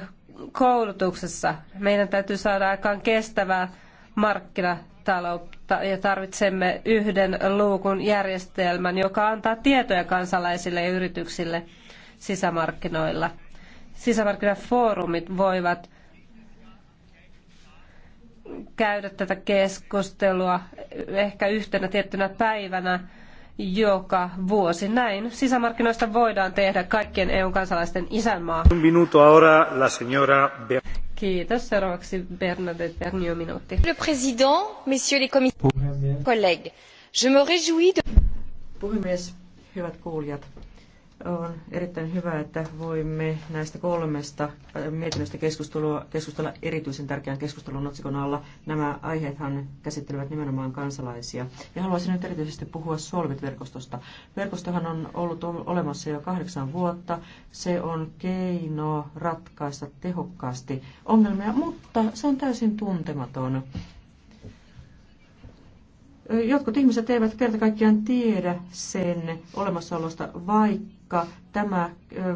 koulutuksessa. Meidän täytyy saada aikaan kestävää markkinataloutta ja tarvitsemme yhden luukun järjestelmän, joka antaa tietoja kansalaisille ja yrityksille sisämarkkinoilla. Sisämarkkinafoorumit voivat käydä tätä keskustelua ehkä yhtenä tiettynä päivänä joka vuosi. Näin sisämarkkinoista voidaan tehdä kaikkien EU-kansalaisten isänmaa. Un minuto ahora la señora Kiitos. Seuraavaksi Bernadette Bernio minuutti. Le président, messieurs les commissaires, collègues, je me réjouis de... Puhemies, hyvät kuulijat. On erittäin hyvä, että voimme näistä kolmesta äh, mietinnöstä keskustelua, keskustella erityisen tärkeän keskustelun otsikon alla. Nämä aiheethan käsittelevät nimenomaan kansalaisia. Ja haluaisin nyt erityisesti puhua Solvit-verkostosta. Verkostohan on ollut olemassa jo kahdeksan vuotta. Se on keino ratkaista tehokkaasti ongelmia, mutta se on täysin tuntematon. Jotkut ihmiset eivät kerta kaikkiaan tiedä sen olemassaolosta, vaikka vaikka tämä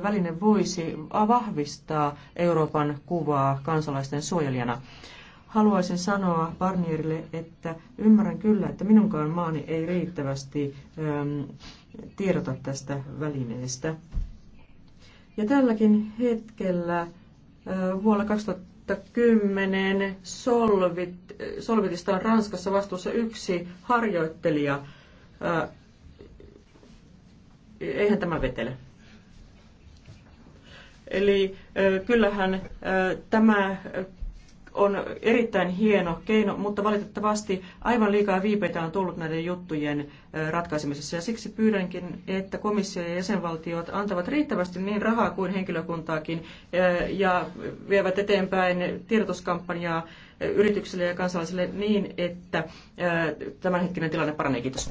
väline voisi vahvistaa Euroopan kuvaa kansalaisten suojelijana. Haluaisin sanoa Barnierille, että ymmärrän kyllä, että minunkaan maani ei riittävästi tiedota tästä välineestä. Ja tälläkin hetkellä vuonna 2010 Solvit, Solvitista on Ranskassa vastuussa yksi harjoittelija eihän tämä vetele. Eli kyllähän tämä on erittäin hieno keino, mutta valitettavasti aivan liikaa viipeitä on tullut näiden juttujen ratkaisemisessa. Ja siksi pyydänkin, että komissio ja jäsenvaltiot antavat riittävästi niin rahaa kuin henkilökuntaakin ja vievät eteenpäin tiedotuskampanjaa yrityksille ja kansalaisille niin, että tämänhetkinen tilanne paranee. Kiitos.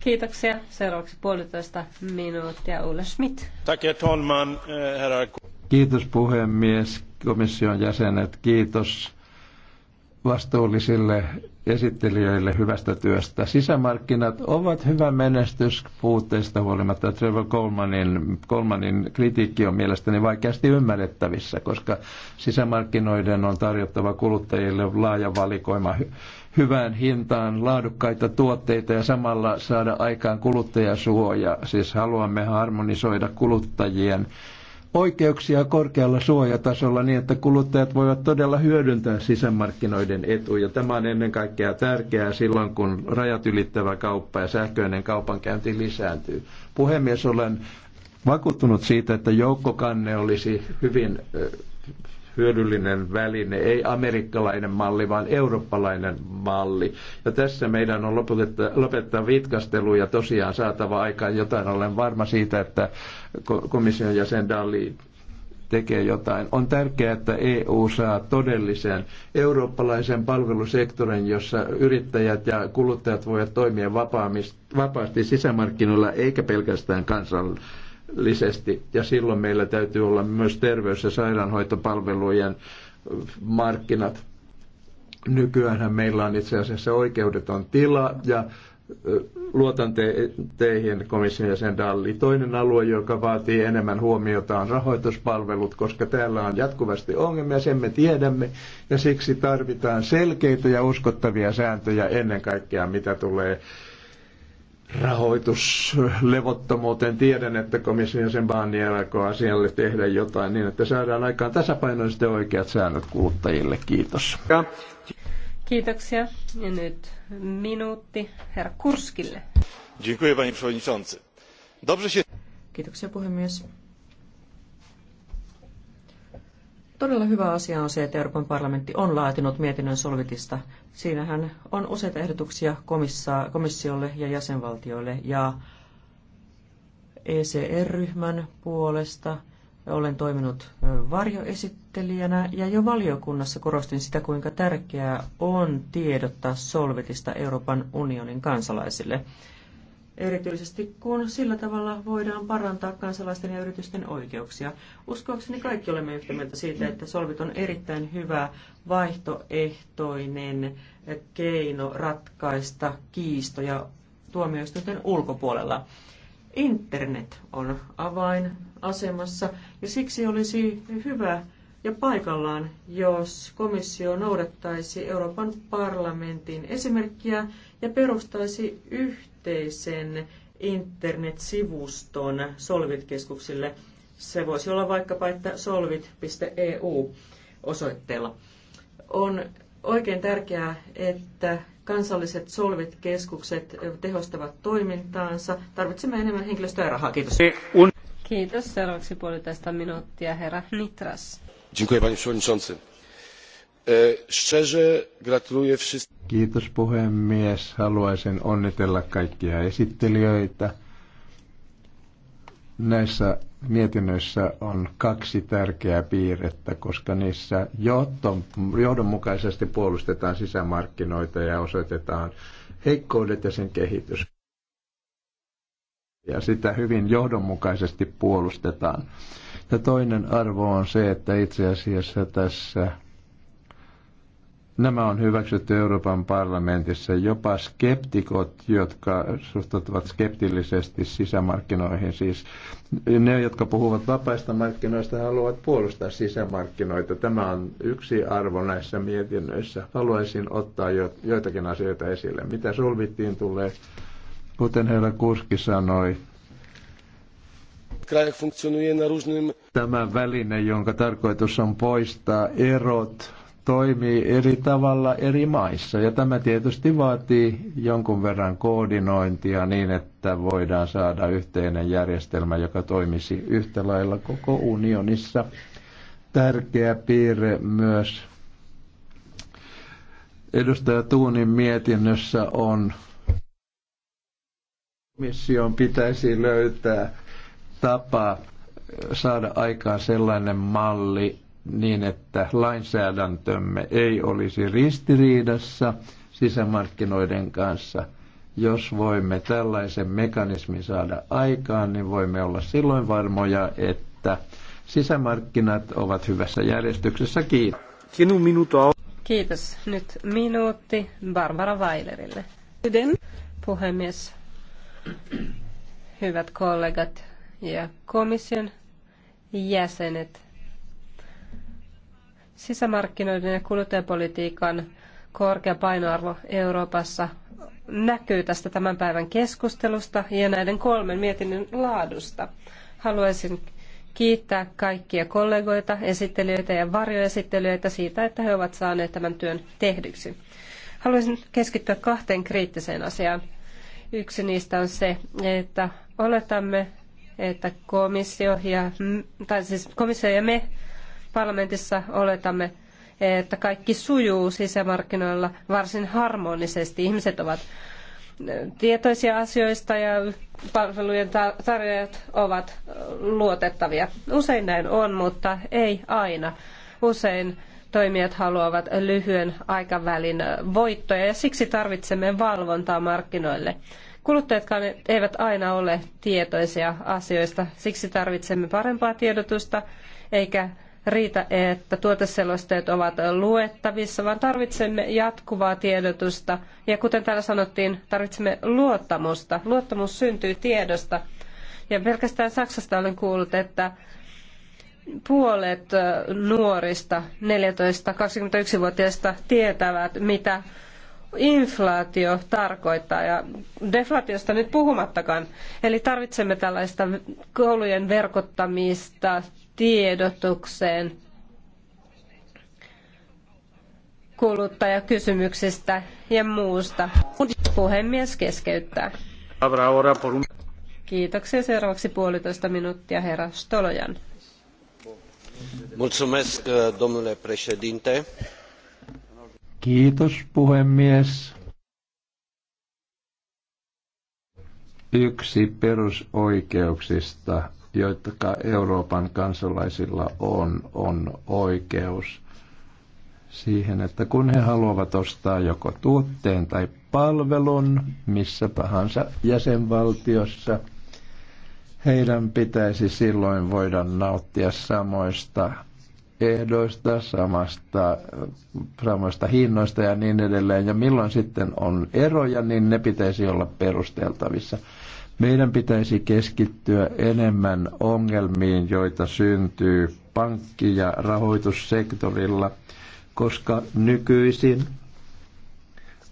Kiitoksia. Seuraavaksi puolitoista minuuttia Ulla Schmidt. Tack, talman, eh, herra. Kiitos puhemies, komission jäsenet. Kiitos vastuullisille esittelijöille hyvästä työstä. Sisämarkkinat ovat hyvä menestys puutteista huolimatta. Trevor Colemanin, Colemanin kritiikki on mielestäni vaikeasti ymmärrettävissä, koska sisämarkkinoiden on tarjottava kuluttajille laaja valikoima hyvään hintaan laadukkaita tuotteita ja samalla saada aikaan kuluttajasuoja. Siis haluamme harmonisoida kuluttajien oikeuksia korkealla suojatasolla niin, että kuluttajat voivat todella hyödyntää sisämarkkinoiden etuja. Tämä on ennen kaikkea tärkeää silloin, kun rajat ylittävä kauppa ja sähköinen kaupankäynti lisääntyy. Puhemies, olen vakuuttunut siitä, että joukkokanne olisi hyvin hyödyllinen väline, ei amerikkalainen malli, vaan eurooppalainen malli. Ja tässä meidän on lopettaa, lopettaa vitkastelu ja tosiaan saatava aikaan jotain. Olen varma siitä, että komission jäsen Dalli tekee jotain. On tärkeää, että EU saa todellisen eurooppalaisen palvelusektorin, jossa yrittäjät ja kuluttajat voivat toimia vapaasti sisämarkkinoilla eikä pelkästään kansallisella lisesti, ja silloin meillä täytyy olla myös terveys- ja sairaanhoitopalvelujen markkinat. Nykyään meillä on itse asiassa oikeudeton tila, ja luotan te, teihin komission jäsen Dalli. Toinen alue, joka vaatii enemmän huomiota, on rahoituspalvelut, koska täällä on jatkuvasti ongelmia, sen me tiedämme, ja siksi tarvitaan selkeitä ja uskottavia sääntöjä ennen kaikkea, mitä tulee rahoituslevottomuuteen. Tiedän, että komissio sen Barnier alkoi asialle tehdä jotain niin, että saadaan aikaan tasapainoiset ja oikeat säännöt kuluttajille. Kiitos. Kiitoksia. Ja nyt minuutti herra Kurskille. Dziękuję, panie przewodniczący. Dobrze się... Kiitoksia puhemies. Todella hyvä asia on se, että Euroopan parlamentti on laatinut mietinnön solvitista. Siinähän on useita ehdotuksia komissiolle ja jäsenvaltioille ja ECR-ryhmän puolesta olen toiminut varjoesittelijänä ja jo valiokunnassa korostin sitä, kuinka tärkeää on tiedottaa solvitista Euroopan unionin kansalaisille erityisesti kun sillä tavalla voidaan parantaa kansalaisten ja yritysten oikeuksia. Uskoakseni kaikki olemme yhtä mieltä siitä, että solvit on erittäin hyvä vaihtoehtoinen keino ratkaista kiistoja tuomioistuinten ulkopuolella. Internet on avainasemassa ja siksi olisi hyvä ja paikallaan, jos komissio noudattaisi Euroopan parlamentin esimerkkiä ja perustaisi yhteisen internetsivuston Solvit-keskuksille. Se voisi olla vaikkapa, että solvit.eu e osoitteella. On oikein tärkeää, että kansalliset Solvit-keskukset tehostavat toimintaansa. Tarvitsemme enemmän henkilöstöä ja rahaa. Kiitos. Kiitos. Seuraavaksi puolitoista minuuttia, herra Nitras panie przewodniczący! E, szczerze gratuluję wszystkim. Kiitos puhemies. Haluaisin onnitella kaikkia esittelijöitä. Näissä mietinnöissä on kaksi tärkeää piirrettä, koska niissä johdonmukaisesti puolustetaan sisämarkkinoita ja osoitetaan heikkoudet ja sen kehitys. Ja sitä hyvin johdonmukaisesti puolustetaan. Ja toinen arvo on se, että itse asiassa tässä nämä on hyväksytty Euroopan parlamentissa. Jopa skeptikot, jotka suhtautuvat skeptillisesti sisämarkkinoihin, siis ne, jotka puhuvat vapaista markkinoista, haluavat puolustaa sisämarkkinoita. Tämä on yksi arvo näissä mietinnöissä. Haluaisin ottaa jo, joitakin asioita esille. Mitä solvittiin tulee, kuten herra Kuski sanoi, krajach funkcjonuje na różnym... Tämä väline, jonka tarkoitus on poistaa erot, toimii eri tavalla eri maissa. Ja tämä tietysti vaatii jonkun verran koordinointia niin, että voidaan saada yhteinen järjestelmä, joka toimisi yhtä lailla koko unionissa. Tärkeä piirre myös edustaja Tuunin mietinnössä on komission pitäisi löytää tapa saada aikaan sellainen malli niin, että lainsäädäntömme ei olisi ristiriidassa sisämarkkinoiden kanssa. Jos voimme tällaisen mekanismin saada aikaan, niin voimme olla silloin varmoja, että sisämarkkinat ovat hyvässä järjestyksessä. Kiitos. Kiitos. Nyt minuutti Barbara Weilerille. Puhemies, hyvät kollegat, ja komission jäsenet. Sisämarkkinoiden ja kuluttajapolitiikan korkea painoarvo Euroopassa näkyy tästä tämän päivän keskustelusta ja näiden kolmen mietinnön laadusta. Haluaisin kiittää kaikkia kollegoita, esittelijöitä ja varjoesittelijöitä siitä, että he ovat saaneet tämän työn tehdyksi. Haluaisin keskittyä kahteen kriittiseen asiaan. Yksi niistä on se, että oletamme, että komissio ja, tai siis komissio ja me parlamentissa oletamme, että kaikki sujuu sisämarkkinoilla varsin harmonisesti. Ihmiset ovat tietoisia asioista ja palvelujen tarjoajat ovat luotettavia. Usein näin on, mutta ei aina. Usein toimijat haluavat lyhyen aikavälin voittoja ja siksi tarvitsemme valvontaa markkinoille. Kuluttajatkaan eivät aina ole tietoisia asioista, siksi tarvitsemme parempaa tiedotusta, eikä riitä, että tuoteselosteet ovat luettavissa, vaan tarvitsemme jatkuvaa tiedotusta. Ja kuten täällä sanottiin, tarvitsemme luottamusta. Luottamus syntyy tiedosta. Ja pelkästään Saksasta olen kuullut, että puolet nuorista 14-21-vuotiaista tietävät, mitä inflaatio tarkoittaa, ja deflaatiosta nyt puhumattakaan. Eli tarvitsemme tällaista koulujen verkottamista tiedotukseen kuluttajakysymyksistä ja muusta. Puhemies keskeyttää. Kiitoksia. Seuraavaksi puolitoista minuuttia herra Stolojan. Mulțumesc, domnule președinte. Kiitos puhemies. Yksi perusoikeuksista, joita Euroopan kansalaisilla on, on oikeus siihen, että kun he haluavat ostaa joko tuotteen tai palvelun missä tahansa jäsenvaltiossa, heidän pitäisi silloin voida nauttia samoista ehdoista, samasta, samasta hinnoista ja niin edelleen. Ja milloin sitten on eroja, niin ne pitäisi olla perusteltavissa. Meidän pitäisi keskittyä enemmän ongelmiin, joita syntyy pankki- ja rahoitussektorilla, koska nykyisin,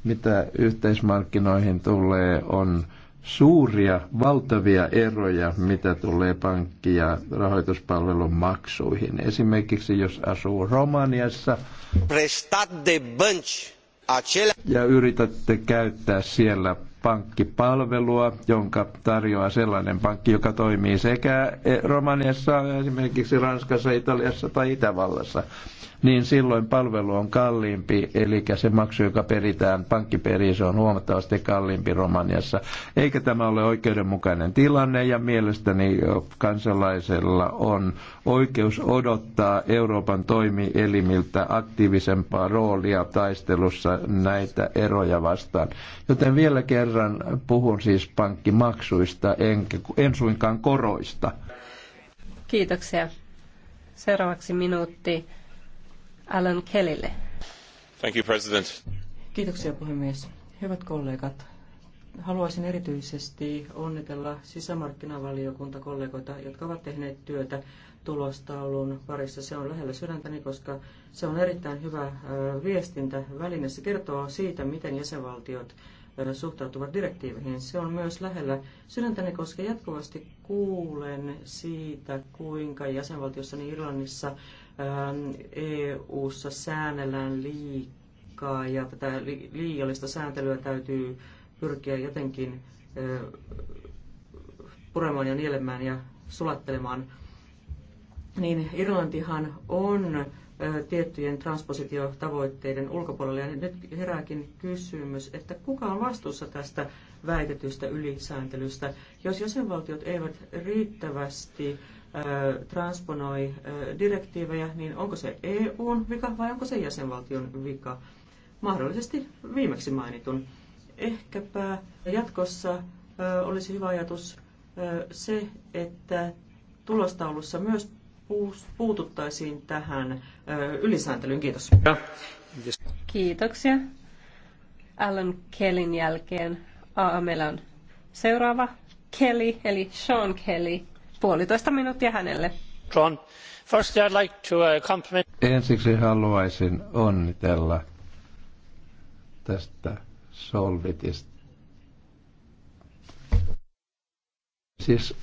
mitä yhteismarkkinoihin tulee, on suuria, valtavia eroja, mitä tulee pankki- ja rahoituspalvelun maksuihin. Esimerkiksi jos asuu Romaniassa ja yritätte käyttää siellä pankkipalvelua, jonka tarjoaa sellainen pankki, joka toimii sekä Romaniassa, esimerkiksi Ranskassa, Italiassa tai Itävallassa niin silloin palvelu on kalliimpi, eli se maksu, joka peritään, pankki perii, se on huomattavasti kalliimpi Romaniassa. Eikä tämä ole oikeudenmukainen tilanne, ja mielestäni kansalaisella on oikeus odottaa Euroopan toimielimiltä aktiivisempaa roolia taistelussa näitä eroja vastaan. Joten vielä kerran puhun siis pankkimaksuista, en, en suinkaan koroista. Kiitoksia. Seuraavaksi minuutti Alan Kellylle. Thank you, President. Kiitoksia puhemies. Hyvät kollegat, haluaisin erityisesti onnitella sisämarkkinavaliokuntakollegoita, jotka ovat tehneet työtä tulostaulun parissa. Se on lähellä sydäntäni, koska se on erittäin hyvä viestintäväline. Se kertoo siitä, miten jäsenvaltiot suhtautuvat direktiiveihin. Se on myös lähellä sydäntäni, koska jatkuvasti kuulen siitä, kuinka jäsenvaltiossa niin Irlannissa Ähm, EU-ssa säännellään liikaa ja tätä liiallista sääntelyä täytyy pyrkiä jotenkin puremaan ja nielemään ja sulattelemaan, niin Irlantihan on tiettyjen transpositiotavoitteiden ulkopuolella. Ja nyt herääkin kysymys, että kuka on vastuussa tästä väitetystä ylisääntelystä, jos jäsenvaltiot eivät riittävästi transponoi direktiivejä, niin onko se EUn vika vai onko se jäsenvaltion vika? Mahdollisesti viimeksi mainitun. Ehkäpä jatkossa olisi hyvä ajatus se, että tulostaulussa myös puututtaisiin tähän ylisääntelyyn. Kiitos. Kiitoksia. Alan Kellyn jälkeen Aa, meillä on seuraava Kelly, eli Sean Kelly puolitoista minuuttia hänelle. Firstly, I'd like to uh, compliment... Ensiksi haluaisin onnitella tästä Solvitista. Siis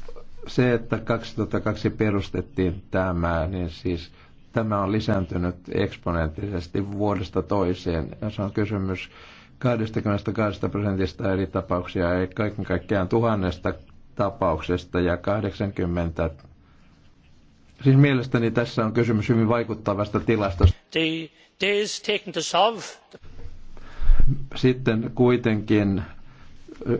se, että 2002 perustettiin tämä, niin siis tämä on lisääntynyt eksponenttisesti vuodesta toiseen. Ja se on kysymys 22 prosentista eri tapauksia, ei kaiken kaikkiaan tuhannesta tapauksesta ja 80 Siis mielestäni tässä on kysymys hyvin vaikuttavasta tilastosta. Sitten kuitenkin 53-69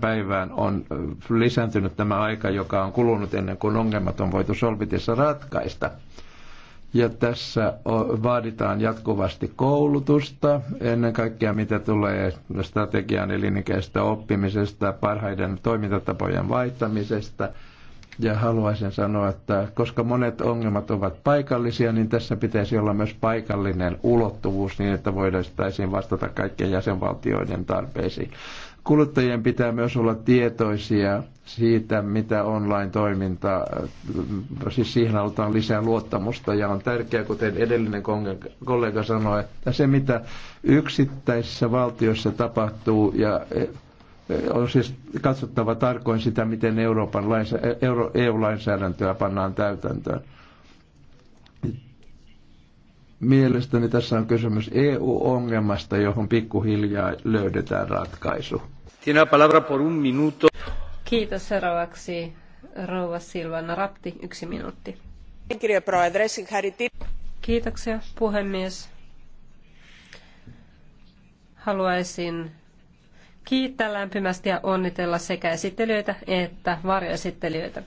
päivään on lisääntynyt tämä aika, joka on kulunut ennen kuin ongelmat on voitu solvitissa ratkaista. Ja tässä vaaditaan jatkuvasti koulutusta, ennen kaikkea mitä tulee strategian elinikäistä oppimisesta, parhaiden toimintatapojen vaihtamisesta. Ja haluaisin sanoa, että koska monet ongelmat ovat paikallisia, niin tässä pitäisi olla myös paikallinen ulottuvuus niin, että voidaan vastata kaikkien jäsenvaltioiden tarpeisiin. Kuluttajien pitää myös olla tietoisia siitä, mitä online-toiminta, siis siihen halutaan lisää luottamusta ja on tärkeää, kuten edellinen kollega sanoi, että se mitä yksittäisissä valtioissa tapahtuu ja eh, on siis katsottava tarkoin sitä, miten Euroopan lainsä, eh, Euro, EU-lainsäädäntöä pannaan täytäntöön. Mielestäni tässä on kysymys EU-ongelmasta, johon pikkuhiljaa löydetään ratkaisu. Tiene palabra por un minuto. Kiitos seuraavaksi rouva Silvana Rapti, yksi minuutti. Kiitoksia puhemies. Haluaisin kiittää lämpimästi ja onnitella sekä esittelijöitä että varjoesittelijöitä.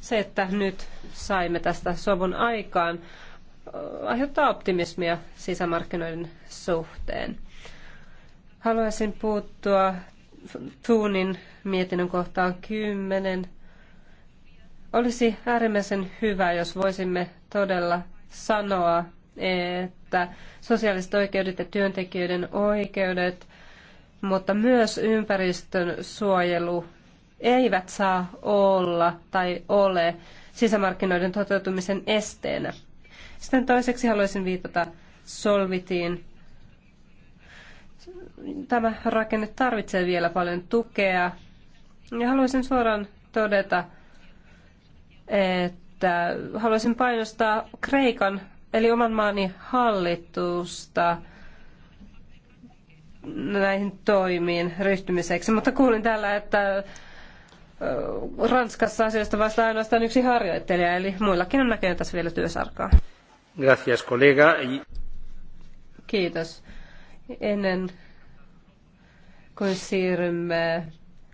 Se, että nyt saimme tästä sovun aikaan, aiheuttaa optimismia sisämarkkinoiden suhteen. Haluaisin puuttua Tuunin mietinnön kohtaan 10. Olisi äärimmäisen hyvä, jos voisimme todella sanoa, että sosiaaliset oikeudet ja työntekijöiden oikeudet, mutta myös ympäristön suojelu eivät saa olla tai ole sisämarkkinoiden toteutumisen esteenä. Sitten toiseksi haluaisin viitata Solvitiin tämä rakenne tarvitsee vielä paljon tukea. Ja haluaisin suoraan todeta, että haluaisin painostaa Kreikan, eli oman maani hallitusta näihin toimiin ryhtymiseksi. Mutta kuulin täällä, että Ranskassa asioista vasta ainoastaan yksi harjoittelija, eli muillakin on näköjään tässä vielä työsarkaa. Gracias, kollega. Kiitos. Ennen kun siirrymme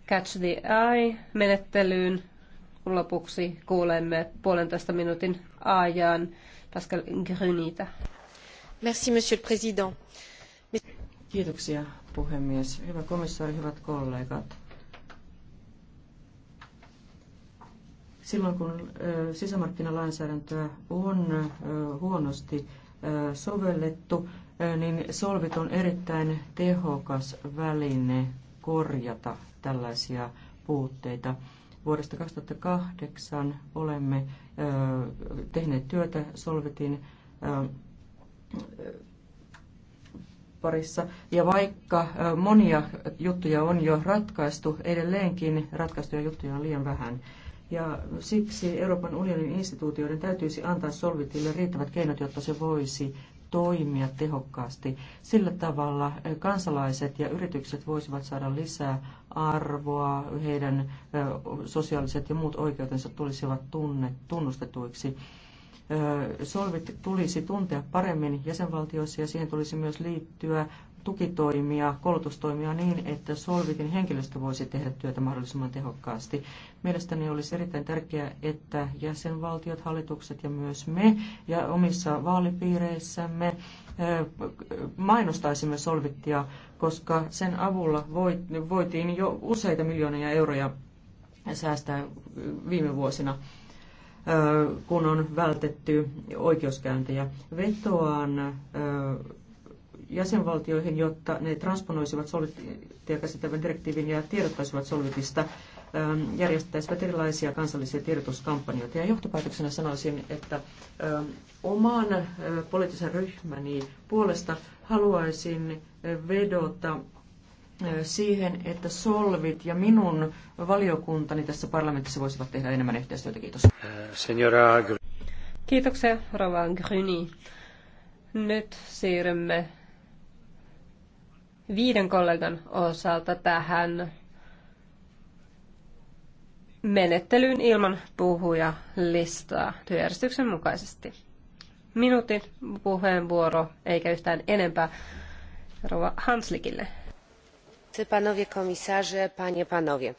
Catch the Eye-menettelyyn. Lopuksi kuulemme puolentoista minuutin ajan Pascal Grunita. Merci, monsieur le président. Kiitoksia, puhemies. Hyvä komissaari, hyvät kollegat. Silloin kun sisämarkkinalainsäädäntöä on huonosti sovellettu, niin solvit on erittäin tehokas väline korjata tällaisia puutteita. Vuodesta 2008 olemme tehneet työtä solvitin parissa. Ja vaikka monia juttuja on jo ratkaistu, edelleenkin ratkaistuja juttuja on liian vähän. Ja siksi Euroopan unionin instituutioiden täytyisi antaa Solvitille riittävät keinot, jotta se voisi toimia tehokkaasti. Sillä tavalla eh, kansalaiset ja yritykset voisivat saada lisää arvoa, heidän eh, sosiaaliset ja muut oikeutensa tulisivat tunne, tunnustetuiksi. Eh, Solvit tulisi tuntea paremmin jäsenvaltioissa ja siihen tulisi myös liittyä tukitoimia, koulutustoimia niin, että Solvitin henkilöstö voisi tehdä työtä mahdollisimman tehokkaasti. Mielestäni olisi erittäin tärkeää, että jäsenvaltiot, hallitukset ja myös me ja omissa vaalipiireissämme mainostaisimme Solvittia, koska sen avulla voitiin jo useita miljoonia euroja säästää viime vuosina kun on vältetty oikeuskäyntejä. Vetoan jäsenvaltioihin, jotta ne transponoisivat solvittia käsittelevän direktiivin ja tiedottaisivat solvitista, ähm, järjestäisivät erilaisia kansallisia tiedotuskampanjoita. Ja johtopäätöksenä sanoisin, että ähm, oman äh, poliittisen ryhmäni puolesta haluaisin äh, vedota äh, siihen, että Solvit ja minun valiokuntani tässä parlamentissa voisivat tehdä enemmän yhteistyötä. Kiitos. Kiitoksia, Rovan Gryni. Nyt siirrymme viiden kollegan osalta tähän menettelyyn ilman puhuja listaa työjärjestyksen mukaisesti. Minuutin puheenvuoro, eikä yhtään enempää. Rova Hanslikille. Panowie komisarze, panie, panowie.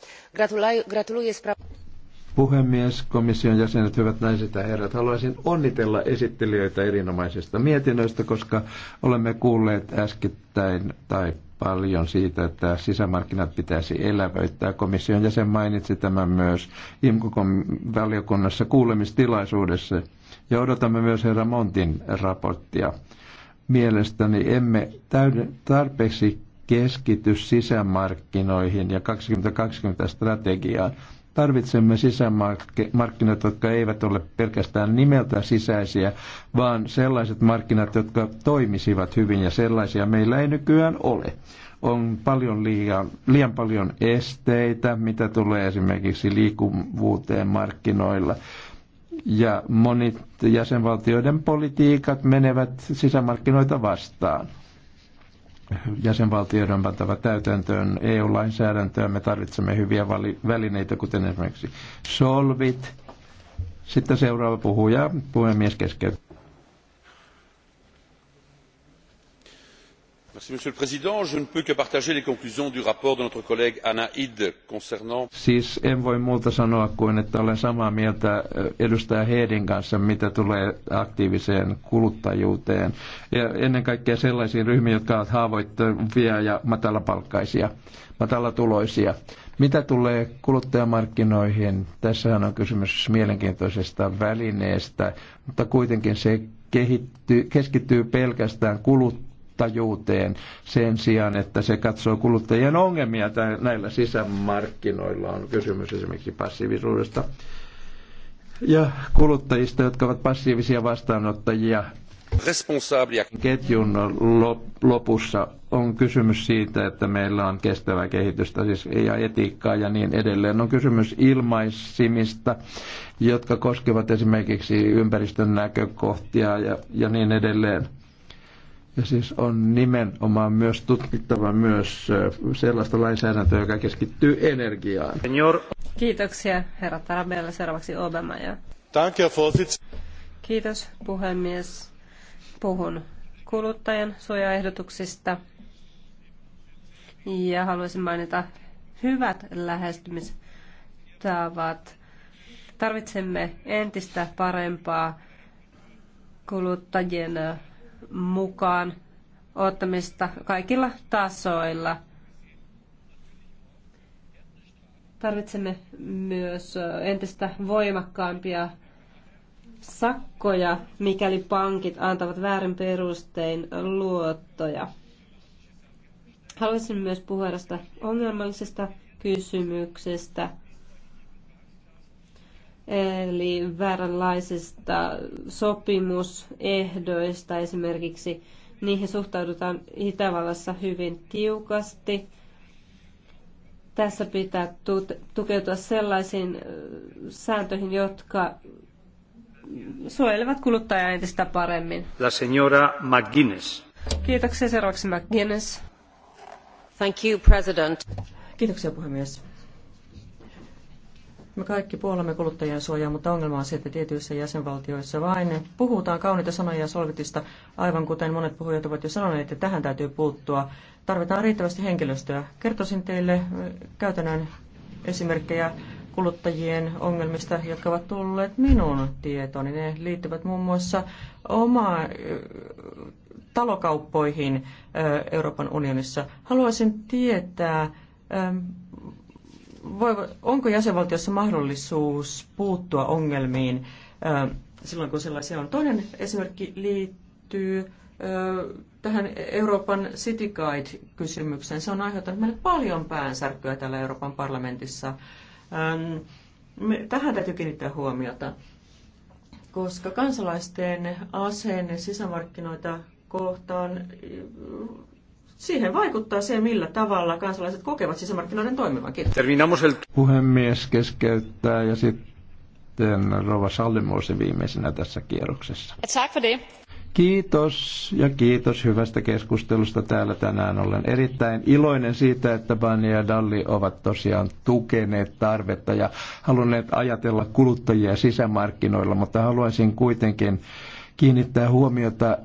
Gratuluję sprawozdania puhemies, komission jäsenet, hyvät naiset ja herrat. Haluaisin onnitella esittelijöitä erinomaisesta mietinnöistä, koska olemme kuulleet äskettäin tai paljon siitä, että sisämarkkinat pitäisi elävöittää. Komission jäsen mainitsi tämän myös IMKOKon valiokunnassa kuulemistilaisuudessa ja odotamme myös herra Montin raporttia. Mielestäni emme tarpeeksi keskity sisämarkkinoihin ja 2020 strategiaan tarvitsemme sisämarkkinat, jotka eivät ole pelkästään nimeltä sisäisiä, vaan sellaiset markkinat, jotka toimisivat hyvin ja sellaisia meillä ei nykyään ole. On paljon liian, liian paljon esteitä, mitä tulee esimerkiksi liikkuvuuteen markkinoilla. Ja monet jäsenvaltioiden politiikat menevät sisämarkkinoita vastaan jäsenvaltioiden on pantava täytäntöön EU-lainsäädäntöä. Me tarvitsemme hyviä välineitä, kuten esimerkiksi solvit. Sitten seuraava puhuja, puhemies keskeyttää. monsieur le président je ne peux que partager les conclusions du rapport de notre collègue Anna Id concernant Siis en voi muuta sanoa kuin että olen samaa mieltä eh, edustaja Heedin kanssa mitä tulee aktiiviseen kuluttajuuteen ja ennen kaikkea sellaisiin ryhmiin jotka ovat haavoittuvia ja matalapalkkaisia matalatuloisia mitä tulee kuluttajamarkkinoihin, tässähän on kysymys mielenkiintoisesta välineestä, mutta kuitenkin se kehittyy, keskittyy pelkästään kulut, omistajuuteen sen sijaan, että se katsoo kuluttajien ongelmia näillä sisämarkkinoilla. On kysymys esimerkiksi passiivisuudesta ja kuluttajista, jotka ovat passiivisia vastaanottajia. Ketjun lopussa on kysymys siitä, että meillä on kestävää kehitystä siis ja etiikkaa ja niin edelleen. On kysymys ilmaisimista, jotka koskevat esimerkiksi ympäristön näkökohtia ja, ja niin edelleen. Ja siis on nimenomaan myös tutkittava myös sellaista lainsäädäntöä, joka keskittyy energiaan. Kiitoksia, herra Tarabella. Seuraavaksi Obama. Ja... Kiitos, puhemies. Puhun kuluttajan suojaehdotuksista ja haluaisin mainita hyvät lähestymistavat. Tarvitsemme entistä parempaa kuluttajien mukaan ottamista kaikilla tasoilla. Tarvitsemme myös entistä voimakkaampia sakkoja, mikäli pankit antavat väärin perustein luottoja. Haluaisin myös puhua tästä ongelmallisesta kysymyksestä – eli vääränlaisista sopimusehdoista esimerkiksi. Niihin suhtaudutaan Itävallassa hyvin tiukasti. Tässä pitää tukeutua sellaisiin sääntöihin, jotka suojelevat kuluttajaa entistä paremmin. La señora McGuinness. Kiitoksia seuraavaksi McGuinness. Thank you, President. Kiitoksia puhemies me kaikki puolamme kuluttajien suojaa, mutta ongelma on se, että tietyissä jäsenvaltioissa vain puhutaan kauniita sanoja solvitista, aivan kuten monet puhujat ovat jo sanoneet, että tähän täytyy puuttua. Tarvitaan riittävästi henkilöstöä. Kertoisin teille käytännön esimerkkejä kuluttajien ongelmista, jotka ovat tulleet minun tietooni. Ne liittyvät muun muassa omaa talokauppoihin Euroopan unionissa. Haluaisin tietää, onko jäsenvaltiossa mahdollisuus puuttua ongelmiin silloin, kun sellaisia on? Toinen esimerkki liittyy tähän Euroopan City Guide-kysymykseen. Se on aiheuttanut meille paljon päänsärkyä täällä Euroopan parlamentissa. Tähän täytyy kiinnittää huomiota, koska kansalaisten asenne sisämarkkinoita kohtaan siihen vaikuttaa se, millä tavalla kansalaiset kokevat sisämarkkinoiden toimivan. Kiitos. Puhemies keskeyttää ja sitten Rova Sallimuosi viimeisenä tässä kierroksessa. Kiitos ja kiitos hyvästä keskustelusta täällä tänään. Olen erittäin iloinen siitä, että Bani ja Dalli ovat tosiaan tukeneet tarvetta ja halunneet ajatella kuluttajia sisämarkkinoilla, mutta haluaisin kuitenkin kiinnittää huomiota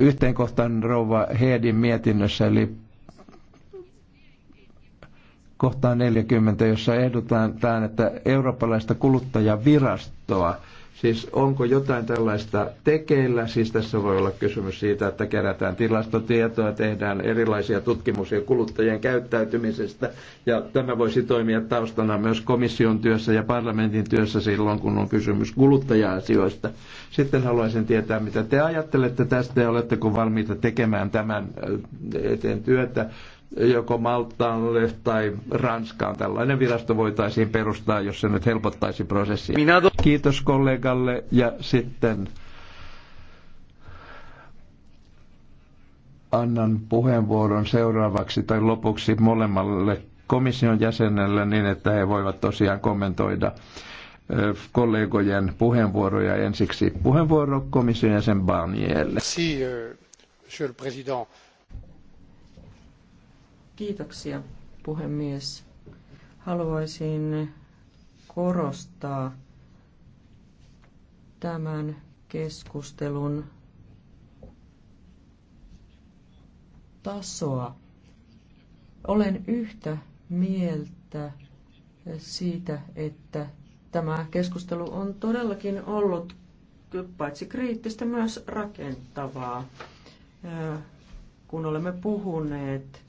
yhteen kohtaan rouva Heedin mietinnössä, eli kohtaan 40, jossa ehdotetaan, että eurooppalaista kuluttajavirastoa Siis onko jotain tällaista tekeillä? Siis tässä voi olla kysymys siitä, että kerätään tilastotietoa, tehdään erilaisia tutkimuksia kuluttajien käyttäytymisestä. Ja tämä voisi toimia taustana myös komission työssä ja parlamentin työssä silloin, kun on kysymys kuluttaja-asioista. Sitten haluaisin tietää, mitä te ajattelette tästä ja oletteko valmiita tekemään tämän eteen työtä joko Maltalle tai Ranskaan. Tällainen virasto voitaisiin perustaa, jos se nyt helpottaisi prosessia. Minä to- Kiitos kollegalle ja sitten annan puheenvuoron seuraavaksi tai lopuksi molemmalle komission jäsenelle niin, että he voivat tosiaan kommentoida kollegojen puheenvuoroja ensiksi. Puheenvuoro komission jäsen Barnierlle. Merci, euh, monsieur le président. Kiitoksia, puhemies. Haluaisin korostaa tämän keskustelun tasoa. Olen yhtä mieltä siitä, että tämä keskustelu on todellakin ollut paitsi kriittistä myös rakentavaa, kun olemme puhuneet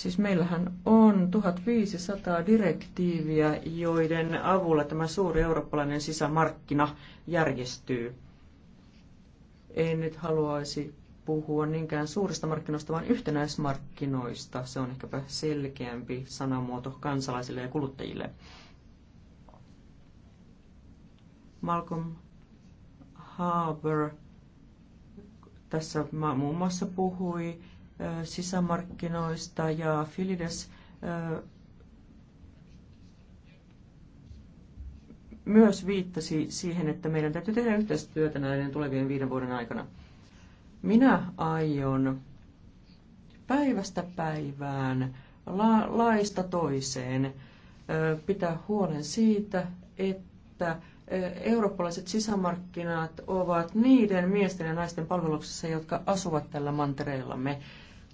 Siis meillähän on 1500 direktiiviä, joiden avulla tämä suuri eurooppalainen sisämarkkina järjestyy. En nyt haluaisi puhua niinkään suurista markkinoista, vaan yhtenäismarkkinoista. Se on ehkäpä selkeämpi sanamuoto kansalaisille ja kuluttajille. Malcolm Harbour tässä muun muassa puhui sisämarkkinoista ja Filides myös viittasi siihen, että meidän täytyy tehdä yhteistyötä näiden tulevien viiden vuoden aikana. Minä aion päivästä päivään, la, laista toiseen pitää huolen siitä, että eurooppalaiset sisämarkkinat ovat niiden miesten ja naisten palveluksessa, jotka asuvat tällä me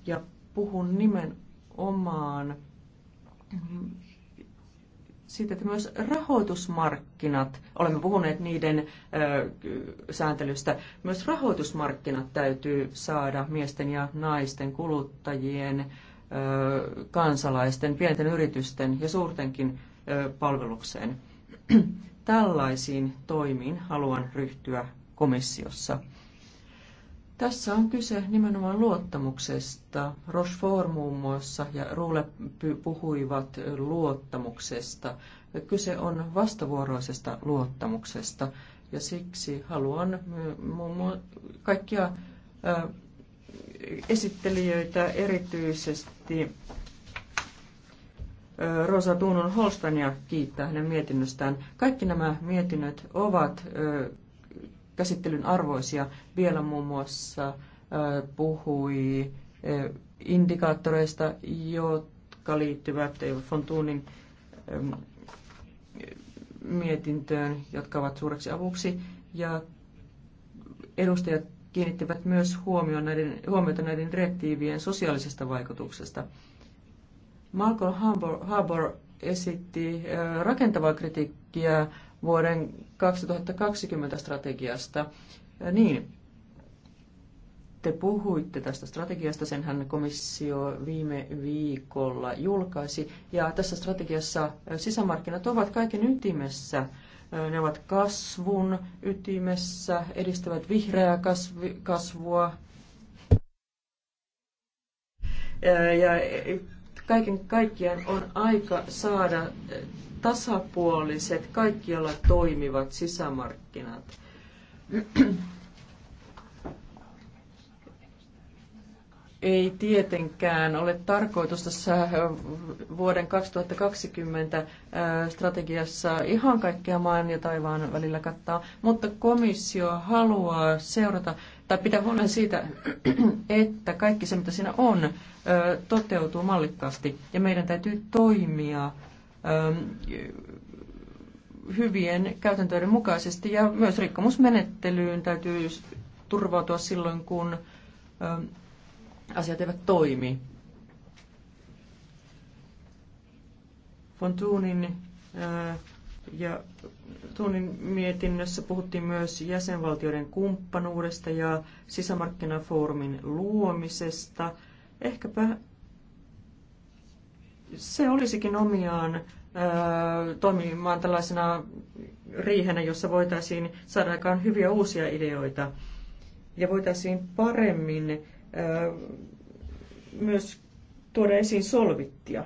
ja puhun nimenomaan siitä, että myös rahoitusmarkkinat, olemme puhuneet niiden ö, sääntelystä, myös rahoitusmarkkinat täytyy saada miesten ja naisten, kuluttajien, ö, kansalaisten, pienten yritysten ja suurtenkin ö, palvelukseen. Tällaisiin toimiin haluan ryhtyä komissiossa. Tässä on kyse nimenomaan luottamuksesta. Rochefort muun muassa ja Ruule puhuivat luottamuksesta. Kyse on vastavuoroisesta luottamuksesta ja siksi haluan mm, kaikkia esittelijöitä, erityisesti Rosa Tuunon Holstania kiittää hänen mietinnöstään. Kaikki nämä mietinnöt ovat käsittelyn arvoisia. Vielä muun muassa puhui indikaattoreista, jotka liittyvät Fontuunin mietintöön, jotka ovat suureksi avuksi. Ja edustajat kiinnittivät myös huomioon näiden, huomiota näiden direktiivien sosiaalisesta vaikutuksesta. Malcolm Harbour, Harbour esitti rakentavaa kritiikkiä vuoden 2020 strategiasta. Niin, te puhuitte tästä strategiasta, senhän komissio viime viikolla julkaisi. Ja tässä strategiassa sisämarkkinat ovat kaiken ytimessä. Ne ovat kasvun ytimessä, edistävät vihreää kasvi, kasvua. Ja kaiken kaikkiaan on aika saada tasapuoliset, kaikkialla toimivat sisämarkkinat. Ei tietenkään ole tarkoitus tässä äh, vuoden 2020 äh, strategiassa ihan kaikkea maan ja taivaan välillä kattaa, mutta komissio haluaa seurata tai pitää huolen siitä, että kaikki se mitä siinä on äh, toteutuu mallikkaasti ja meidän täytyy toimia Ähm, hyvien käytäntöiden mukaisesti ja myös rikkomusmenettelyyn täytyy turvautua silloin, kun ähm, asiat eivät toimi. Fontuunin äh, ja Tuunin mietinnössä puhuttiin myös jäsenvaltioiden kumppanuudesta ja sisämarkkinafoorumin luomisesta. Ehkäpä se olisikin omiaan toimimaan tällaisena riihenä, jossa voitaisiin saada aikaan hyviä uusia ideoita ja voitaisiin paremmin myös tuoda esiin solvittia.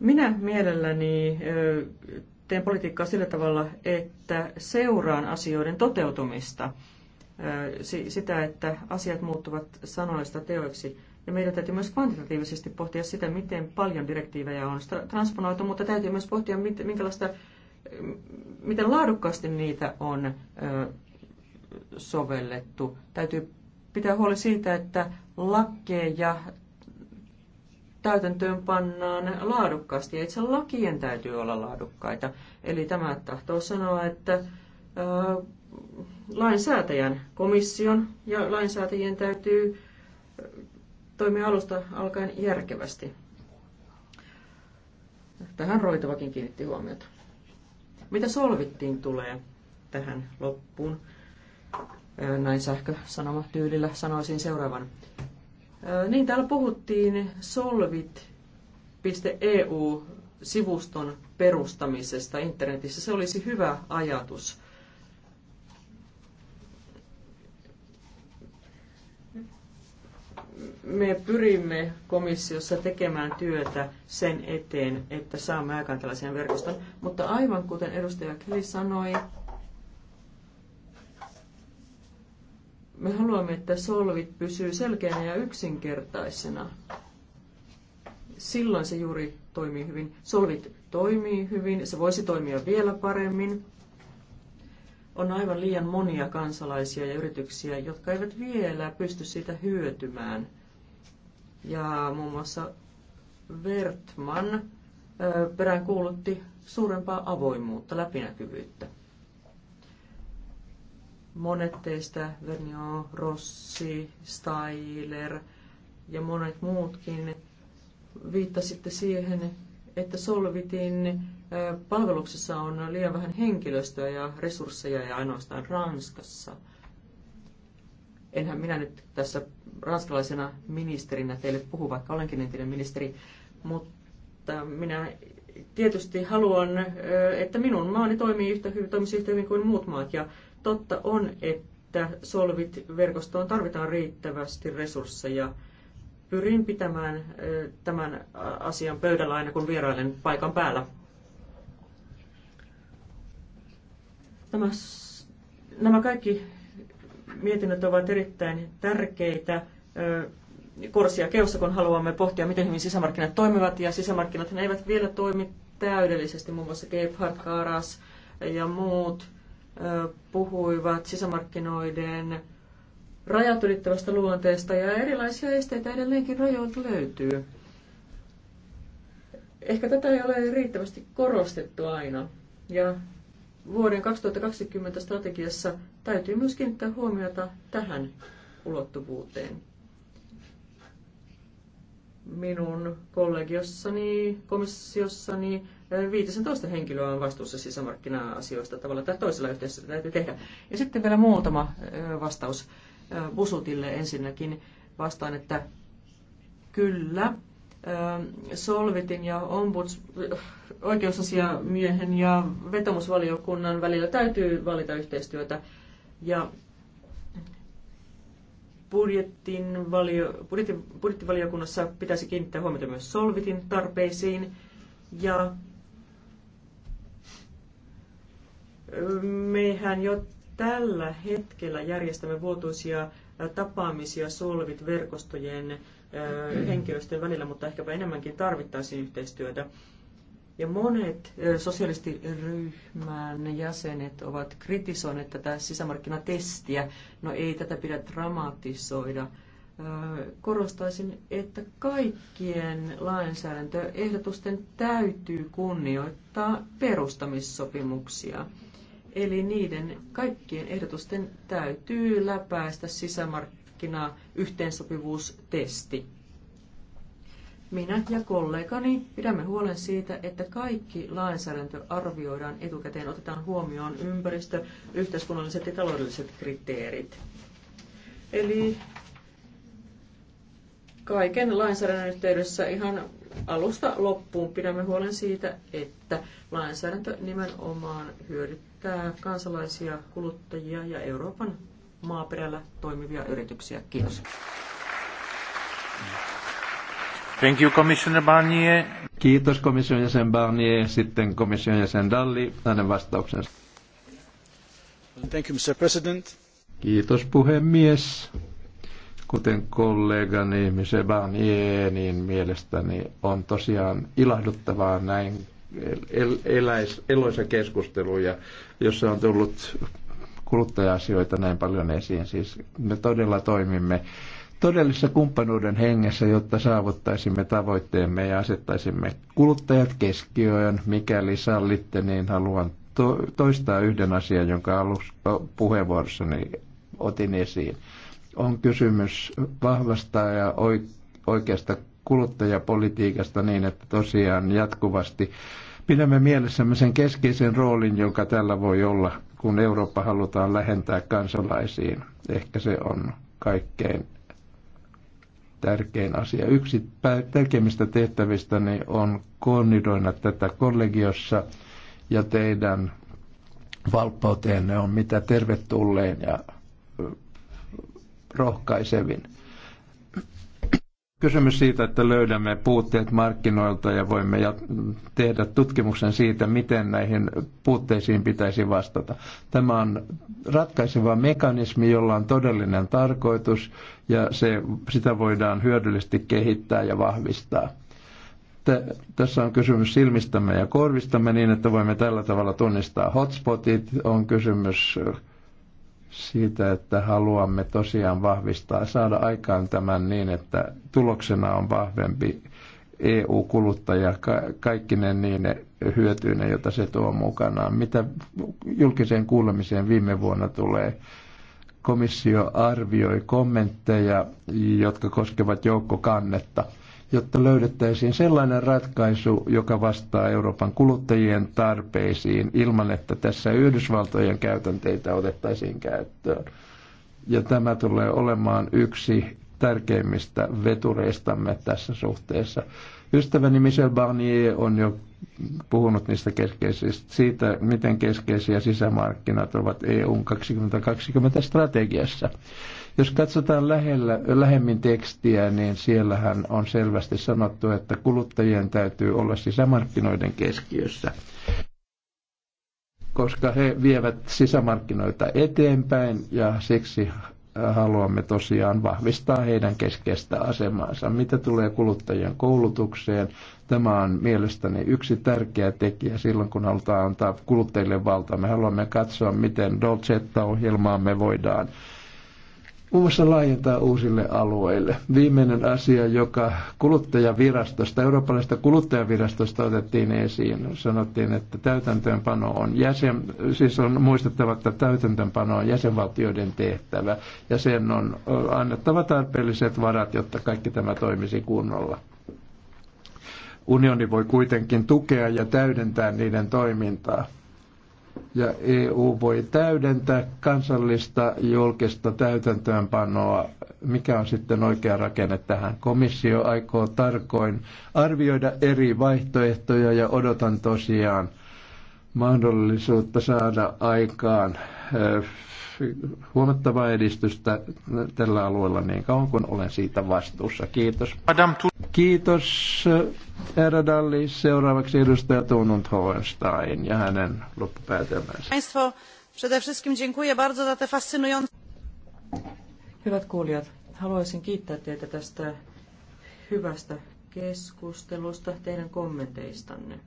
Minä mielelläni teen politiikkaa sillä tavalla, että seuraan asioiden toteutumista – sitä, että asiat muuttuvat sanoista teoiksi. Ja meidän täytyy myös kvantitatiivisesti pohtia sitä, miten paljon direktiivejä on transponoitu, mutta täytyy myös pohtia, minkälaista, miten laadukkaasti niitä on sovellettu. Täytyy pitää huoli siitä, että lakkeja täytäntöön pannaan laadukkaasti ja itse lakien täytyy olla laadukkaita. Eli tämä tahtoo sanoa, että lainsäätäjän, komission ja lainsäätäjien täytyy toimia alusta alkaen järkevästi. Tähän Roitavakin kiinnitti huomiota. Mitä solvittiin tulee tähän loppuun? Näin sähkösanoma tyylillä sanoisin seuraavan. Niin, täällä puhuttiin solvit.eu-sivuston e perustamisesta internetissä. Se olisi hyvä ajatus. me pyrimme komissiossa tekemään työtä sen eteen, että saamme aikaan tällaisen verkoston. Mutta aivan kuten edustaja Kelly sanoi, me haluamme, että solvit pysyy selkeänä ja yksinkertaisena. Silloin se juuri toimii hyvin. Solvit toimii hyvin, se voisi toimia vielä paremmin on aivan liian monia kansalaisia ja yrityksiä, jotka eivät vielä pysty siitä hyötymään. Ja muun muassa Vertman peräänkuulutti suurempaa avoimuutta, läpinäkyvyyttä. Monet teistä, Vernio, Rossi, Steiler ja monet muutkin, viittasitte siihen, että Solvitin palveluksessa on liian vähän henkilöstöä ja resursseja ja ainoastaan Ranskassa. Enhän minä nyt tässä ranskalaisena ministerinä teille puhu, vaikka olenkin entinen ministeri, mutta minä tietysti haluan, että minun maani toimii yhtä hyvin, toimisi yhtä hyvin kuin muut maat. Ja totta on, että Solvit-verkostoon tarvitaan riittävästi resursseja Pyrin pitämään tämän asian pöydällä aina, kun vierailen paikan päällä. Tämä, nämä kaikki mietinnöt ovat erittäin tärkeitä korsia keossa, kun haluamme pohtia, miten hyvin sisämarkkinat toimivat, ja sisämarkkinat eivät vielä toimi täydellisesti. Muun muassa Gebhard Karas ja muut puhuivat sisämarkkinoiden rajat ylittävästä luonteesta ja erilaisia esteitä edelleenkin rajoilta löytyy. Ehkä tätä ei ole riittävästi korostettu aina. Ja vuoden 2020 strategiassa täytyy myös kiinnittää huomiota tähän ulottuvuuteen. Minun kollegiossani, komissiossani 15 eh, henkilöä on vastuussa sisämarkkina-asioista tavalla tai toisella yhteisössä täytyy tehdä. Ja sitten vielä muutama eh, vastaus Busutille ensinnäkin vastaan, että kyllä. Solvitin ja ombuds, oikeusasiamiehen ja vetomusvaliokunnan välillä täytyy valita yhteistyötä. Ja budjettin valio, budjetti, budjettivaliokunnassa pitäisi kiinnittää huomiota myös Solvitin tarpeisiin. Ja mehän jo Tällä hetkellä järjestämme vuotuisia tapaamisia Solvit-verkostojen henkilöstön välillä, mutta ehkäpä enemmänkin tarvittaisiin yhteistyötä. Ja monet sosialistiryhmän jäsenet ovat kritisoineet tätä sisämarkkinatestiä. No ei tätä pidä dramatisoida. Korostaisin, että kaikkien lainsäädäntöehdotusten täytyy kunnioittaa perustamissopimuksia. Eli niiden kaikkien ehdotusten täytyy läpäistä sisämarkkina yhteensopivuustesti. Minä ja kollegani pidämme huolen siitä, että kaikki lainsäädäntö arvioidaan etukäteen, otetaan huomioon ympäristö, yhteiskunnalliset ja taloudelliset kriteerit. Eli kaiken lainsäädännön yhteydessä ihan alusta loppuun pidämme huolen siitä, että lainsäädäntö nimenomaan hyödyttää kansalaisia, kuluttajia ja Euroopan maaperällä toimivia yrityksiä. Kiitos. Thank you, Commissioner Barnier. Kiitos komission jäsen Barnier. Sitten komission jäsen Dalli, hänen vastauksensa. Thank you, Mr. President. Kiitos puhemies kuten kollegani Sebanie, niin mielestäni on tosiaan ilahduttavaa näin el, eläis, eloisa keskusteluja, jossa on tullut kuluttaja-asioita näin paljon esiin. Siis me todella toimimme todellisessa kumppanuuden hengessä, jotta saavuttaisimme tavoitteemme ja asettaisimme kuluttajat keskiöön. Mikäli sallitte, niin haluan toistaa yhden asian, jonka alussa puheenvuorossani otin esiin on kysymys vahvasta ja oikeasta kuluttajapolitiikasta niin, että tosiaan jatkuvasti pidämme mielessämme sen keskeisen roolin, jonka tällä voi olla, kun Eurooppa halutaan lähentää kansalaisiin. Ehkä se on kaikkein tärkein asia. Yksi tärkeimmistä tehtävistäni niin on koordinoida tätä kollegiossa ja teidän valppauteenne on mitä tervetulleen ja rohkaisevin. Kysymys siitä, että löydämme puutteet markkinoilta ja voimme tehdä tutkimuksen siitä, miten näihin puutteisiin pitäisi vastata. Tämä on ratkaiseva mekanismi, jolla on todellinen tarkoitus ja se, sitä voidaan hyödyllisesti kehittää ja vahvistaa tässä on kysymys silmistämme ja korvistamme niin, että voimme tällä tavalla tunnistaa hotspotit, on kysymys siitä, että haluamme tosiaan vahvistaa, saada aikaan tämän niin, että tuloksena on vahvempi EU-kuluttaja, kaikki ne niin hyötyine, joita se tuo mukanaan. Mitä julkiseen kuulemiseen viime vuonna tulee, komissio arvioi kommentteja, jotka koskevat joukkokannetta – jotta löydettäisiin sellainen ratkaisu, joka vastaa Euroopan kuluttajien tarpeisiin ilman, että tässä Yhdysvaltojen käytänteitä otettaisiin käyttöön. Ja tämä tulee olemaan yksi tärkeimmistä vetureistamme tässä suhteessa. Ystäväni Michel Barnier on jo puhunut niistä keskeisistä, siitä, miten keskeisiä sisämarkkinat ovat EUn 2020 strategiassa. Jos katsotaan lähellä, lähemmin tekstiä, niin siellähän on selvästi sanottu, että kuluttajien täytyy olla sisämarkkinoiden keskiössä koska he vievät sisämarkkinoita eteenpäin ja siksi haluamme tosiaan vahvistaa heidän keskeistä asemaansa. Mitä tulee kuluttajien koulutukseen, tämä on mielestäni yksi tärkeä tekijä silloin, kun halutaan antaa kuluttajille valtaa. Me haluamme katsoa, miten Dolcetta-ohjelmaamme voidaan muun muassa laajentaa uusille alueille. Viimeinen asia, joka kuluttajavirastosta, eurooppalaisesta kuluttajavirastosta otettiin esiin, sanottiin, että täytäntöönpano on jäsen, siis on muistettava, että täytäntöönpano on jäsenvaltioiden tehtävä ja sen on annettava tarpeelliset varat, jotta kaikki tämä toimisi kunnolla. Unioni voi kuitenkin tukea ja täydentää niiden toimintaa ja EU voi täydentää kansallista julkista täytäntöönpanoa. Mikä on sitten oikea rakenne tähän? Komissio aikoo tarkoin arvioida eri vaihtoehtoja ja odotan tosiaan mahdollisuutta saada aikaan huomattavaa edistystä tällä alueella niin kauan kuin olen siitä vastuussa. Kiitos. Adam Kiitos, herra Dalli. Seuraavaksi edustaja Tunund Hohenstein ja hänen loppupäätelmänsä. Przede wszystkim dziękuję bardzo za te fascynujące... Hyvät kuulijat, haluaisin kiittää teitä tästä hyvästä keskustelusta, teidän kommenteistanne.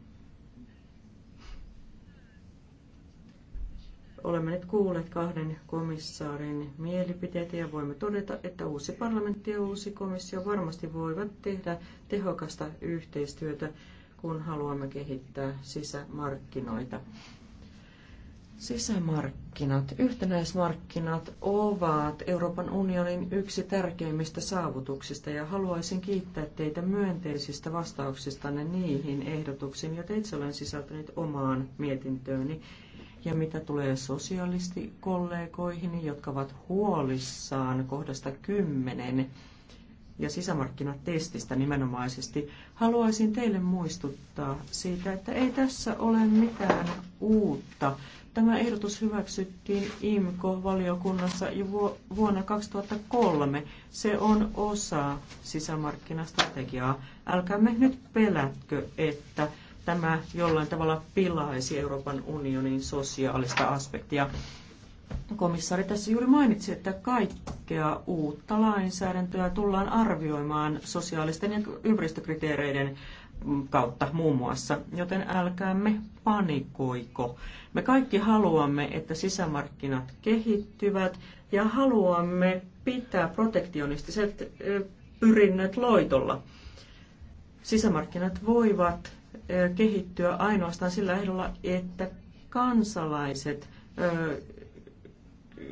Olemme nyt kuulleet kahden komissaarin mielipiteitä ja voimme todeta, että uusi parlamentti ja uusi komissio varmasti voivat tehdä tehokasta yhteistyötä, kun haluamme kehittää sisämarkkinoita. Sisämarkkinat, yhtenäismarkkinat ovat Euroopan unionin yksi tärkeimmistä saavutuksista ja haluaisin kiittää teitä myönteisistä vastauksistanne niihin ehdotuksiin, joita itse olen sisältänyt omaan mietintööni. Ja mitä tulee sosialistikollegoihin, jotka ovat huolissaan kohdasta 10 ja sisämarkkinatestistä nimenomaisesti, haluaisin teille muistuttaa siitä, että ei tässä ole mitään uutta. Tämä ehdotus hyväksyttiin IMKO-valiokunnassa jo vuonna 2003. Se on osa sisämarkkinastrategiaa. Älkäämme nyt pelätkö, että tämä jollain tavalla pilaisi Euroopan unionin sosiaalista aspektia. Komissaari tässä juuri mainitsi, että kaikkea uutta lainsäädäntöä tullaan arvioimaan sosiaalisten ja ympäristökriteereiden kautta muun muassa, joten älkäämme panikoiko. Me kaikki haluamme, että sisämarkkinat kehittyvät ja haluamme pitää protektionistiset pyrinnöt loitolla. Sisämarkkinat voivat kehittyä ainoastaan sillä ehdolla, että kansalaiset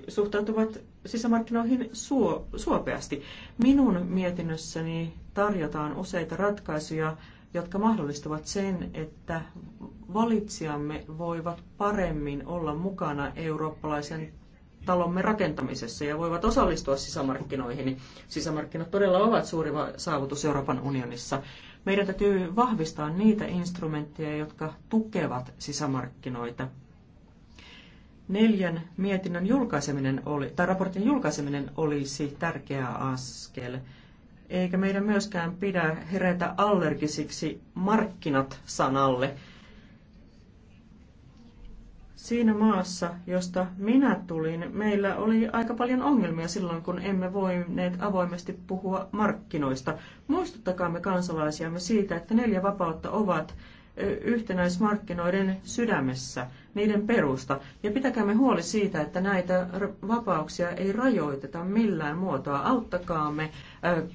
suhtautuvat sisämarkkinoihin suo, suopeasti. Minun mietinnössäni tarjotaan useita ratkaisuja, jotka mahdollistavat sen, että valitsijamme voivat paremmin olla mukana eurooppalaisen talomme rakentamisessa ja voivat osallistua sisämarkkinoihin. Sisämarkkinat todella ovat suuri saavutus Euroopan unionissa. Meidän täytyy vahvistaa niitä instrumentteja, jotka tukevat sisämarkkinoita. Neljän mietinnön julkaiseminen oli, tai raportin julkaiseminen olisi tärkeä askel. Eikä meidän myöskään pidä herätä allergisiksi markkinat-sanalle – Siinä maassa, josta minä tulin, meillä oli aika paljon ongelmia silloin, kun emme voineet avoimesti puhua markkinoista. Muistuttakaamme kansalaisiamme siitä, että neljä vapautta ovat yhtenäismarkkinoiden sydämessä, niiden perusta. Ja pitäkäämme huoli siitä, että näitä vapauksia ei rajoiteta millään muotoa. Auttakaamme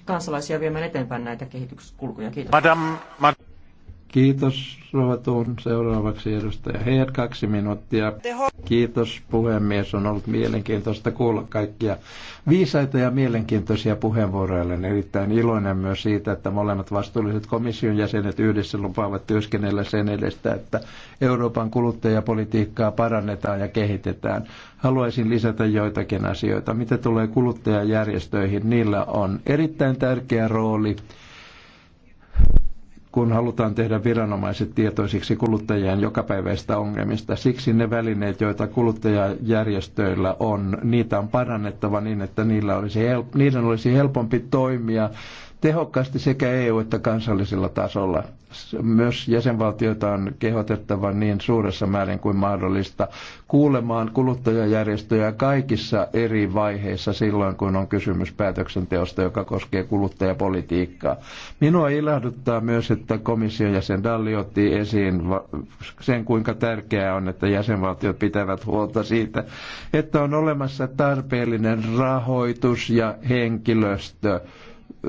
kansalaisia viemään eteenpäin näitä kehityskulkuja. Kiitos. Madame, madame. Kiitos, Rova Tuun. Seuraavaksi edustaja Heer, kaksi minuuttia. Kiitos, puhemies. On ollut mielenkiintoista kuulla kaikkia viisaita ja mielenkiintoisia puheenvuoroja. Olen erittäin iloinen myös siitä, että molemmat vastuulliset komission jäsenet yhdessä lupaavat työskennellä sen edestä, että Euroopan kuluttajapolitiikkaa parannetaan ja kehitetään. Haluaisin lisätä joitakin asioita. Mitä tulee kuluttajajärjestöihin, niillä on erittäin tärkeä rooli – kun halutaan tehdä viranomaiset tietoisiksi kuluttajien jokapäiväistä ongelmista. Siksi ne välineet, joita kuluttajajärjestöillä on, niitä on parannettava niin, että niillä olisi niiden olisi helpompi toimia tehokkaasti sekä EU- että kansallisella tasolla myös jäsenvaltioita on kehotettava niin suuressa määrin kuin mahdollista kuulemaan kuluttajajärjestöjä kaikissa eri vaiheissa silloin, kun on kysymys päätöksenteosta, joka koskee kuluttajapolitiikkaa. Minua ilahduttaa myös, että komission jäsen Dalli otti esiin sen, kuinka tärkeää on, että jäsenvaltiot pitävät huolta siitä, että on olemassa tarpeellinen rahoitus ja henkilöstö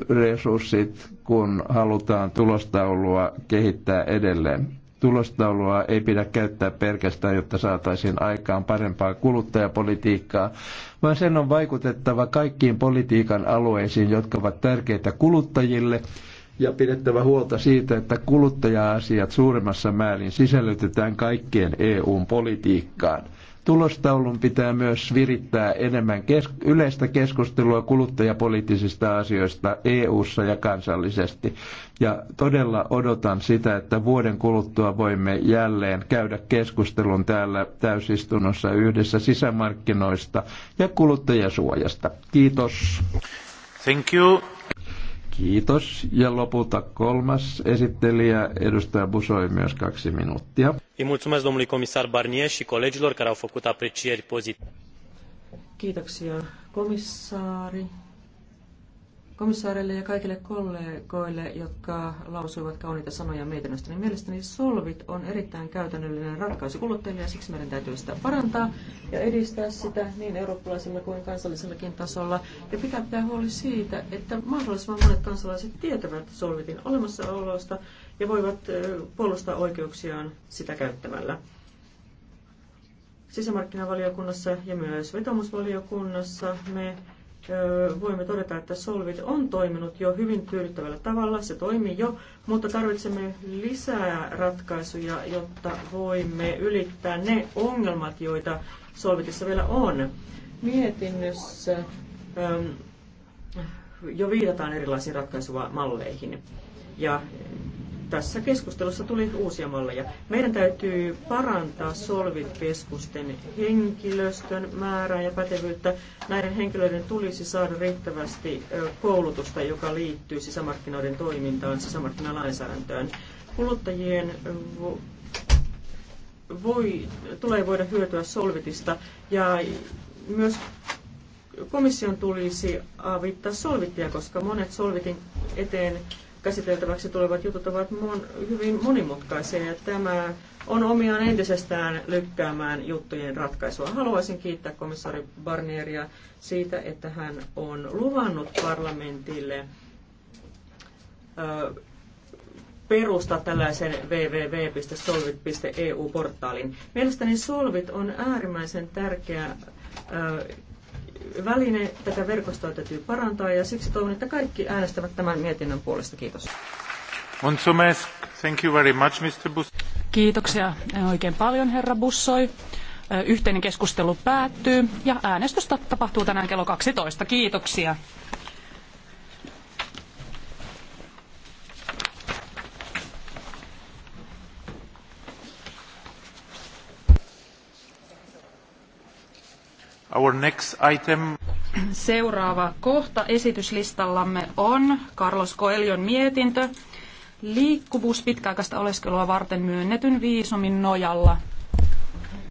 resurssit, kun halutaan tulostaulua kehittää edelleen. Tulostaulua ei pidä käyttää pelkästään, jotta saataisiin aikaan parempaa kuluttajapolitiikkaa, vaan sen on vaikutettava kaikkiin politiikan alueisiin, jotka ovat tärkeitä kuluttajille, ja pidettävä huolta siitä, että kuluttaja-asiat suuremmassa määrin sisällytetään kaikkien EUn politiikkaan – Tulostaulun pitää myös virittää enemmän kes- yleistä keskustelua kuluttajapoliittisista asioista EU-ssa ja kansallisesti. Ja todella odotan sitä, että vuoden kuluttua voimme jälleen käydä keskustelun täällä täysistunnossa yhdessä sisämarkkinoista ja kuluttajasuojasta. Kiitos. Thank you. Kiitos. Ja lopulta kolmas esittelijä, edustaja Busoi, myös kaksi minuuttia. Îi mulțumesc domnului comisar Barnier și colegilor care au făcut aprecieri pozitive. Kiitoksia komissaari komissaarille ja kaikille kollegoille, jotka lausuivat kauniita sanoja mietinnöstä, niin mielestäni Solvit on erittäin käytännöllinen ratkaisu kuluttajille ja siksi meidän täytyy sitä parantaa ja edistää sitä niin eurooppalaisella kuin kansallisellakin tasolla. Ja pitää pitää huoli siitä, että mahdollisimman monet kansalaiset tietävät Solvitin olemassaolosta ja voivat puolustaa oikeuksiaan sitä käyttämällä sisämarkkinavaliokunnassa ja myös vetomusvaliokunnassa me voimme todeta, että Solvit on toiminut jo hyvin tyydyttävällä tavalla, se toimii jo, mutta tarvitsemme lisää ratkaisuja, jotta voimme ylittää ne ongelmat, joita Solvitissa vielä on. Mietinnössä ähm, jo viitataan erilaisiin ratkaisumalleihin ja tässä keskustelussa tuli uusia malleja. Meidän täytyy parantaa Solvit-keskusten henkilöstön määrää ja pätevyyttä. Näiden henkilöiden tulisi saada riittävästi koulutusta, joka liittyy sisämarkkinoiden toimintaan, sisämarkkinalainsäädäntöön. Kuluttajien voi, tulee voida hyötyä Solvitista ja myös komission tulisi avittaa Solvittia, koska monet Solvitin eteen käsiteltäväksi tulevat jutut ovat mon, hyvin monimutkaisia ja tämä on omiaan entisestään lykkäämään juttujen ratkaisua. Haluaisin kiittää komissaari Barnieria siitä, että hän on luvannut parlamentille ö, perustaa tällaisen www.solvit.eu-portaalin. Mielestäni Solvit on äärimmäisen tärkeä väline, tätä verkostoa täytyy parantaa ja siksi toivon, että kaikki äänestävät tämän mietinnön puolesta. Kiitos. Thank you very much, Mr. Bus- Kiitoksia eh, oikein paljon, herra Bussoi. Eh, yhteinen keskustelu päättyy ja äänestys tapahtuu tänään kello 12. Kiitoksia. Our next item. Seuraava kohta esityslistallamme on Carlos Coelion mietintö liikkuvuus pitkäaikaista oleskelua varten myönnetyn viisumin nojalla.